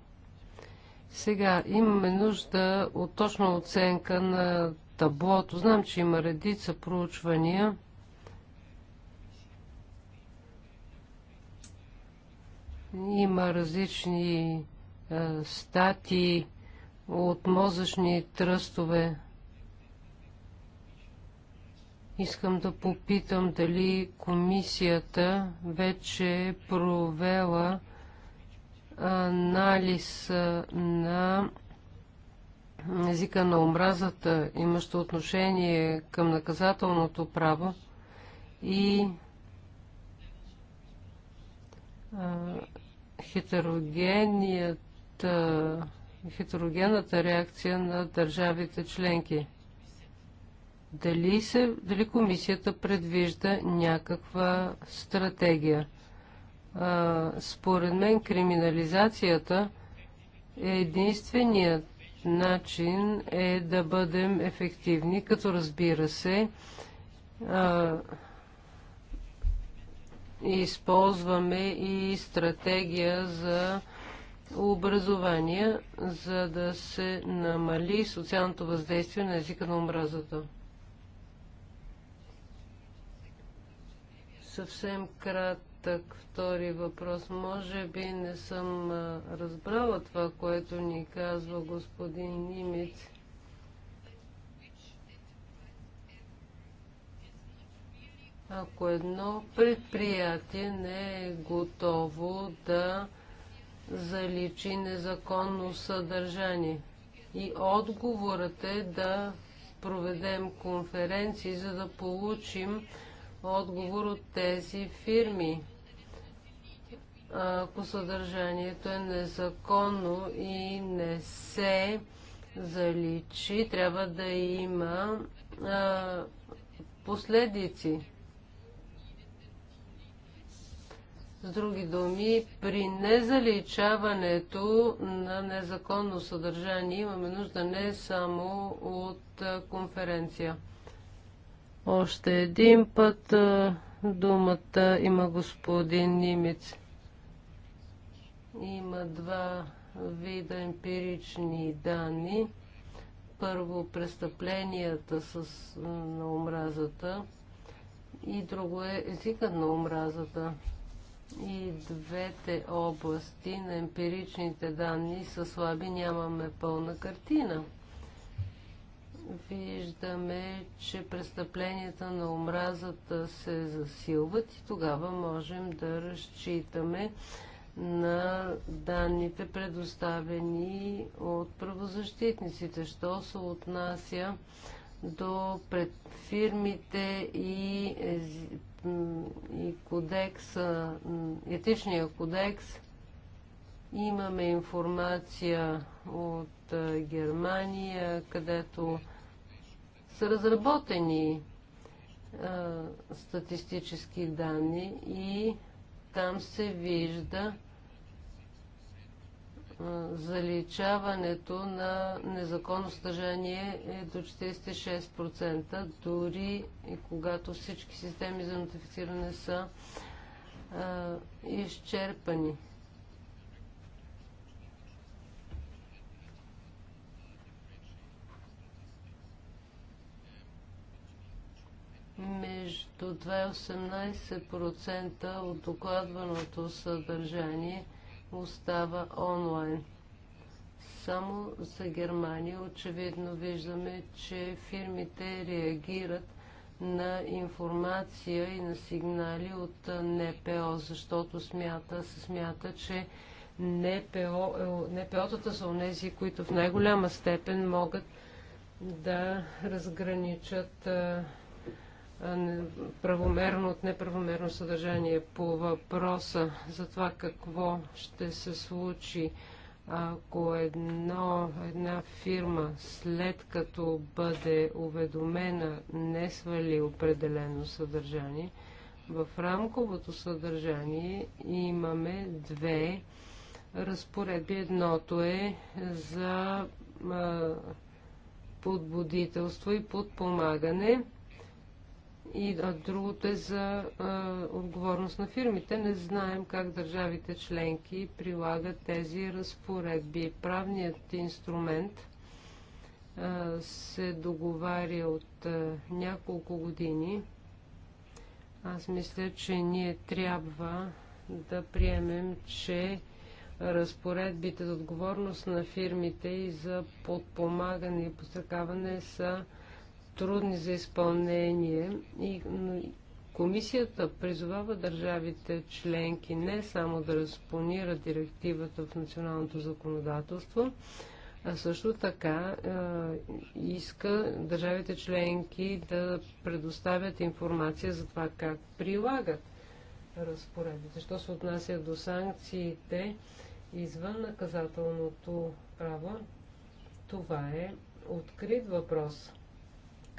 Сега имаме нужда от точна оценка на таблото. Знам, че има редица проучвания – Има различни а, е, статии от мозъчни тръстове. Искам да попитам дали комисията вече е провела анализ е, на езика на омразата, имащо отношение към наказателното право и е, хетерогенната реакция на държавите членки. Дали, се, дали комисията предвижда някаква стратегия? А, според мен криминализацията е единственият начин е да бъдем ефективни, като разбира се, а, използваме и стратегия за образование, за да се намали социалното въздействие на езика на омразата. Съвсем кратък втори въпрос. Може би не съм разбрала това, което ни казва господин Нимец. ако едно предприятие не е готово да заличи незаконно съдържание. И отговорът е да проведем конференции, за да получим отговор от тези фирми. Ако съдържанието е незаконно и не се заличи, трябва да има а, последици. С други думи, при незаличаването на незаконно съдържание имаме нужда не само от конференция. Още един път думата има господин Нимец. Има два вида емпирични данни. Първо престъпленията с, на омразата и друго е езикът на омразата. И двете области на емпиричните данни са слаби, нямаме пълна картина. Виждаме, че престъпленията на омразата се засилват и тогава можем да разчитаме на данните, предоставени от правозащитниците. Що се отнася до предфирмите и и кодекс, етичния кодекс. Имаме информация от Германия, където са разработени статистически данни и там се вижда е, заличаването на незаконно съдържание е до 46%, дори и когато всички системи за нотифициране са а, е, изчерпани. Между 2 и 18% от докладваното съдържание – остава онлайн. Само за Германия очевидно виждаме, че фирмите реагират на информация и на сигнали от НПО, защото смята, се смята, че НПО, е НПО-тата са онези, които в най-голяма степен могат да разграничат правомерно от неправомерно съдържание по въпроса за това какво ще се случи, ако едно, една фирма след като бъде уведомена не свали определено съдържание, в рамковото съдържание имаме две разпоредби. Едното е за подбудителство и подпомагане – и другото е за а, отговорност на фирмите. Не знаем как държавите членки прилагат тези разпоредби. Правният инструмент а, се договаря от а, няколко години. Аз мисля, че ние трябва да приемем, че разпоредбите за отговорност на фирмите и за подпомагане и посъкаване са трудни за изпълнение и комисията призовава държавите членки не само да разпонират директивата в националното законодателство, а също така е, иска държавите членки да предоставят информация за това как прилагат разпоредите. Що се отнася до санкциите извън наказателното право, това е открит въпрос.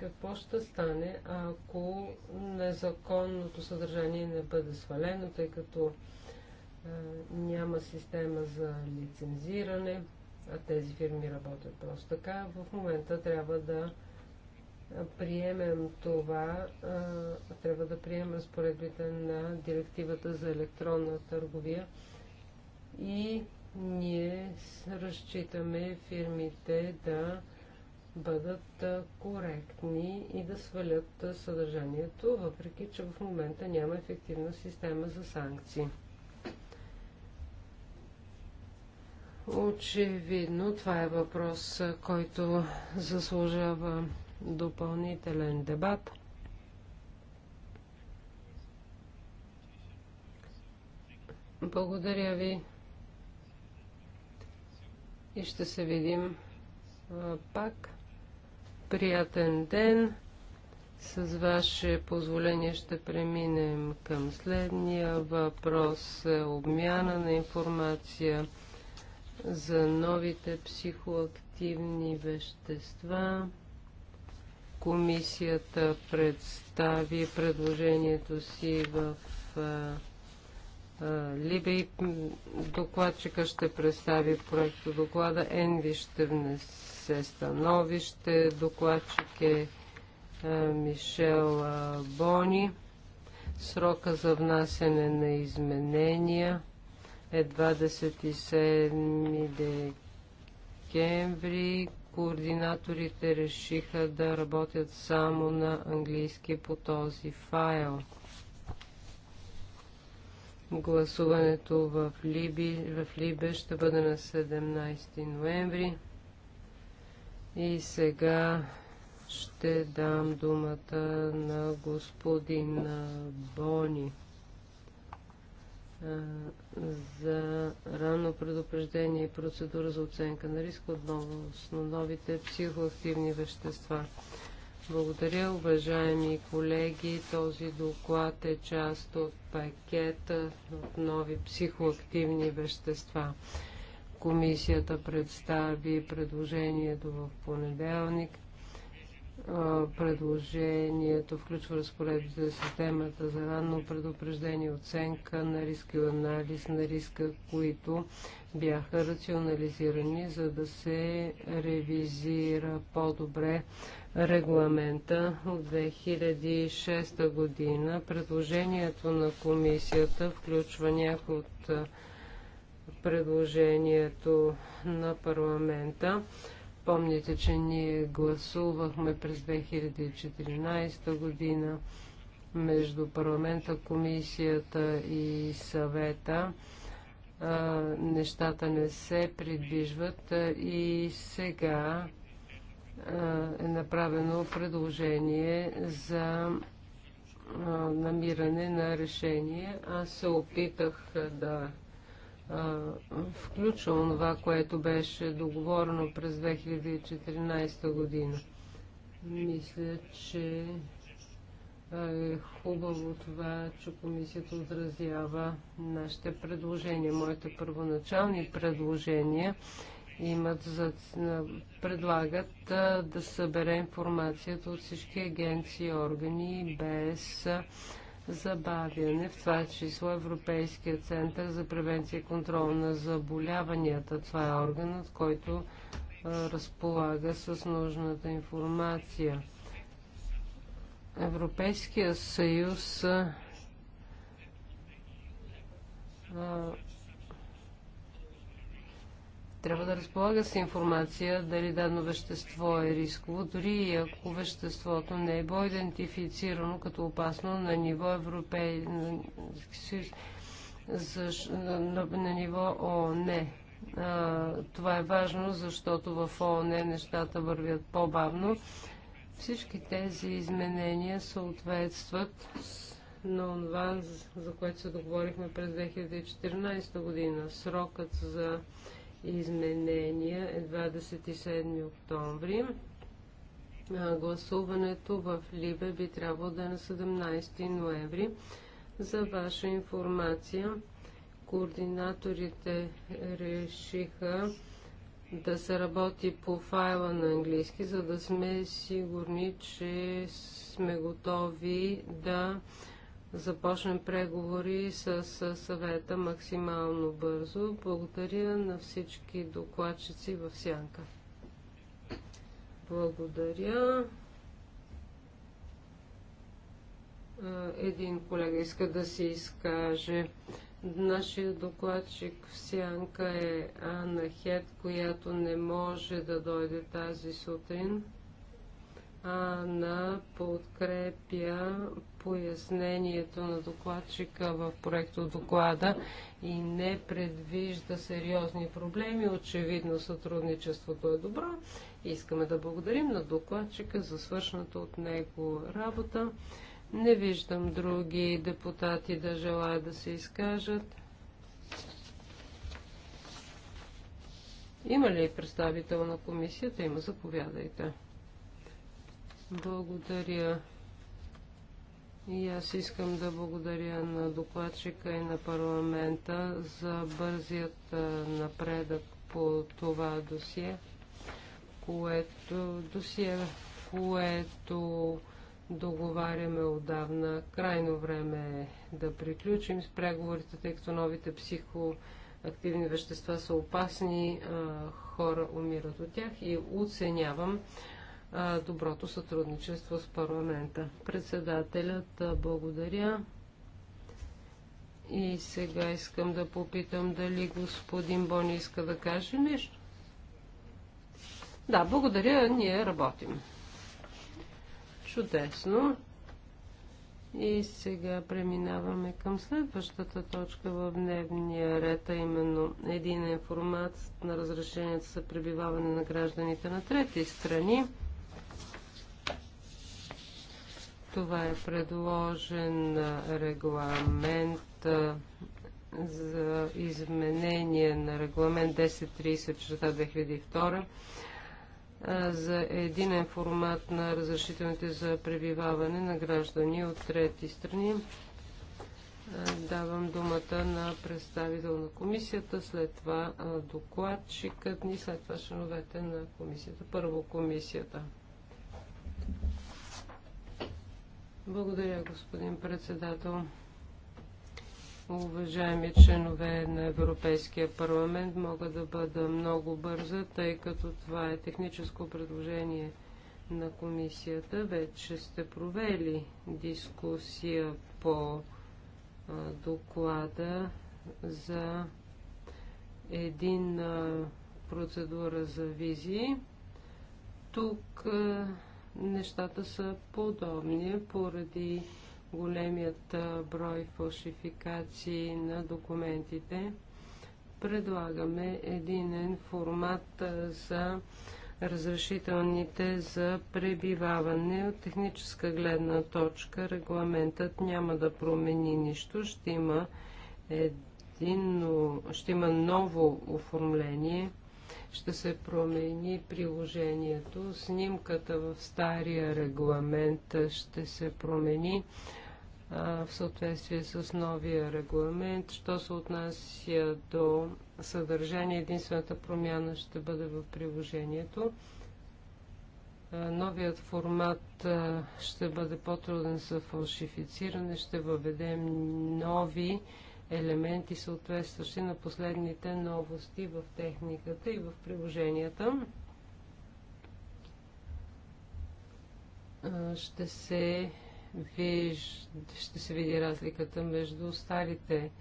Какво ще стане, ако незаконното съдържание не бъде свалено, тъй като а, е, няма система за лицензиране, а тези фирми работят просто така? В момента трябва да приемем това, а, е, трябва да приемем разпоредбите на директивата за електронна търговия и ние разчитаме фирмите да бъдат коректни и да свалят съдържанието, въпреки че в момента няма ефективна система за санкции. Очевидно, това е въпрос, който заслужава допълнителен дебат. Благодаря ви и ще се видим пак. Приятен ден! С ваше позволение ще преминем към следния въпрос. Е, обмяна на информация за новите психоактивни вещества. Комисията представи предложението си в е, Либе и докладчика ще представи проекта доклада, Енви ще внесе становище, докладчик е Мишел Бони. Срока за внасене на изменения е 27 декември. Координаторите решиха да работят само на английски по този файл. Гласуването в, Либи, в Либе ще бъде на 17 ноември. И сега ще дам думата на господин Бони за ранно предупреждение и процедура за оценка на риска относно новите психоактивни вещества. Благодаря, уважаеми колеги. Този доклад е част от пакета от нови психоактивни вещества. Комисията представи предложението в понеделник. Предложението включва разпоредбите за системата за ранно предупреждение, оценка на риска и анализ на риска, които бяха рационализирани, за да се ревизира по-добре регламента от 2006 година. Предложението на комисията включва някои от предложението на парламента. Помните, че ние гласувахме през 2014 година между парламента, комисията и съвета. Нещата не се придвижват и сега е направено предложение за намиране на решение. Аз се опитах да включа това, което беше договорено през 2014 година. Мисля, че е хубаво това, че комисията отразява нашите предложения, моите първоначални предложения имат за, предлагат да, да събере информацията от всички агенции и органи без забавяне, в това число Европейския център за превенция и контрол на заболяванията. Това е органът, който а, разполага с нужната информация. Европейския съюз а, трябва да разполага с информация дали дадено вещество е рисково, дори и ако веществото не е било идентифицирано като опасно на ниво Европейски на... на ниво ООН. Това е важно, защото в ООН нещата вървят по-бавно. Всички тези изменения съответстват на това, за което се договорихме през 2014 година. Срокът за изменения е 27 октомври. Гласуването в Либе би трябвало да е на 17 ноември. За ваша информация, координаторите решиха да се работи по файла на английски, за да сме сигурни, че сме готови да започнем преговори с съвета максимално бързо. Благодаря на всички докладчици в Сянка. Благодаря. Е, един колега иска да си изкаже. Нашия докладчик в Сянка е Анна Хет, която не може да дойде тази сутрин. Анна подкрепя пояснението на докладчика в проекто доклада и не предвижда сериозни проблеми. Очевидно сътрудничеството е добро. Искаме да благодарим на докладчика за свършната от него работа. Не виждам други депутати да желаят да се изкажат. Има ли представител на комисията? Има, заповядайте. Благодаря. И аз искам да благодаря на докладчика и на парламента за бързият напредък по това досие, което, досие, което договаряме отдавна. Крайно време е да приключим с преговорите, тъй като новите психоактивни вещества са опасни, хора умират от тях и оценявам доброто сътрудничество с парламента. Председателят, благодаря. И сега искам да попитам дали господин Бони иска да каже нещо. Да, благодаря, ние работим. Чудесно. И сега преминаваме към следващата точка в дневния ред, а именно един информация на разрешението за пребиваване на гражданите на трети страни. Това е предложен регламент за изменение на регламент 1030 2002 за единен формат на разрешителните за пребиваване на граждани от трети страни. Давам думата на представител на комисията, след това докладчикът ни, след това членовете на комисията. Първо комисията. Благодаря, господин председател. Уважаеми членове на Европейския парламент, мога да бъда много бърза, тъй като това е техническо предложение на комисията. Вече сте провели дискусия по доклада за един процедура за визии. Тук нещата са подобни поради големият брой фалшификации на документите. Предлагаме единен формат за разрешителните за пребиваване. От техническа гледна точка регламентът няма да промени нищо. Ще има, единно, ще има ново оформление – ще се промени приложението, снимката в стария регламент ще се промени а, в съответствие с новия регламент. Що се отнася до съдържание, единствената промяна ще бъде в приложението. Новият формат ще бъде по-труден за фалшифициране. Ще въведем нови елементи, съответстващи на последните новости в техниката и в приложенията. Ще се, виж... ще се види разликата между старите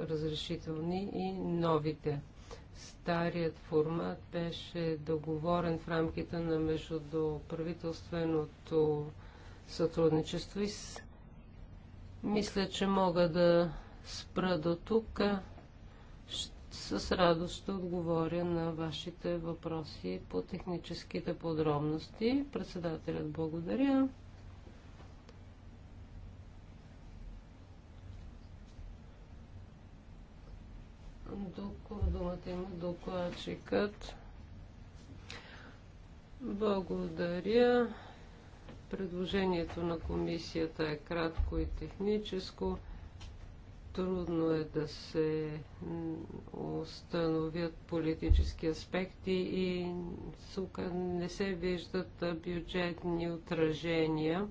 разрешителни и новите. Старият формат беше договорен в рамките на междуправителственото сътрудничество и с... мисля, че мога да спра до тук. С радост ще отговоря на вашите въпроси по техническите подробности. Председателят благодаря. Думата има докладчикът. Благодаря. Предложението на комисията е кратко и техническо. Трудно е да се установят политически аспекти и сука, не се виждат бюджетни отражения.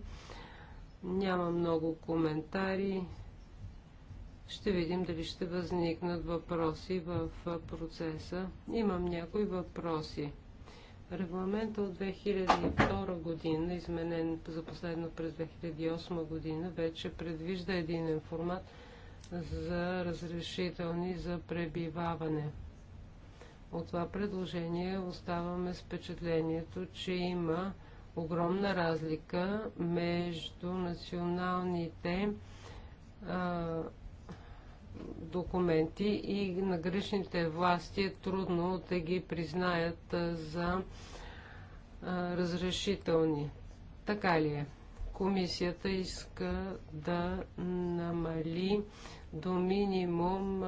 Няма много коментари. Ще видим дали ще възникнат въпроси в процеса. Имам някои въпроси. Регламента от 2002 година, изменен за последно през 2008 година, вече предвижда един формат – за разрешителни за пребиваване. От това предложение оставаме с впечатлението, че има огромна разлика между националните а, документи и на грешните власти е трудно да ги признаят а, за а, разрешителни. Така ли е? Комисията иска да намали до минимум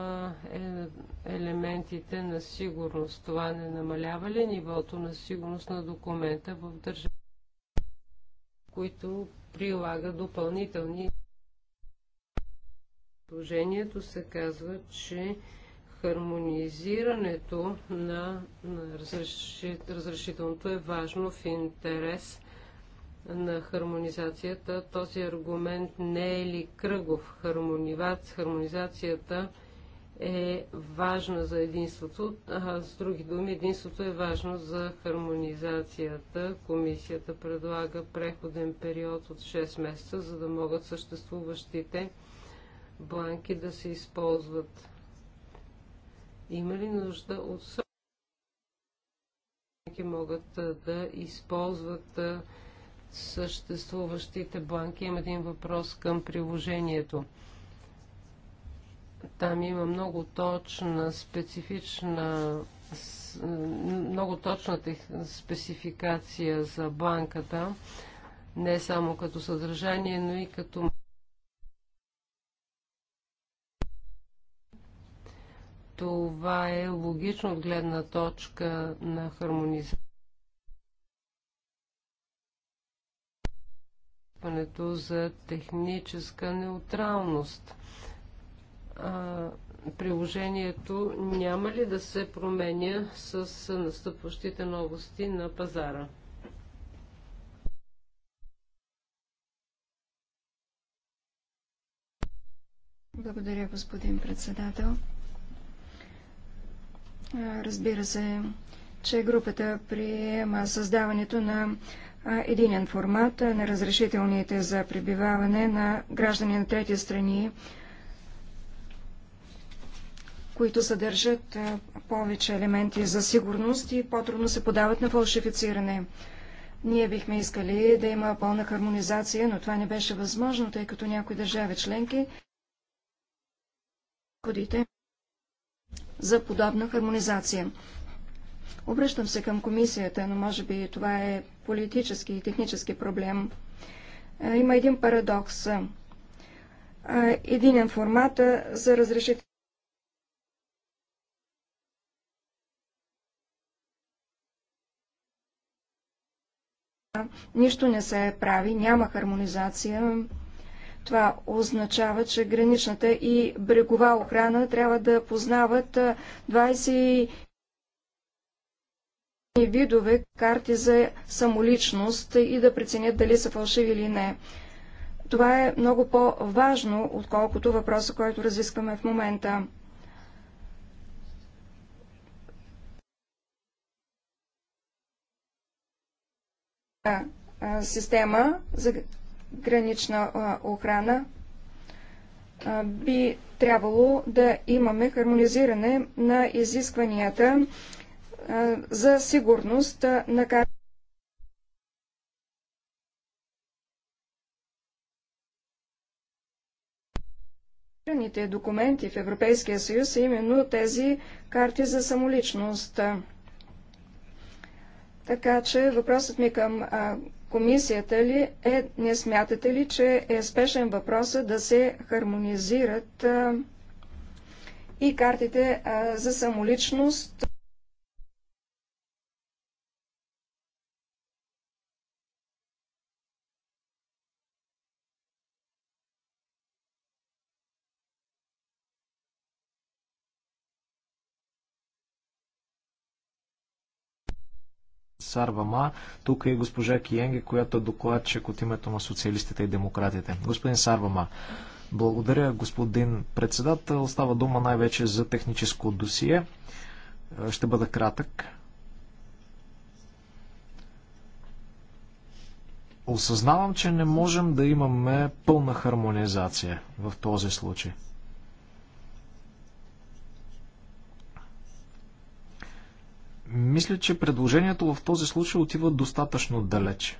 е, елементите на сигурност. Това не намалява ли нивото на сигурност на документа в държавата, които прилага допълнителни Положението се казва, че хармонизирането на, разрешителното е важно в интерес на хармонизацията. Този аргумент не е ли кръгов? Хармонизацията е важна за единството. А, с други думи, единството е важно за хармонизацията. Комисията предлага преходен период от 6 месеца, за да могат съществуващите бланки да се използват. Има ли нужда от бланки могат да използват съществуващите банки има един въпрос към приложението. Там има много точна, специфична много точна спецификация за банката, не само като съдържание, но и като Това е логично от гледна точка на хармонизация. изискването за техническа неутралност. А, приложението няма ли да се променя с настъпващите новости на пазара? Благодаря, господин председател. Разбира се, че групата приема създаването на единен формат на разрешителните за пребиваване на граждани на трети страни, които съдържат повече елементи за сигурност и по-трудно се подават на фалшифициране. Ние бихме искали да има пълна хармонизация, но това не беше възможно, тъй като някои държави членки за подобна хармонизация. Обръщам се към комисията, но може би това е политически и технически проблем. Е, има един парадокс. Е, един формат е, за разрешите. Нищо не се прави, няма хармонизация. Това означава, че граничната и брегова охрана трябва да познават 20 видове карти за самоличност и да преценят дали са фалшиви или не. Това е много по-важно, отколкото въпроса, който разискваме в момента. Система за гранична охрана би трябвало да имаме хармонизиране на изискванията за сигурност на картите. документи в Европейския съюз са именно тези карти за самоличност. Така че въпросът ми към а, комисията ли е, не смятате ли, че е спешен въпросът да се хармонизират а, и картите а, за самоличност? Сарвама. Тук е госпожа Киенге, която е докладчик от името на социалистите и демократите. Господин Сарвама, благодаря господин председател. Става дума най-вече за техническо досие. Ще бъда кратък. Осъзнавам, че не можем да имаме пълна хармонизация в този случай. Мисля, че предложението в този случай отива достатъчно далеч.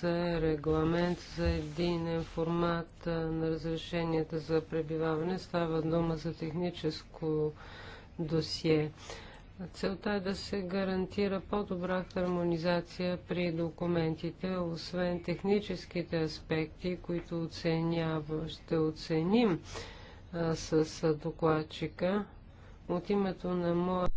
за регламент за един формат на разрешенията за пребиваване. Става дума за техническо досие. Целта е да се гарантира по-добра хармонизация при документите, освен техническите аспекти, които оценява, ще оценим а, с докладчика. От името на моя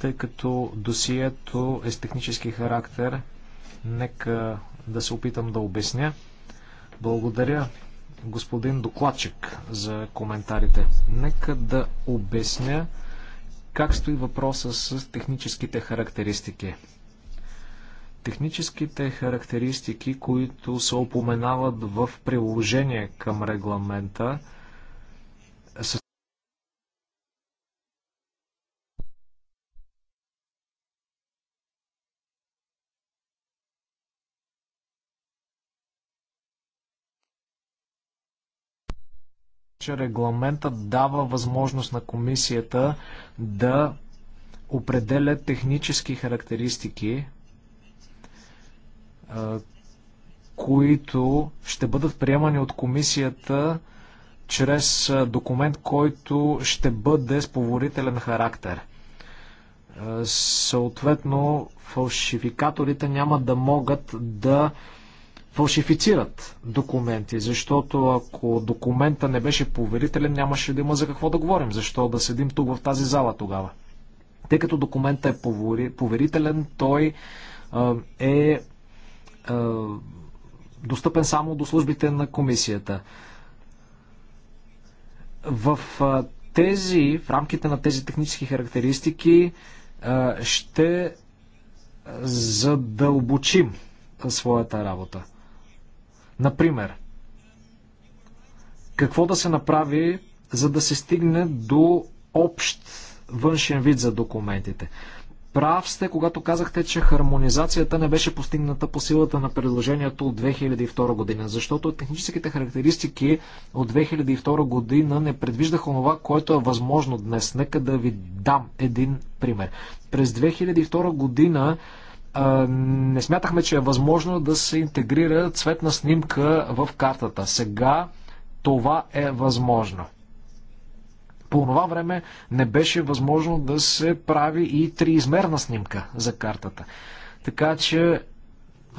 Тъй като досието е с технически характер, нека да се опитам да обясня. Благодаря господин докладчик за коментарите. Нека да обясня как стои въпроса с техническите характеристики. Техническите характеристики, които се опоменават в приложение към регламента, че регламентът дава възможност на комисията да определя технически характеристики, които ще бъдат приемани от комисията чрез документ, който ще бъде с поворителен характер. Съответно, фалшификаторите няма да могат да фалшифицират документи, защото ако документа не беше поверителен, нямаше да има за какво да говорим. Защо да седим тук в тази зала тогава? Тъй като документа е поверителен, той е достъпен само до службите на комисията. В тези, в рамките на тези технически характеристики ще задълбочим своята работа. Например, какво да се направи, за да се стигне до общ външен вид за документите? Прав сте, когато казахте, че хармонизацията не беше постигната по силата на предложението от 2002 година, защото техническите характеристики от 2002 година не предвиждаха това, което е възможно днес. Нека да ви дам един пример. През 2002 година не смятахме, че е възможно да се интегрира цветна снимка в картата. Сега това е възможно. По това време не беше възможно да се прави и триизмерна снимка за картата. Така че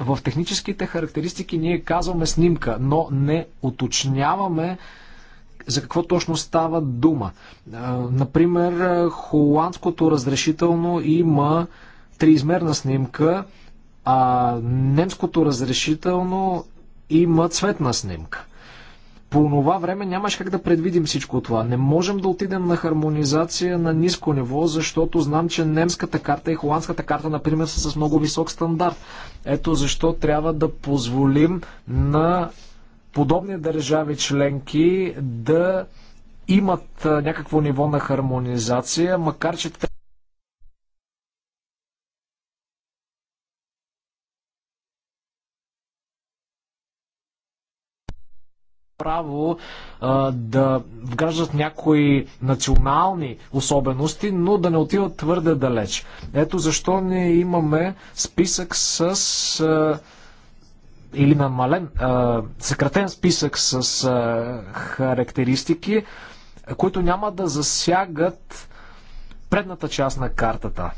в техническите характеристики ние казваме снимка, но не уточняваме за какво точно става дума. Например, холандското разрешително има триизмерна снимка, а немското разрешително има цветна снимка. По това време нямаш как да предвидим всичко това. Не можем да отидем на хармонизация на ниско ниво, защото знам, че немската карта и холандската карта, например, са с много висок стандарт. Ето защо трябва да позволим на подобни държави членки да имат някакво ниво на хармонизация, макар че те право а, да вграждат някои национални особености, но да не отиват твърде далеч. Ето защо не имаме списък с. А, или намален, а, съкратен списък с а, характеристики, които няма да засягат предната част на картата.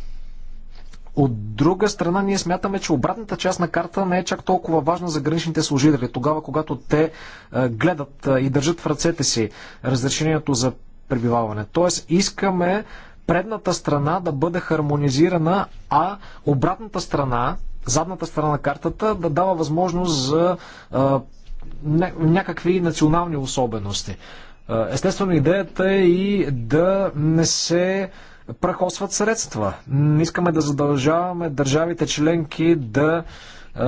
От друга страна, ние смятаме, че обратната част на карта не е чак толкова важна за граничните служители. Тогава, когато те е, гледат е, и държат в ръцете си разрешението за пребиваване. Тоест, искаме предната страна да бъде хармонизирана, а обратната страна, задната страна на картата, да дава възможност за е, някакви национални особености. Естествено, идеята е и да не се прахосват средства. Не искаме да задължаваме държавите членки да е,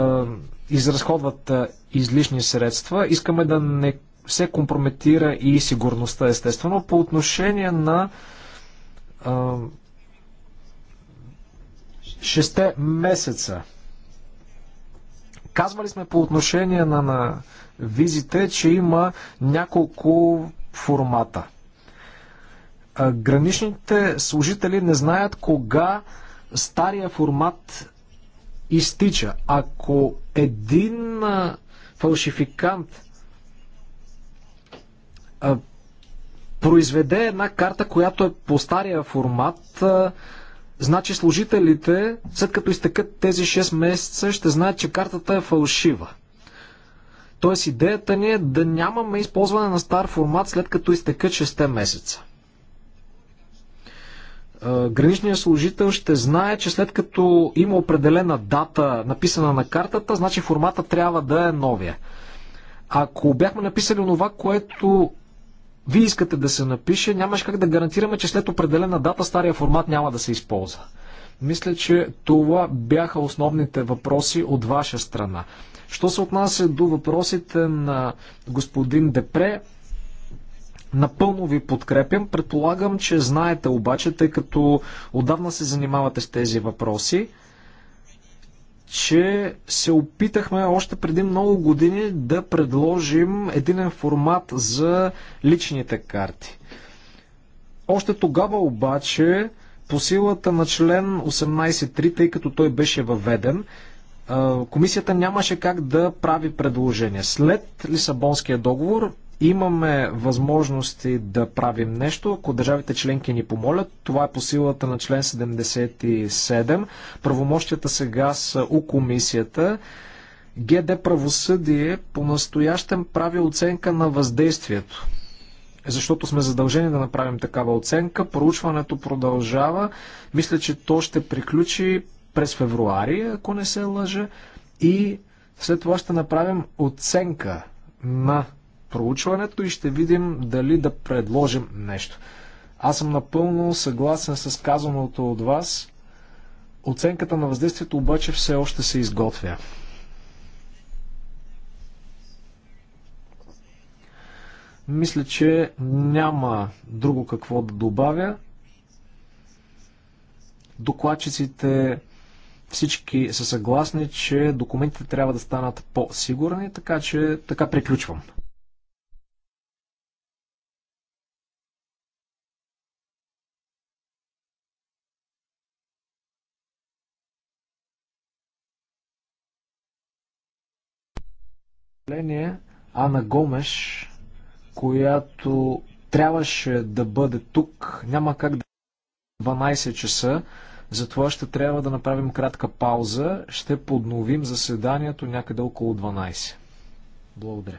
изразходват излишни средства. Искаме да не се компрометира и сигурността, естествено. По отношение на е, 6 месеца. Казвали сме по отношение на, на визите, че има няколко формата – граничните служители не знаят кога стария формат изтича. Ако един фалшификант произведе една карта, която е по стария формат, значи служителите, след като изтекат тези 6 месеца, ще знаят, че картата е фалшива. Тоест идеята ни е да нямаме използване на стар формат след като изтекат 6 месеца граничният служител ще знае, че след като има определена дата написана на картата, значи формата трябва да е новия. Ако бяхме написали това, което вие искате да се напише, нямаш как да гарантираме, че след определена дата стария формат няма да се използва. Мисля, че това бяха основните въпроси от ваша страна. Що се отнася до въпросите на господин Депре, Напълно ви подкрепям. Предполагам, че знаете обаче, тъй като отдавна се занимавате с тези въпроси, че се опитахме още преди много години да предложим един формат за личните карти. Още тогава обаче, по силата на член 18.3, тъй като той беше въведен, комисията нямаше как да прави предложение. След Лисабонския договор имаме възможности да правим нещо, ако държавите членки ни помолят. Това е по силата на член 77. Правомощията сега са у комисията. ГД правосъдие по-настоящем прави оценка на въздействието. Защото сме задължени да направим такава оценка. Проучването продължава. Мисля, че то ще приключи през февруари, ако не се лъжа. И след това ще направим оценка на проучването и ще видим дали да предложим нещо. Аз съм напълно съгласен с казаното от вас. Оценката на въздействието обаче все още се изготвя. Мисля, че няма друго какво да добавя. Докладчиците всички са съгласни, че документите трябва да станат по-сигурни, така че така приключвам. съжаление, Ана Гомеш, която трябваше да бъде тук, няма как да 12 е часа, затова ще трябва да направим кратка пауза. Ще подновим заседанието някъде около 12. Благодаря.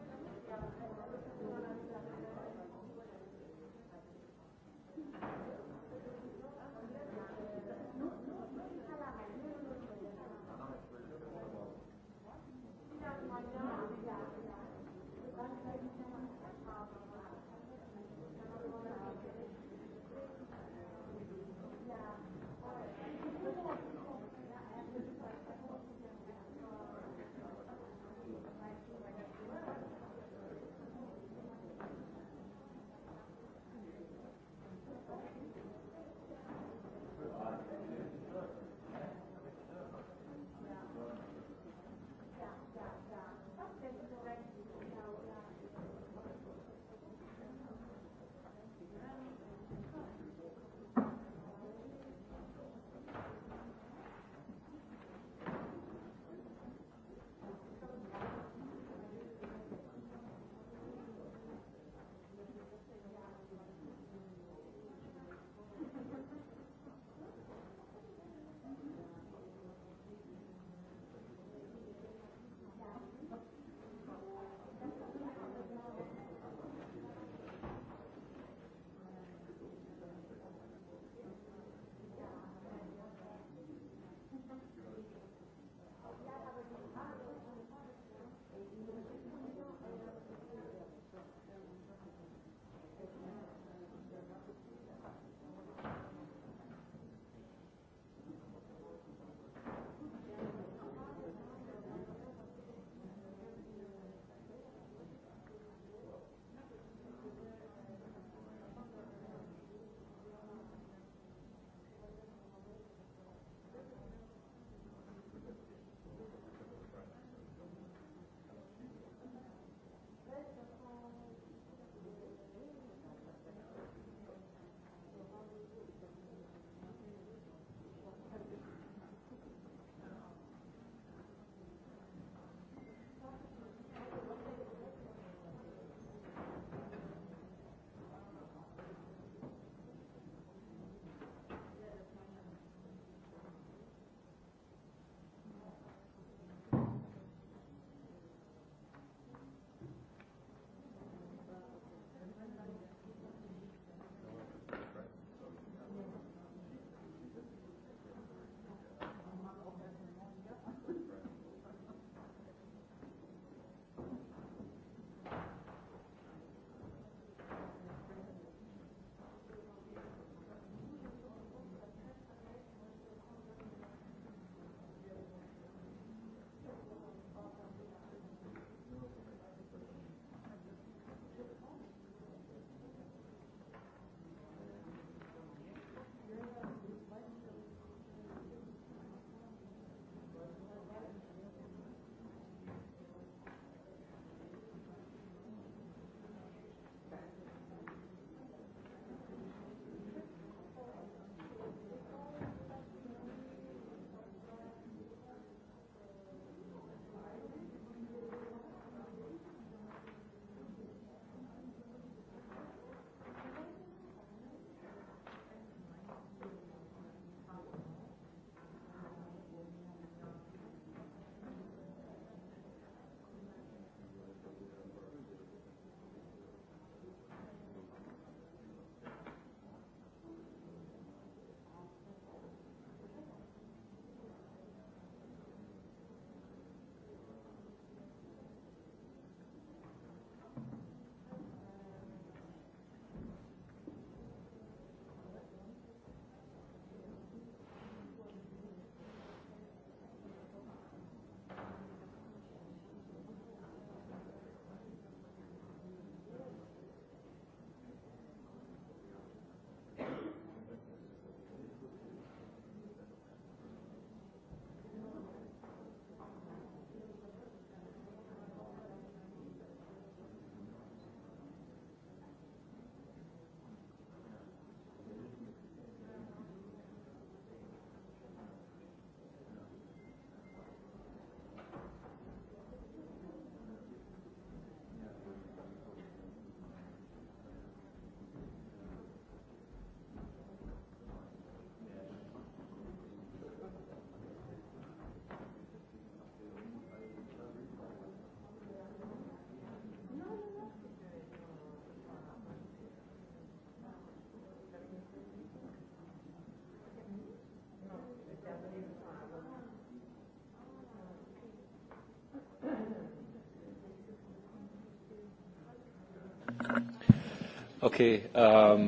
Okay. Um,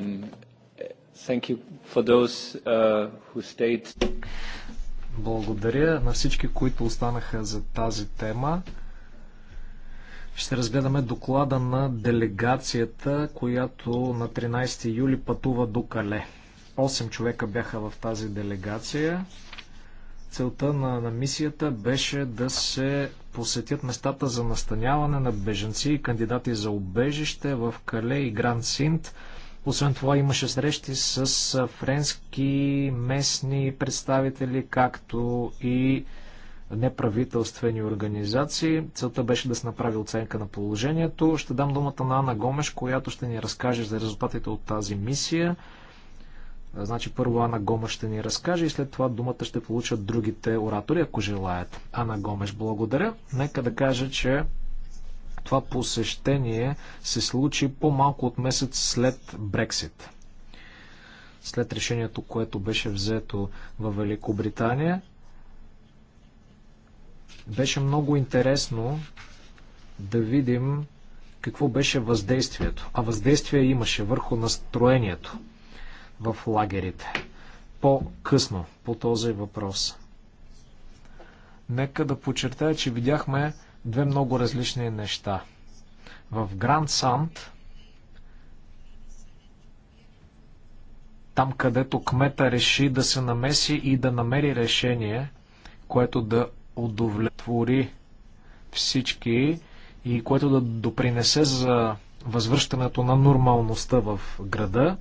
thank you for those uh, who stayed. Благодаря на всички, които останаха за тази тема. Ще разгледаме доклада на делегацията, която на 13 юли пътува до Кале. 8 човека бяха в тази делегация. Целта на, на мисията беше да се посетят местата за настаняване на беженци и кандидати за обежище в Кале и Гранд Синт. Освен това имаше срещи с френски местни представители, както и неправителствени организации. Целта беше да се направи оценка на положението. Ще дам думата на Ана Гомеш, която ще ни разкаже за резултатите от тази мисия. Значи първо Ана Гомеш ще ни разкаже и след това думата ще получат другите оратори, ако желаят. Ана Гомеш, благодаря. Нека да кажа, че това посещение се случи по-малко от месец след Брексит. След решението, което беше взето във Великобритания, беше много интересно да видим какво беше въздействието. А въздействие имаше върху настроението в лагерите. По-късно по този въпрос. Нека да подчертая, че видяхме две много различни неща. В Гранд Санд, там където кмета реши да се намеси и да намери решение, което да удовлетвори всички и което да допринесе за възвръщането на нормалността в града,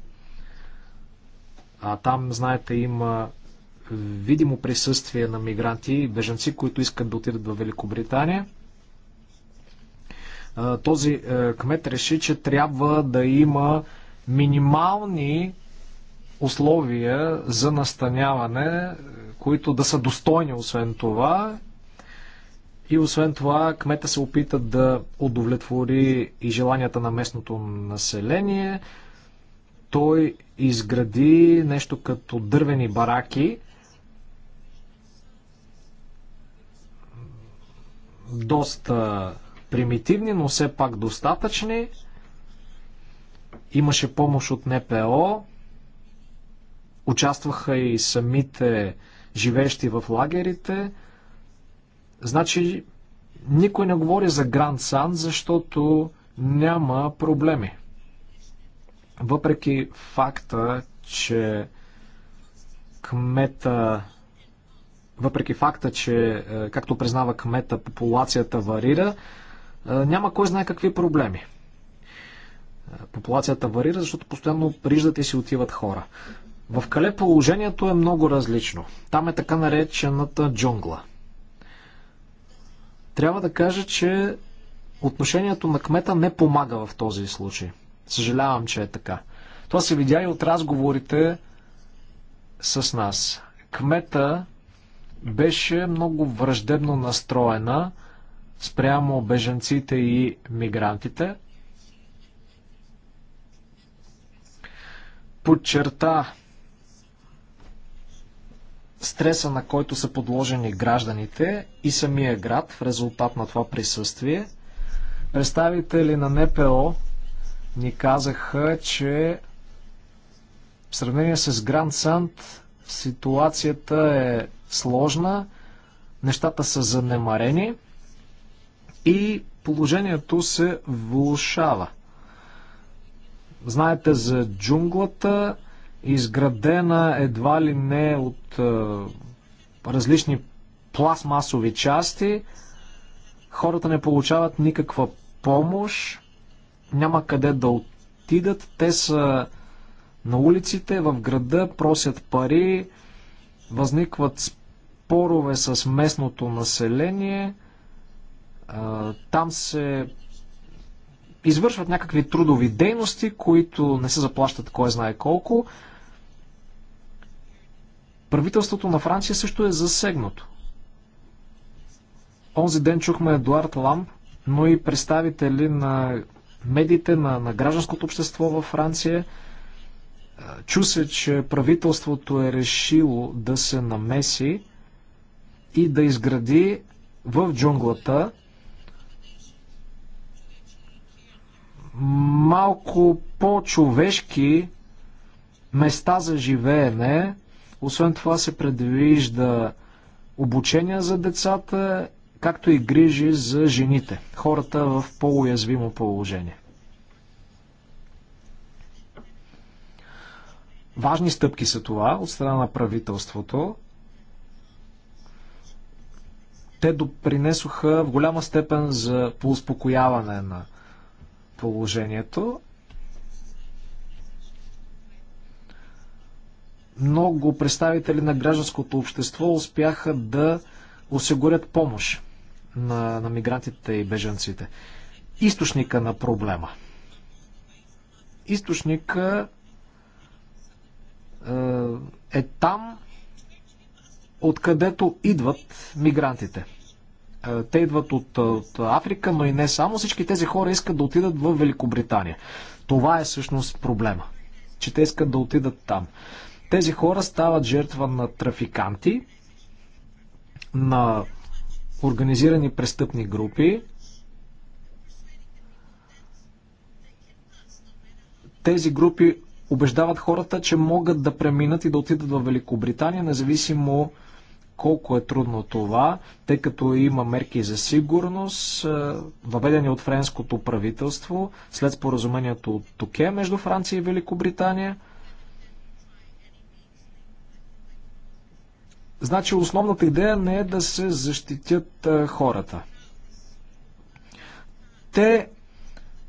а там, знаете, има видимо присъствие на мигранти и бежанци, които искат да отидат в Великобритания. Този е, кмет реши, че трябва да има минимални условия за настаняване, е, които да са достойни освен това. И освен това, кмета се опита да удовлетвори и желанията на местното население. Той изгради нещо като дървени бараки. Доста примитивни, но все пак достатъчни. Имаше помощ от НПО. Участваха и самите живеещи в лагерите. Значи, никой не говори за Гранд Сан, защото няма проблеми. Въпреки факта, че кмета въпреки факта, че, е, както признава кмета, популацията варира, е, няма кой знае какви проблеми. Е, популацията варира, защото постоянно приждат и си отиват хора. В Кале положението е много различно. Там е така наречената джунгла. Трябва да кажа, че отношението на кмета не помага в този случай. Съжалявам, че е така. Това се видя и от разговорите с нас. Кмета беше много враждебно настроена спрямо беженците и мигрантите. Подчерта стреса, на който са подложени гражданите и самия град в резултат на това присъствие. Представители на НПО ни казаха, че в сравнение с Гранд Санд ситуацията е сложна, нещата са занемарени и положението се влушава. Знаете за джунглата, изградена едва ли не от е, различни пластмасови части. Хората не получават никаква помощ няма къде да отидат. Те са на улиците, в града, просят пари, възникват спорове с местното население. Там се извършват някакви трудови дейности, които не се заплащат кой знае колко. Правителството на Франция също е засегнато. Онзи ден чухме Едуард Лам, но и представители на медиите, на, на гражданското общество във Франция. Чу се, че правителството е решило да се намеси и да изгради в джунглата малко по-човешки места за живеене. Освен това се предвижда обучение за децата както и грижи за жените, хората в по-уязвимо положение. Важни стъпки са това от страна на правителството. Те допринесоха в голяма степен за поуспокояване на положението. Много представители на гражданското общество успяха да осигурят помощ на, на мигрантите и беженците. Източника на проблема. Източника е, е там, откъдето идват мигрантите. Е, те идват от, от Африка, но и не само. Всички тези хора искат да отидат в Великобритания. Това е всъщност проблема. Че те искат да отидат там. Тези хора стават жертва на трафиканти, на организирани престъпни групи. Тези групи убеждават хората, че могат да преминат и да отидат в Великобритания, независимо колко е трудно това, тъй като има мерки за сигурност, е, въведени от френското правителство след споразумението от Токе между Франция и Великобритания – Значи основната идея не е да се защитят хората. Те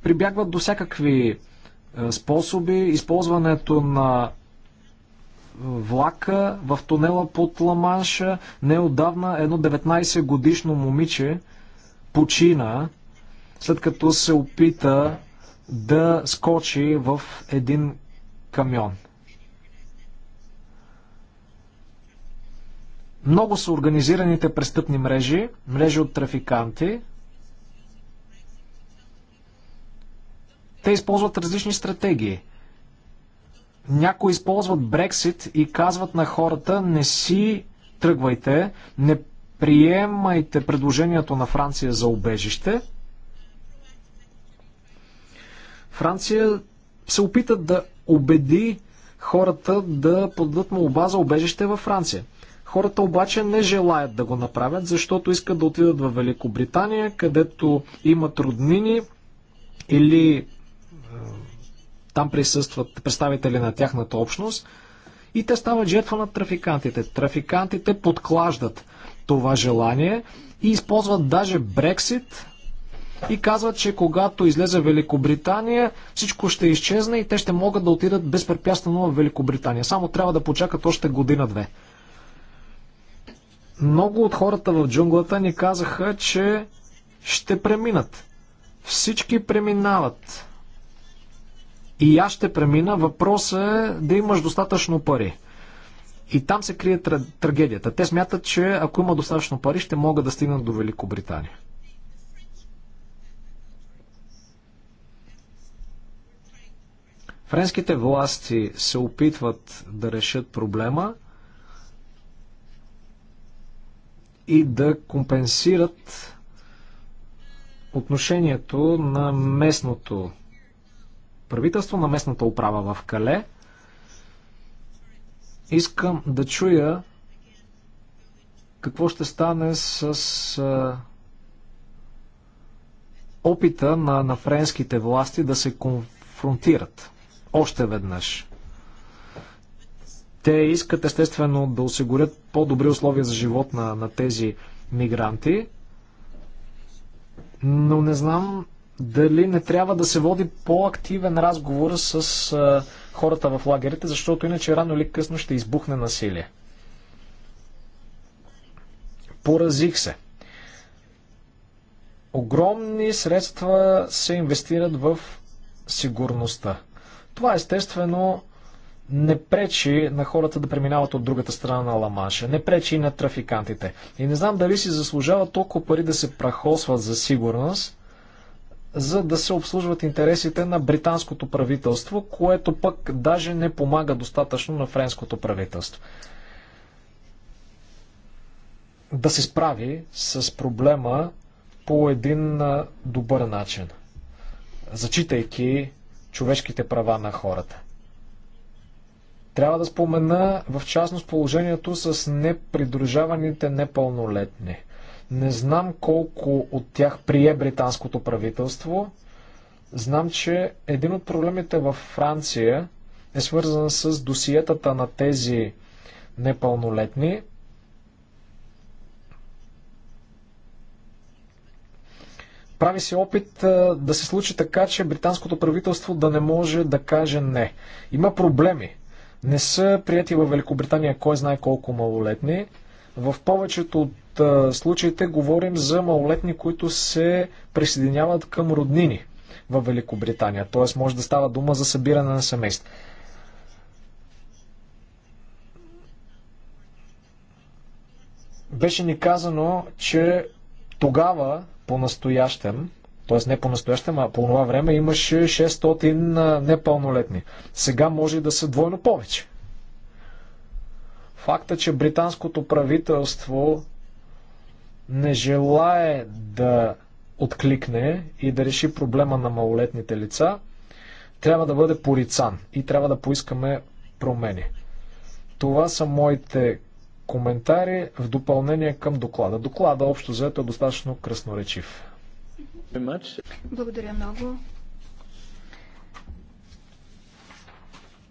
прибягват до всякакви способи. Използването на влака в тунела под Ламанша. Неодавна едно 19 годишно момиче почина, след като се опита да скочи в един камион. Много са организираните престъпни мрежи, мрежи от трафиканти. Те използват различни стратегии. Някои използват Брексит и казват на хората не си тръгвайте, не приемайте предложението на Франция за убежище. Франция се опита да убеди хората да подадат му оба за убежище във Франция. Хората обаче не желаят да го направят, защото искат да отидат в Великобритания, където имат роднини или е, там присъстват представители на тяхната общност и те стават жертва на трафикантите. Трафикантите подклаждат това желание и използват даже Брексит и казват, че когато излезе Великобритания, всичко ще изчезне и те ще могат да отидат безпрепятствено в Великобритания. Само трябва да почакат още година-две. Много от хората в джунглата ни казаха, че ще преминат. Всички преминават. И аз ще премина. Въпросът е да имаш достатъчно пари. И там се крие трагедията. Те смятат, че ако има достатъчно пари, ще могат да стигнат до Великобритания. Френските власти се опитват да решат проблема. и да компенсират отношението на местното правителство, на местната управа в Кале. Искам да чуя какво ще стане с опита на, на френските власти да се конфронтират още веднъж. Те искат естествено да осигурят по-добри условия за живот на, на тези мигранти, но не знам дали не трябва да се води по-активен разговор с а, хората в лагерите, защото иначе рано или късно ще избухне насилие. Поразих се. Огромни средства се инвестират в сигурността. Това естествено не пречи на хората да преминават от другата страна на Ламанша, не пречи и на трафикантите. И не знам дали си заслужава толкова пари да се прахосват за сигурност, за да се обслужват интересите на британското правителство, което пък даже не помага достатъчно на френското правителство. Да се справи с проблема по един добър начин, зачитайки човешките права на хората. Трябва да спомена в частност положението с непридружаваните непълнолетни. Не знам колко от тях прие британското правителство. Знам, че един от проблемите във Франция е свързан с досиетата на тези непълнолетни. Прави се опит да се случи така, че британското правителство да не може да каже не. Има проблеми не са прияти във Великобритания кой знае колко малолетни. В повечето от случаите говорим за малолетни, които се присъединяват към роднини в Великобритания. Т.е. може да става дума за събиране на семейства. Беше ни казано, че тогава, по-настоящем, т.е. не по-настоящем, а по това време имаше 600 непълнолетни. Сега може да са двойно повече. Факта, че британското правителство не желае да откликне и да реши проблема на малолетните лица, трябва да бъде порицан и трябва да поискаме промени. Това са моите коментари в допълнение към доклада. Доклада общо взето е достатъчно красноречив. Благодаря много.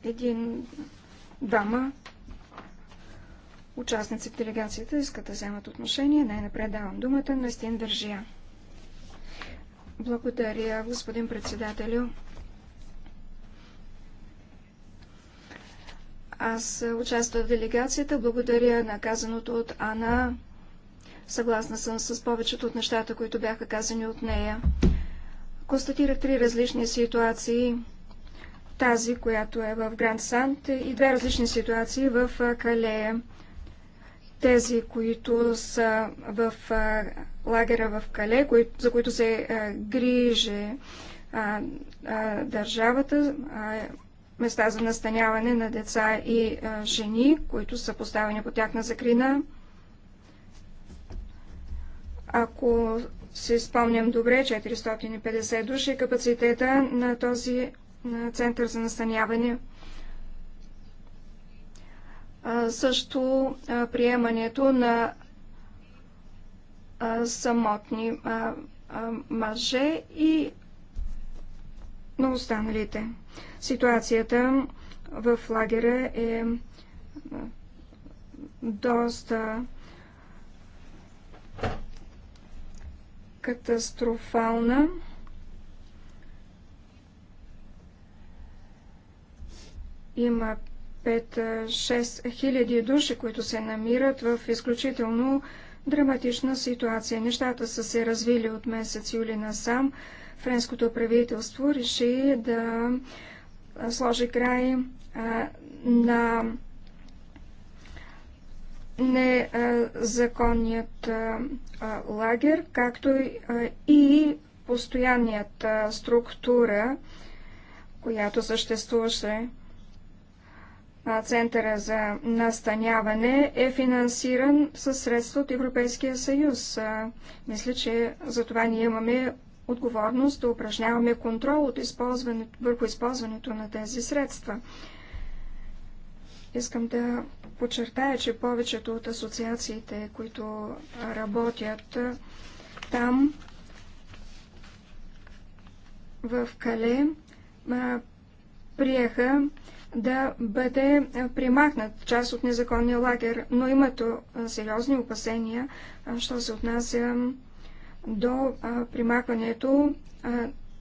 Един дама, участници в делегацията, искат да вземат отношение. Най-напред давам думата на Стин Държия. Благодаря, господин председателю. Аз участвам в делегацията. Благодаря наказаното от Ана Съгласна съм с повечето от нещата, които бяха казани от нея. Констатирах три различни ситуации. Тази, която е в Гранд Сант и две различни ситуации в Калея. Тези, които са в лагера в Кале, за които се грижи държавата, места за настаняване на деца и жени, които са поставени по тяхна закрина. Ако си спомням добре, 450 души е капацитета на този център за настаняване. Също приемането на самотни мъже и на останалите. Ситуацията в лагера е доста катастрофална. Има 5-6 хиляди души, които се намират в изключително драматична ситуация. Нещата са се развили от месец юли насам. Френското правителство реши да сложи край а, на незаконният лагер, както и постоянният структура, която съществуваше Центъра за настаняване е финансиран със средства от Европейския съюз. Мисля, че за това ние имаме отговорност да упражняваме контрол от използването, върху използването на тези средства. Искам да подчертая, че повечето от асоциациите, които работят там, в Кале, приеха да бъде примахнат част от незаконния лагер, но имат сериозни опасения, що се отнася до примахването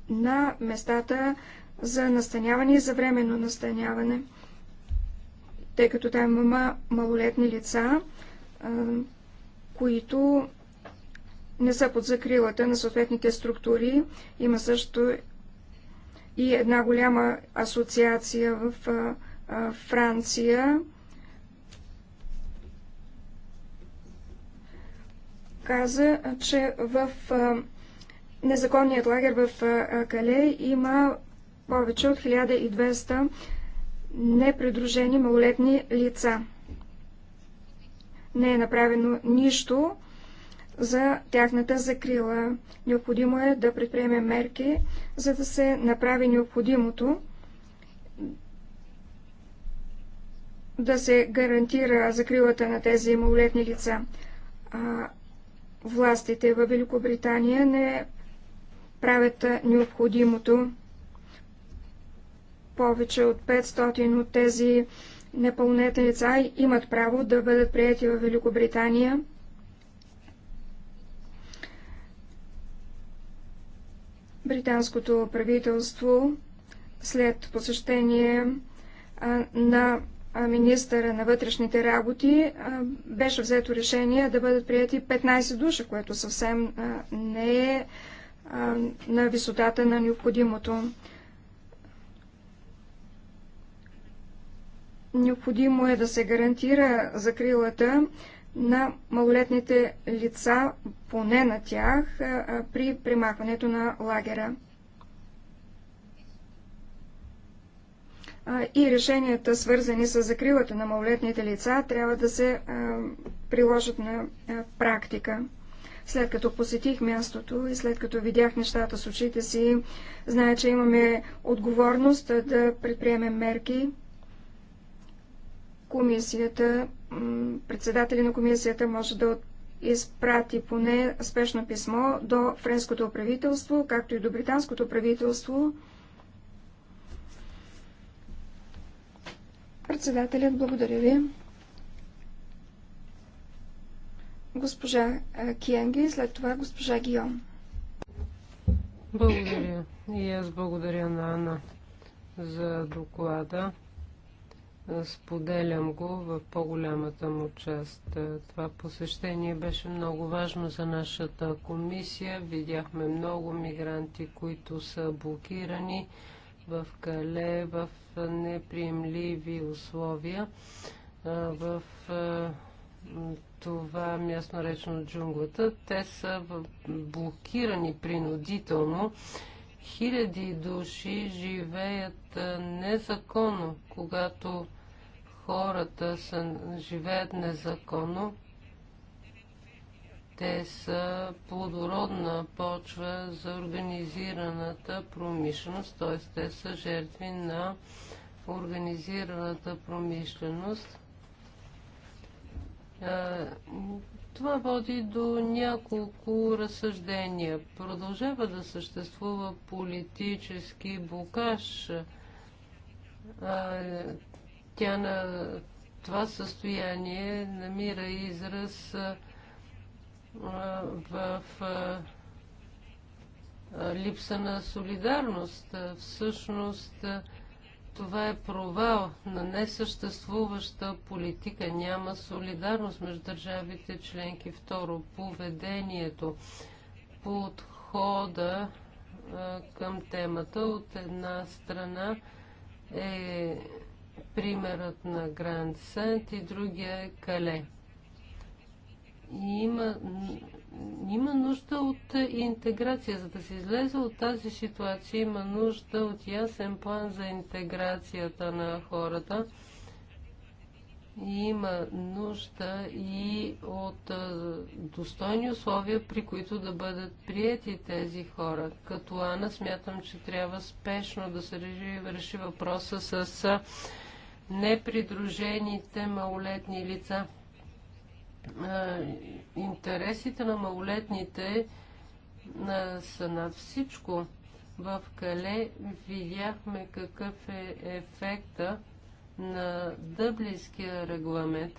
на местата за настаняване и за временно настаняване тъй като там има малолетни лица, които не са под закрилата на съответните структури. Има също и една голяма асоциация в Франция, каза, че в незаконният лагер в Кале има повече от 1200 непредружени малолетни лица. Не е направено нищо за тяхната закрила. Необходимо е да предприеме мерки, за да се направи необходимото да се гарантира закрилата на тези малолетни лица. А, властите в Великобритания не правят необходимото повече от 500 от тези непълнете лица имат право да бъдат прияти в Великобритания. Британското правителство след посещение на министъра на вътрешните работи беше взето решение да бъдат прияти 15 души, което съвсем не е на висотата на необходимото. Необходимо е да се гарантира закрилата на малолетните лица, поне на тях, при примахването на лагера. И решенията, свързани с закрилата на малолетните лица, трябва да се приложат на практика. След като посетих мястото и след като видях нещата с очите си, зная, че имаме отговорност да предприемем мерки комисията, председателя на комисията може да изпрати поне спешно писмо до френското правителство, както и до британското правителство. Председателят, благодаря ви. Госпожа Киенги, след това госпожа Гион. Благодаря. И аз благодаря на Анна за доклада. Споделям го в по-голямата му част. Това посещение беше много важно за нашата комисия. Видяхме много мигранти, които са блокирани в Кале, в неприемливи условия. В това място наречено джунглата, те са блокирани принудително Хиляди души живеят незаконно, когато хората са, живеят незаконно. Те са плодородна почва за организираната промишленост, т.е. те са жертви на организираната промишленост това води до няколко разсъждения. Продължава да съществува политически блокаж. Тя на това състояние намира израз в липса на солидарност. Всъщност, това е провал на несъществуваща политика. Няма солидарност между държавите членки. Второ, поведението, подхода към темата от една страна е примерът на Гранд Сент и другия е Кале има, има нужда от интеграция. За да се излезе от тази ситуация, има нужда от ясен план за интеграцията на хората. Има нужда и от достойни условия, при които да бъдат приети тези хора. Като Ана смятам, че трябва спешно да се реши, реши въпроса с непридружените малолетни лица интересите на малолетните са над всичко. В Кале видяхме какъв е ефекта на дъблинския регламент.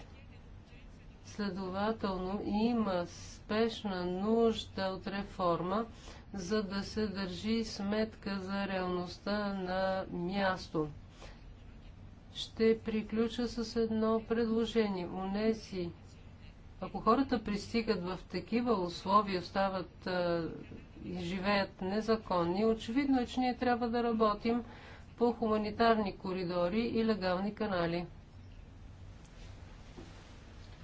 Следователно има спешна нужда от реформа, за да се държи сметка за реалността на място. Ще приключа с едно предложение. Унеси ако хората пристигат в такива условия, остават и живеят незаконни, очевидно е, че ние трябва да работим по хуманитарни коридори и легални канали.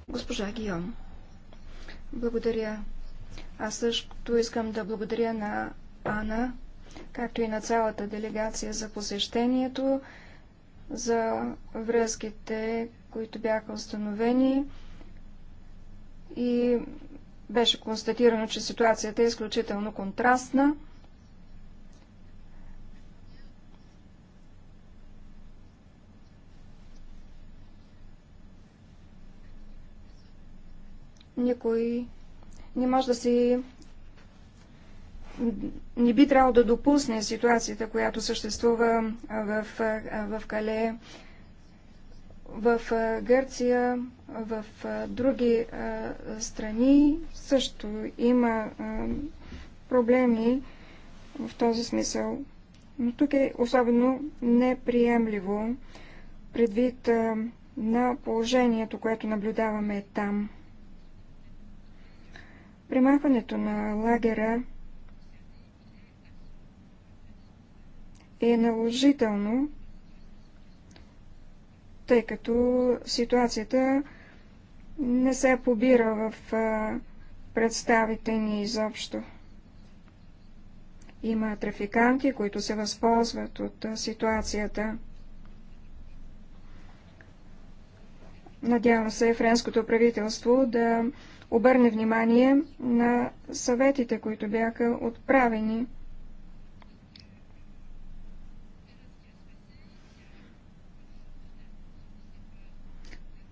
Госпожа Гион, благодаря. Аз също искам да благодаря на Ана, както и на цялата делегация за посещението, за връзките, които бяха установени и беше констатирано, че ситуацията е изключително контрастна. Никой не може да си не би трябвало да допусне ситуацията, която съществува в, в Кале в Гърция, в други страни също има проблеми в този смисъл. Но тук е особено неприемливо предвид на положението, което наблюдаваме там. Примахването на лагера е наложително тъй като ситуацията не се побира в представите ни изобщо. Има трафиканти, които се възползват от ситуацията. Надявам се френското правителство да обърне внимание на съветите, които бяха отправени.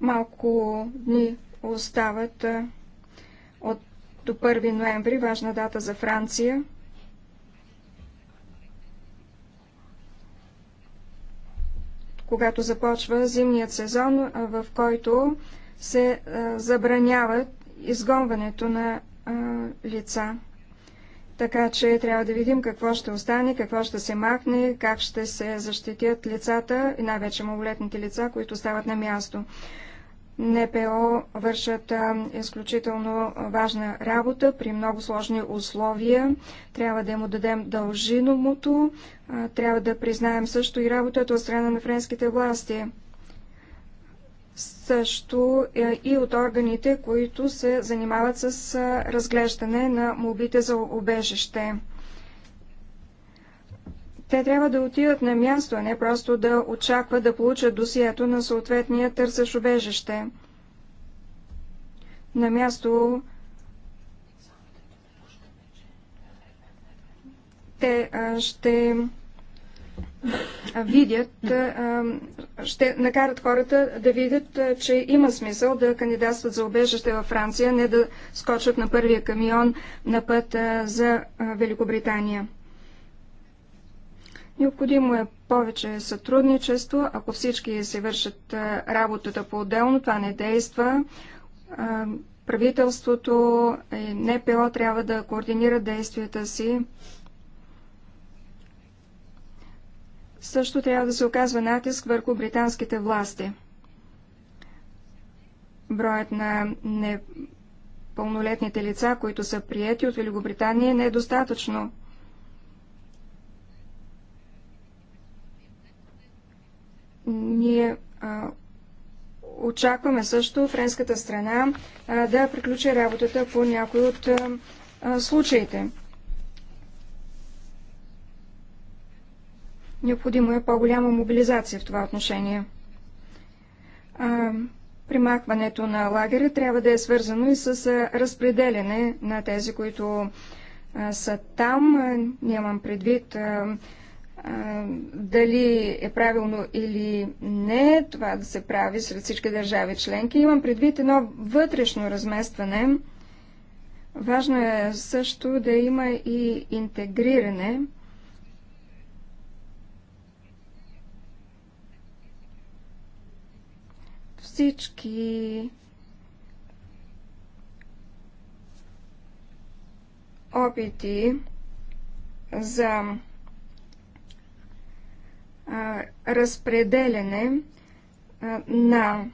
Малко дни остават от до 1 ноември, важна дата за Франция. когато започва зимният сезон, в който се забранява изгонването на лица. Така че трябва да видим какво ще остане, какво ще се махне, как ще се защитят лицата и най-вече малолетните лица, които стават на място. НПО вършат изключително важна работа при много сложни условия. Трябва да му дадем дължиномото. Трябва да признаем също и работата от страна на френските власти. Също е, и от органите, които се занимават с разглеждане на мобите за обежище. Те трябва да отидат на място, а не просто да очакват да получат досието на съответния търсещ убежище. На място те ще видят, ще накарат хората да видят, че има смисъл да кандидатстват за обежище във Франция, не да скочат на първия камион на път за Великобритания. Необходимо е повече сътрудничество. Ако всички се вършат работата по-отделно, това не действа. Правителството и НПО трябва да координират действията си. Също трябва да се оказва натиск върху британските власти. Броят на непълнолетните лица, които са приети от Великобритания, не е достатъчно. Ние а, очакваме също френската страна а, да приключи работата по някои от а, случаите. Необходимо е по-голяма мобилизация в това отношение. А, примахването на лагеря трябва да е свързано и с разпределяне на тези, които а, са там. Е, нямам предвид а, дали е правилно или не това да се прави сред всички държави членки. Имам предвид едно вътрешно разместване. Важно е също да има и интегриране. Всички опити за Разпределяне на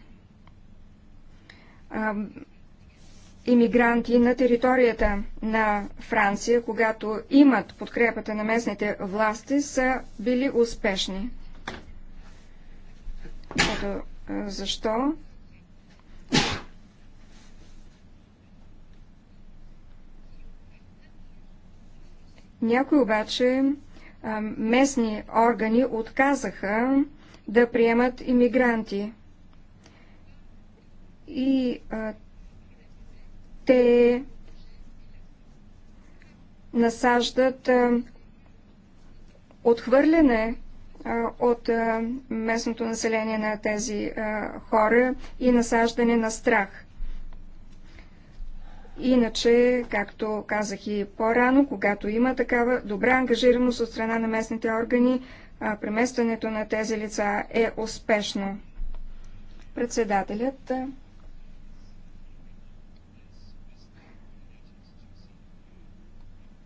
иммигранти на територията на Франция, когато имат подкрепата на местните власти, са били успешни. Ето защо Някои обаче местни органи отказаха да приемат иммигранти. И а, те насаждат а, отхвърляне а, от а, местното население на тези а, хора и насаждане на страх. Иначе, както казах и по-рано, когато има такава добра ангажираност от страна на местните органи, преместването на тези лица е успешно. Председателят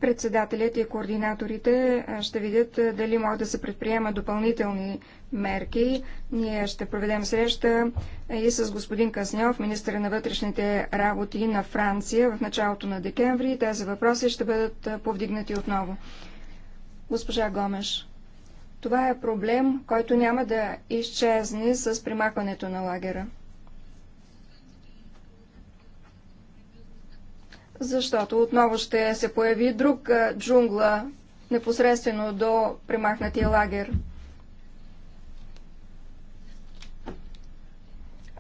председателят и координаторите ще видят дали могат да се предприемат допълнителни мерки. Ние ще проведем среща и с господин Казньов, министър на вътрешните работи на Франция в началото на декември. Тези въпроси ще бъдат повдигнати отново. Госпожа Гомеш, това е проблем, който няма да изчезне с примахването на лагера. защото отново ще се появи друг джунгла непосредствено до примахнатия лагер.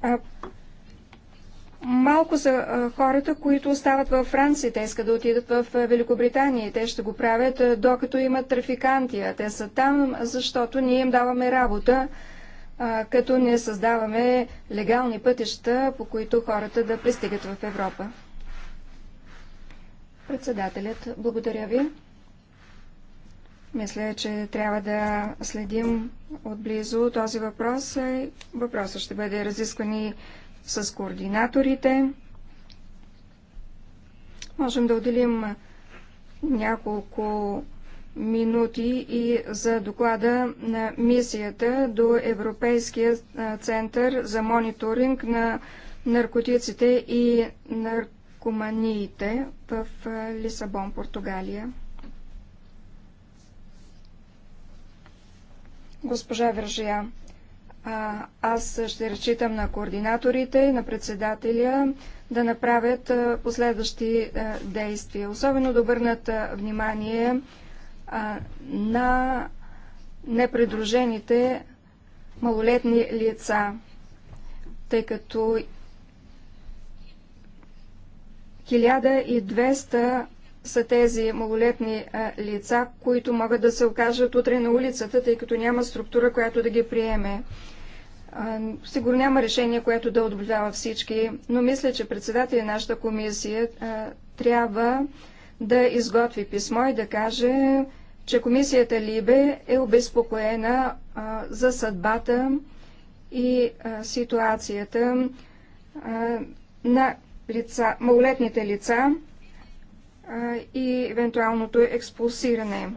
А, малко са а, хората, които остават във Франция. Те искат да отидат в Великобритания те ще го правят, а, докато имат трафиканти. А те са там, защото ние им даваме работа, а, като не създаваме легални пътища, по които хората да пристигат в Европа. Председателят, благодаря ви. Мисля, че трябва да следим отблизо този въпрос. Въпросът ще бъде разискван и с координаторите. Можем да отделим няколко минути и за доклада на мисията до Европейския център за мониторинг на наркотиците и наркотиците наркоманиите в Лисабон, Португалия. Госпожа Вържия, аз ще разчитам на координаторите и на председателя да направят последващи действия. Особено да обърнат внимание на непредружените малолетни лица, тъй като 1200 са тези малолетни лица, които могат да се окажат утре на улицата, тъй като няма структура, която да ги приеме. Сигурно няма решение, което да отближава всички, но мисля, че и нашата комисия трябва да изготви писмо и да каже, че комисията Либе е обезпокоена за съдбата и ситуацията на лица, малолетните лица а, и евентуалното експулсиране.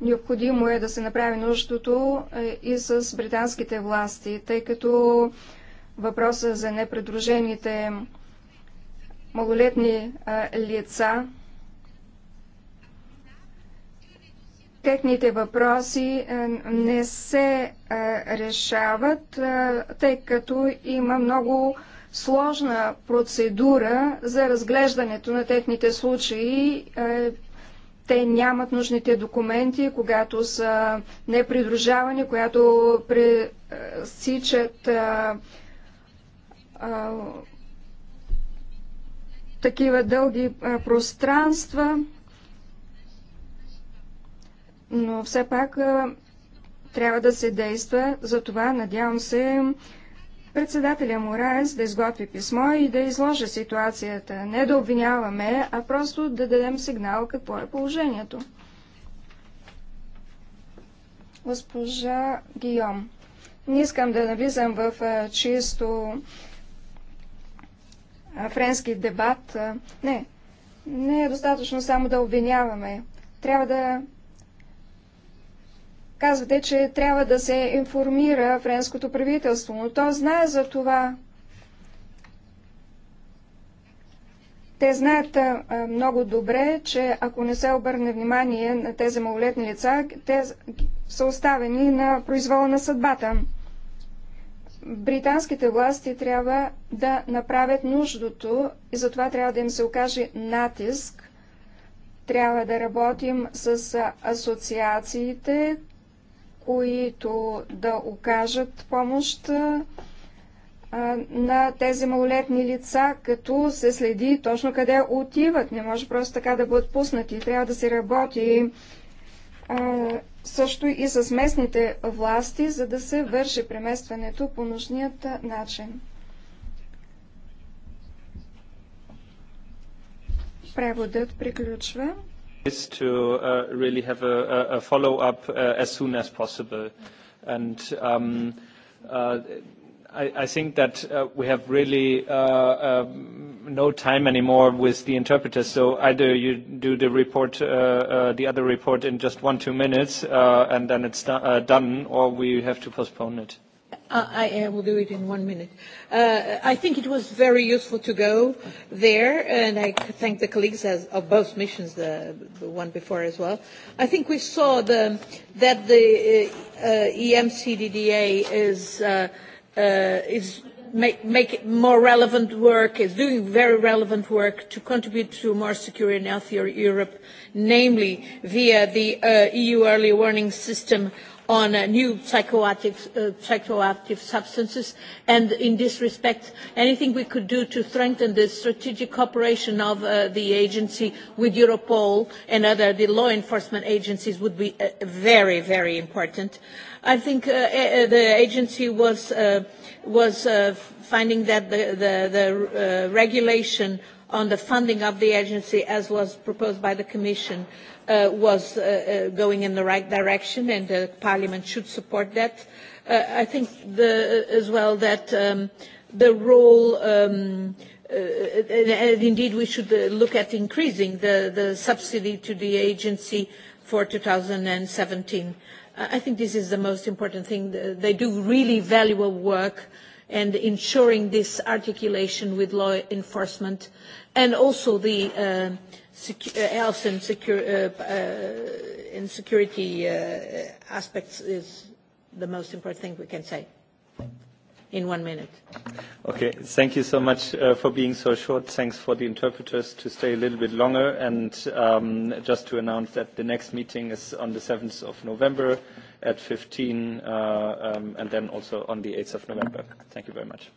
Необходимо е да се направи нуждото и с британските власти, тъй като въпроса за непредружените малолетни а, лица, техните въпроси а, не се а, решават, тъй като има много сложна процедура за разглеждането на техните случаи. Е, те нямат нужните документи, когато са непридружавани, когато пресичат а, е, а, е, такива дълги а, пространства. Но все пак а, трябва да се действа. Затова, надявам се, а, председателя Морайс да изготви писмо и да изложи ситуацията. Не да обвиняваме, а просто да дадем сигнал какво е положението. Госпожа Гийом, не искам да навлизам в чисто френски дебат. Не, не е достатъчно само да обвиняваме. Трябва да Казвате, че трябва да се информира френското правителство, но то знае за това. Те знаят много добре, че ако не се обърне внимание на тези малолетни лица, те са оставени на произвола на съдбата. Британските власти трябва да направят нуждото и затова трябва да им се окаже натиск. Трябва да работим с асоциациите, които да окажат помощ на тези малолетни лица, като се следи точно къде отиват. Не може просто така да бъдат пуснати. Трябва да се работи а, също и с местните власти, за да се върши преместването по нужният начин. Преводът приключва is to uh, really have a, a follow-up uh, as soon as possible. And um, uh, I, I think that uh, we have really uh, um, no time anymore with the interpreters, so either you do the report, uh, uh, the other report in just one, two minutes, uh, and then it's do uh, done, or we have to postpone it. I, I will do it in one minute. Uh, I think it was very useful to go there, and I thank the colleagues as, of both missions, the, the one before as well. I think we saw the, that the uh, EMCDDA is, uh, uh, is make, make more relevant work, is doing very relevant work to contribute to a more secure and healthier Europe, namely via the uh, EU early warning system on uh, new psychoactive, uh, psychoactive substances. And in this respect, anything we could do to strengthen the strategic cooperation of uh, the agency with Europol and other the law enforcement agencies would be uh, very, very important. I think uh, the agency was, uh, was uh, finding that the, the, the uh, regulation on the funding of the agency, as was proposed by the Commission, uh, was going in the right direction, and Parliament should support that. I think as well that the role, and indeed we should look at increasing the subsidy to the agency for 2017. I think this is the most important thing. They do really valuable work, and ensuring this articulation with law enforcement and also the health and, secure, uh, uh, in security uh, aspects is the most important thing we can say in one minute. Okay, thank you so much uh, for being so short. Thanks for the interpreters to stay a little bit longer. And um, just to announce that the next meeting is on the 7th of November at 15, uh, um, and then also on the 8th of November. Thank you very much.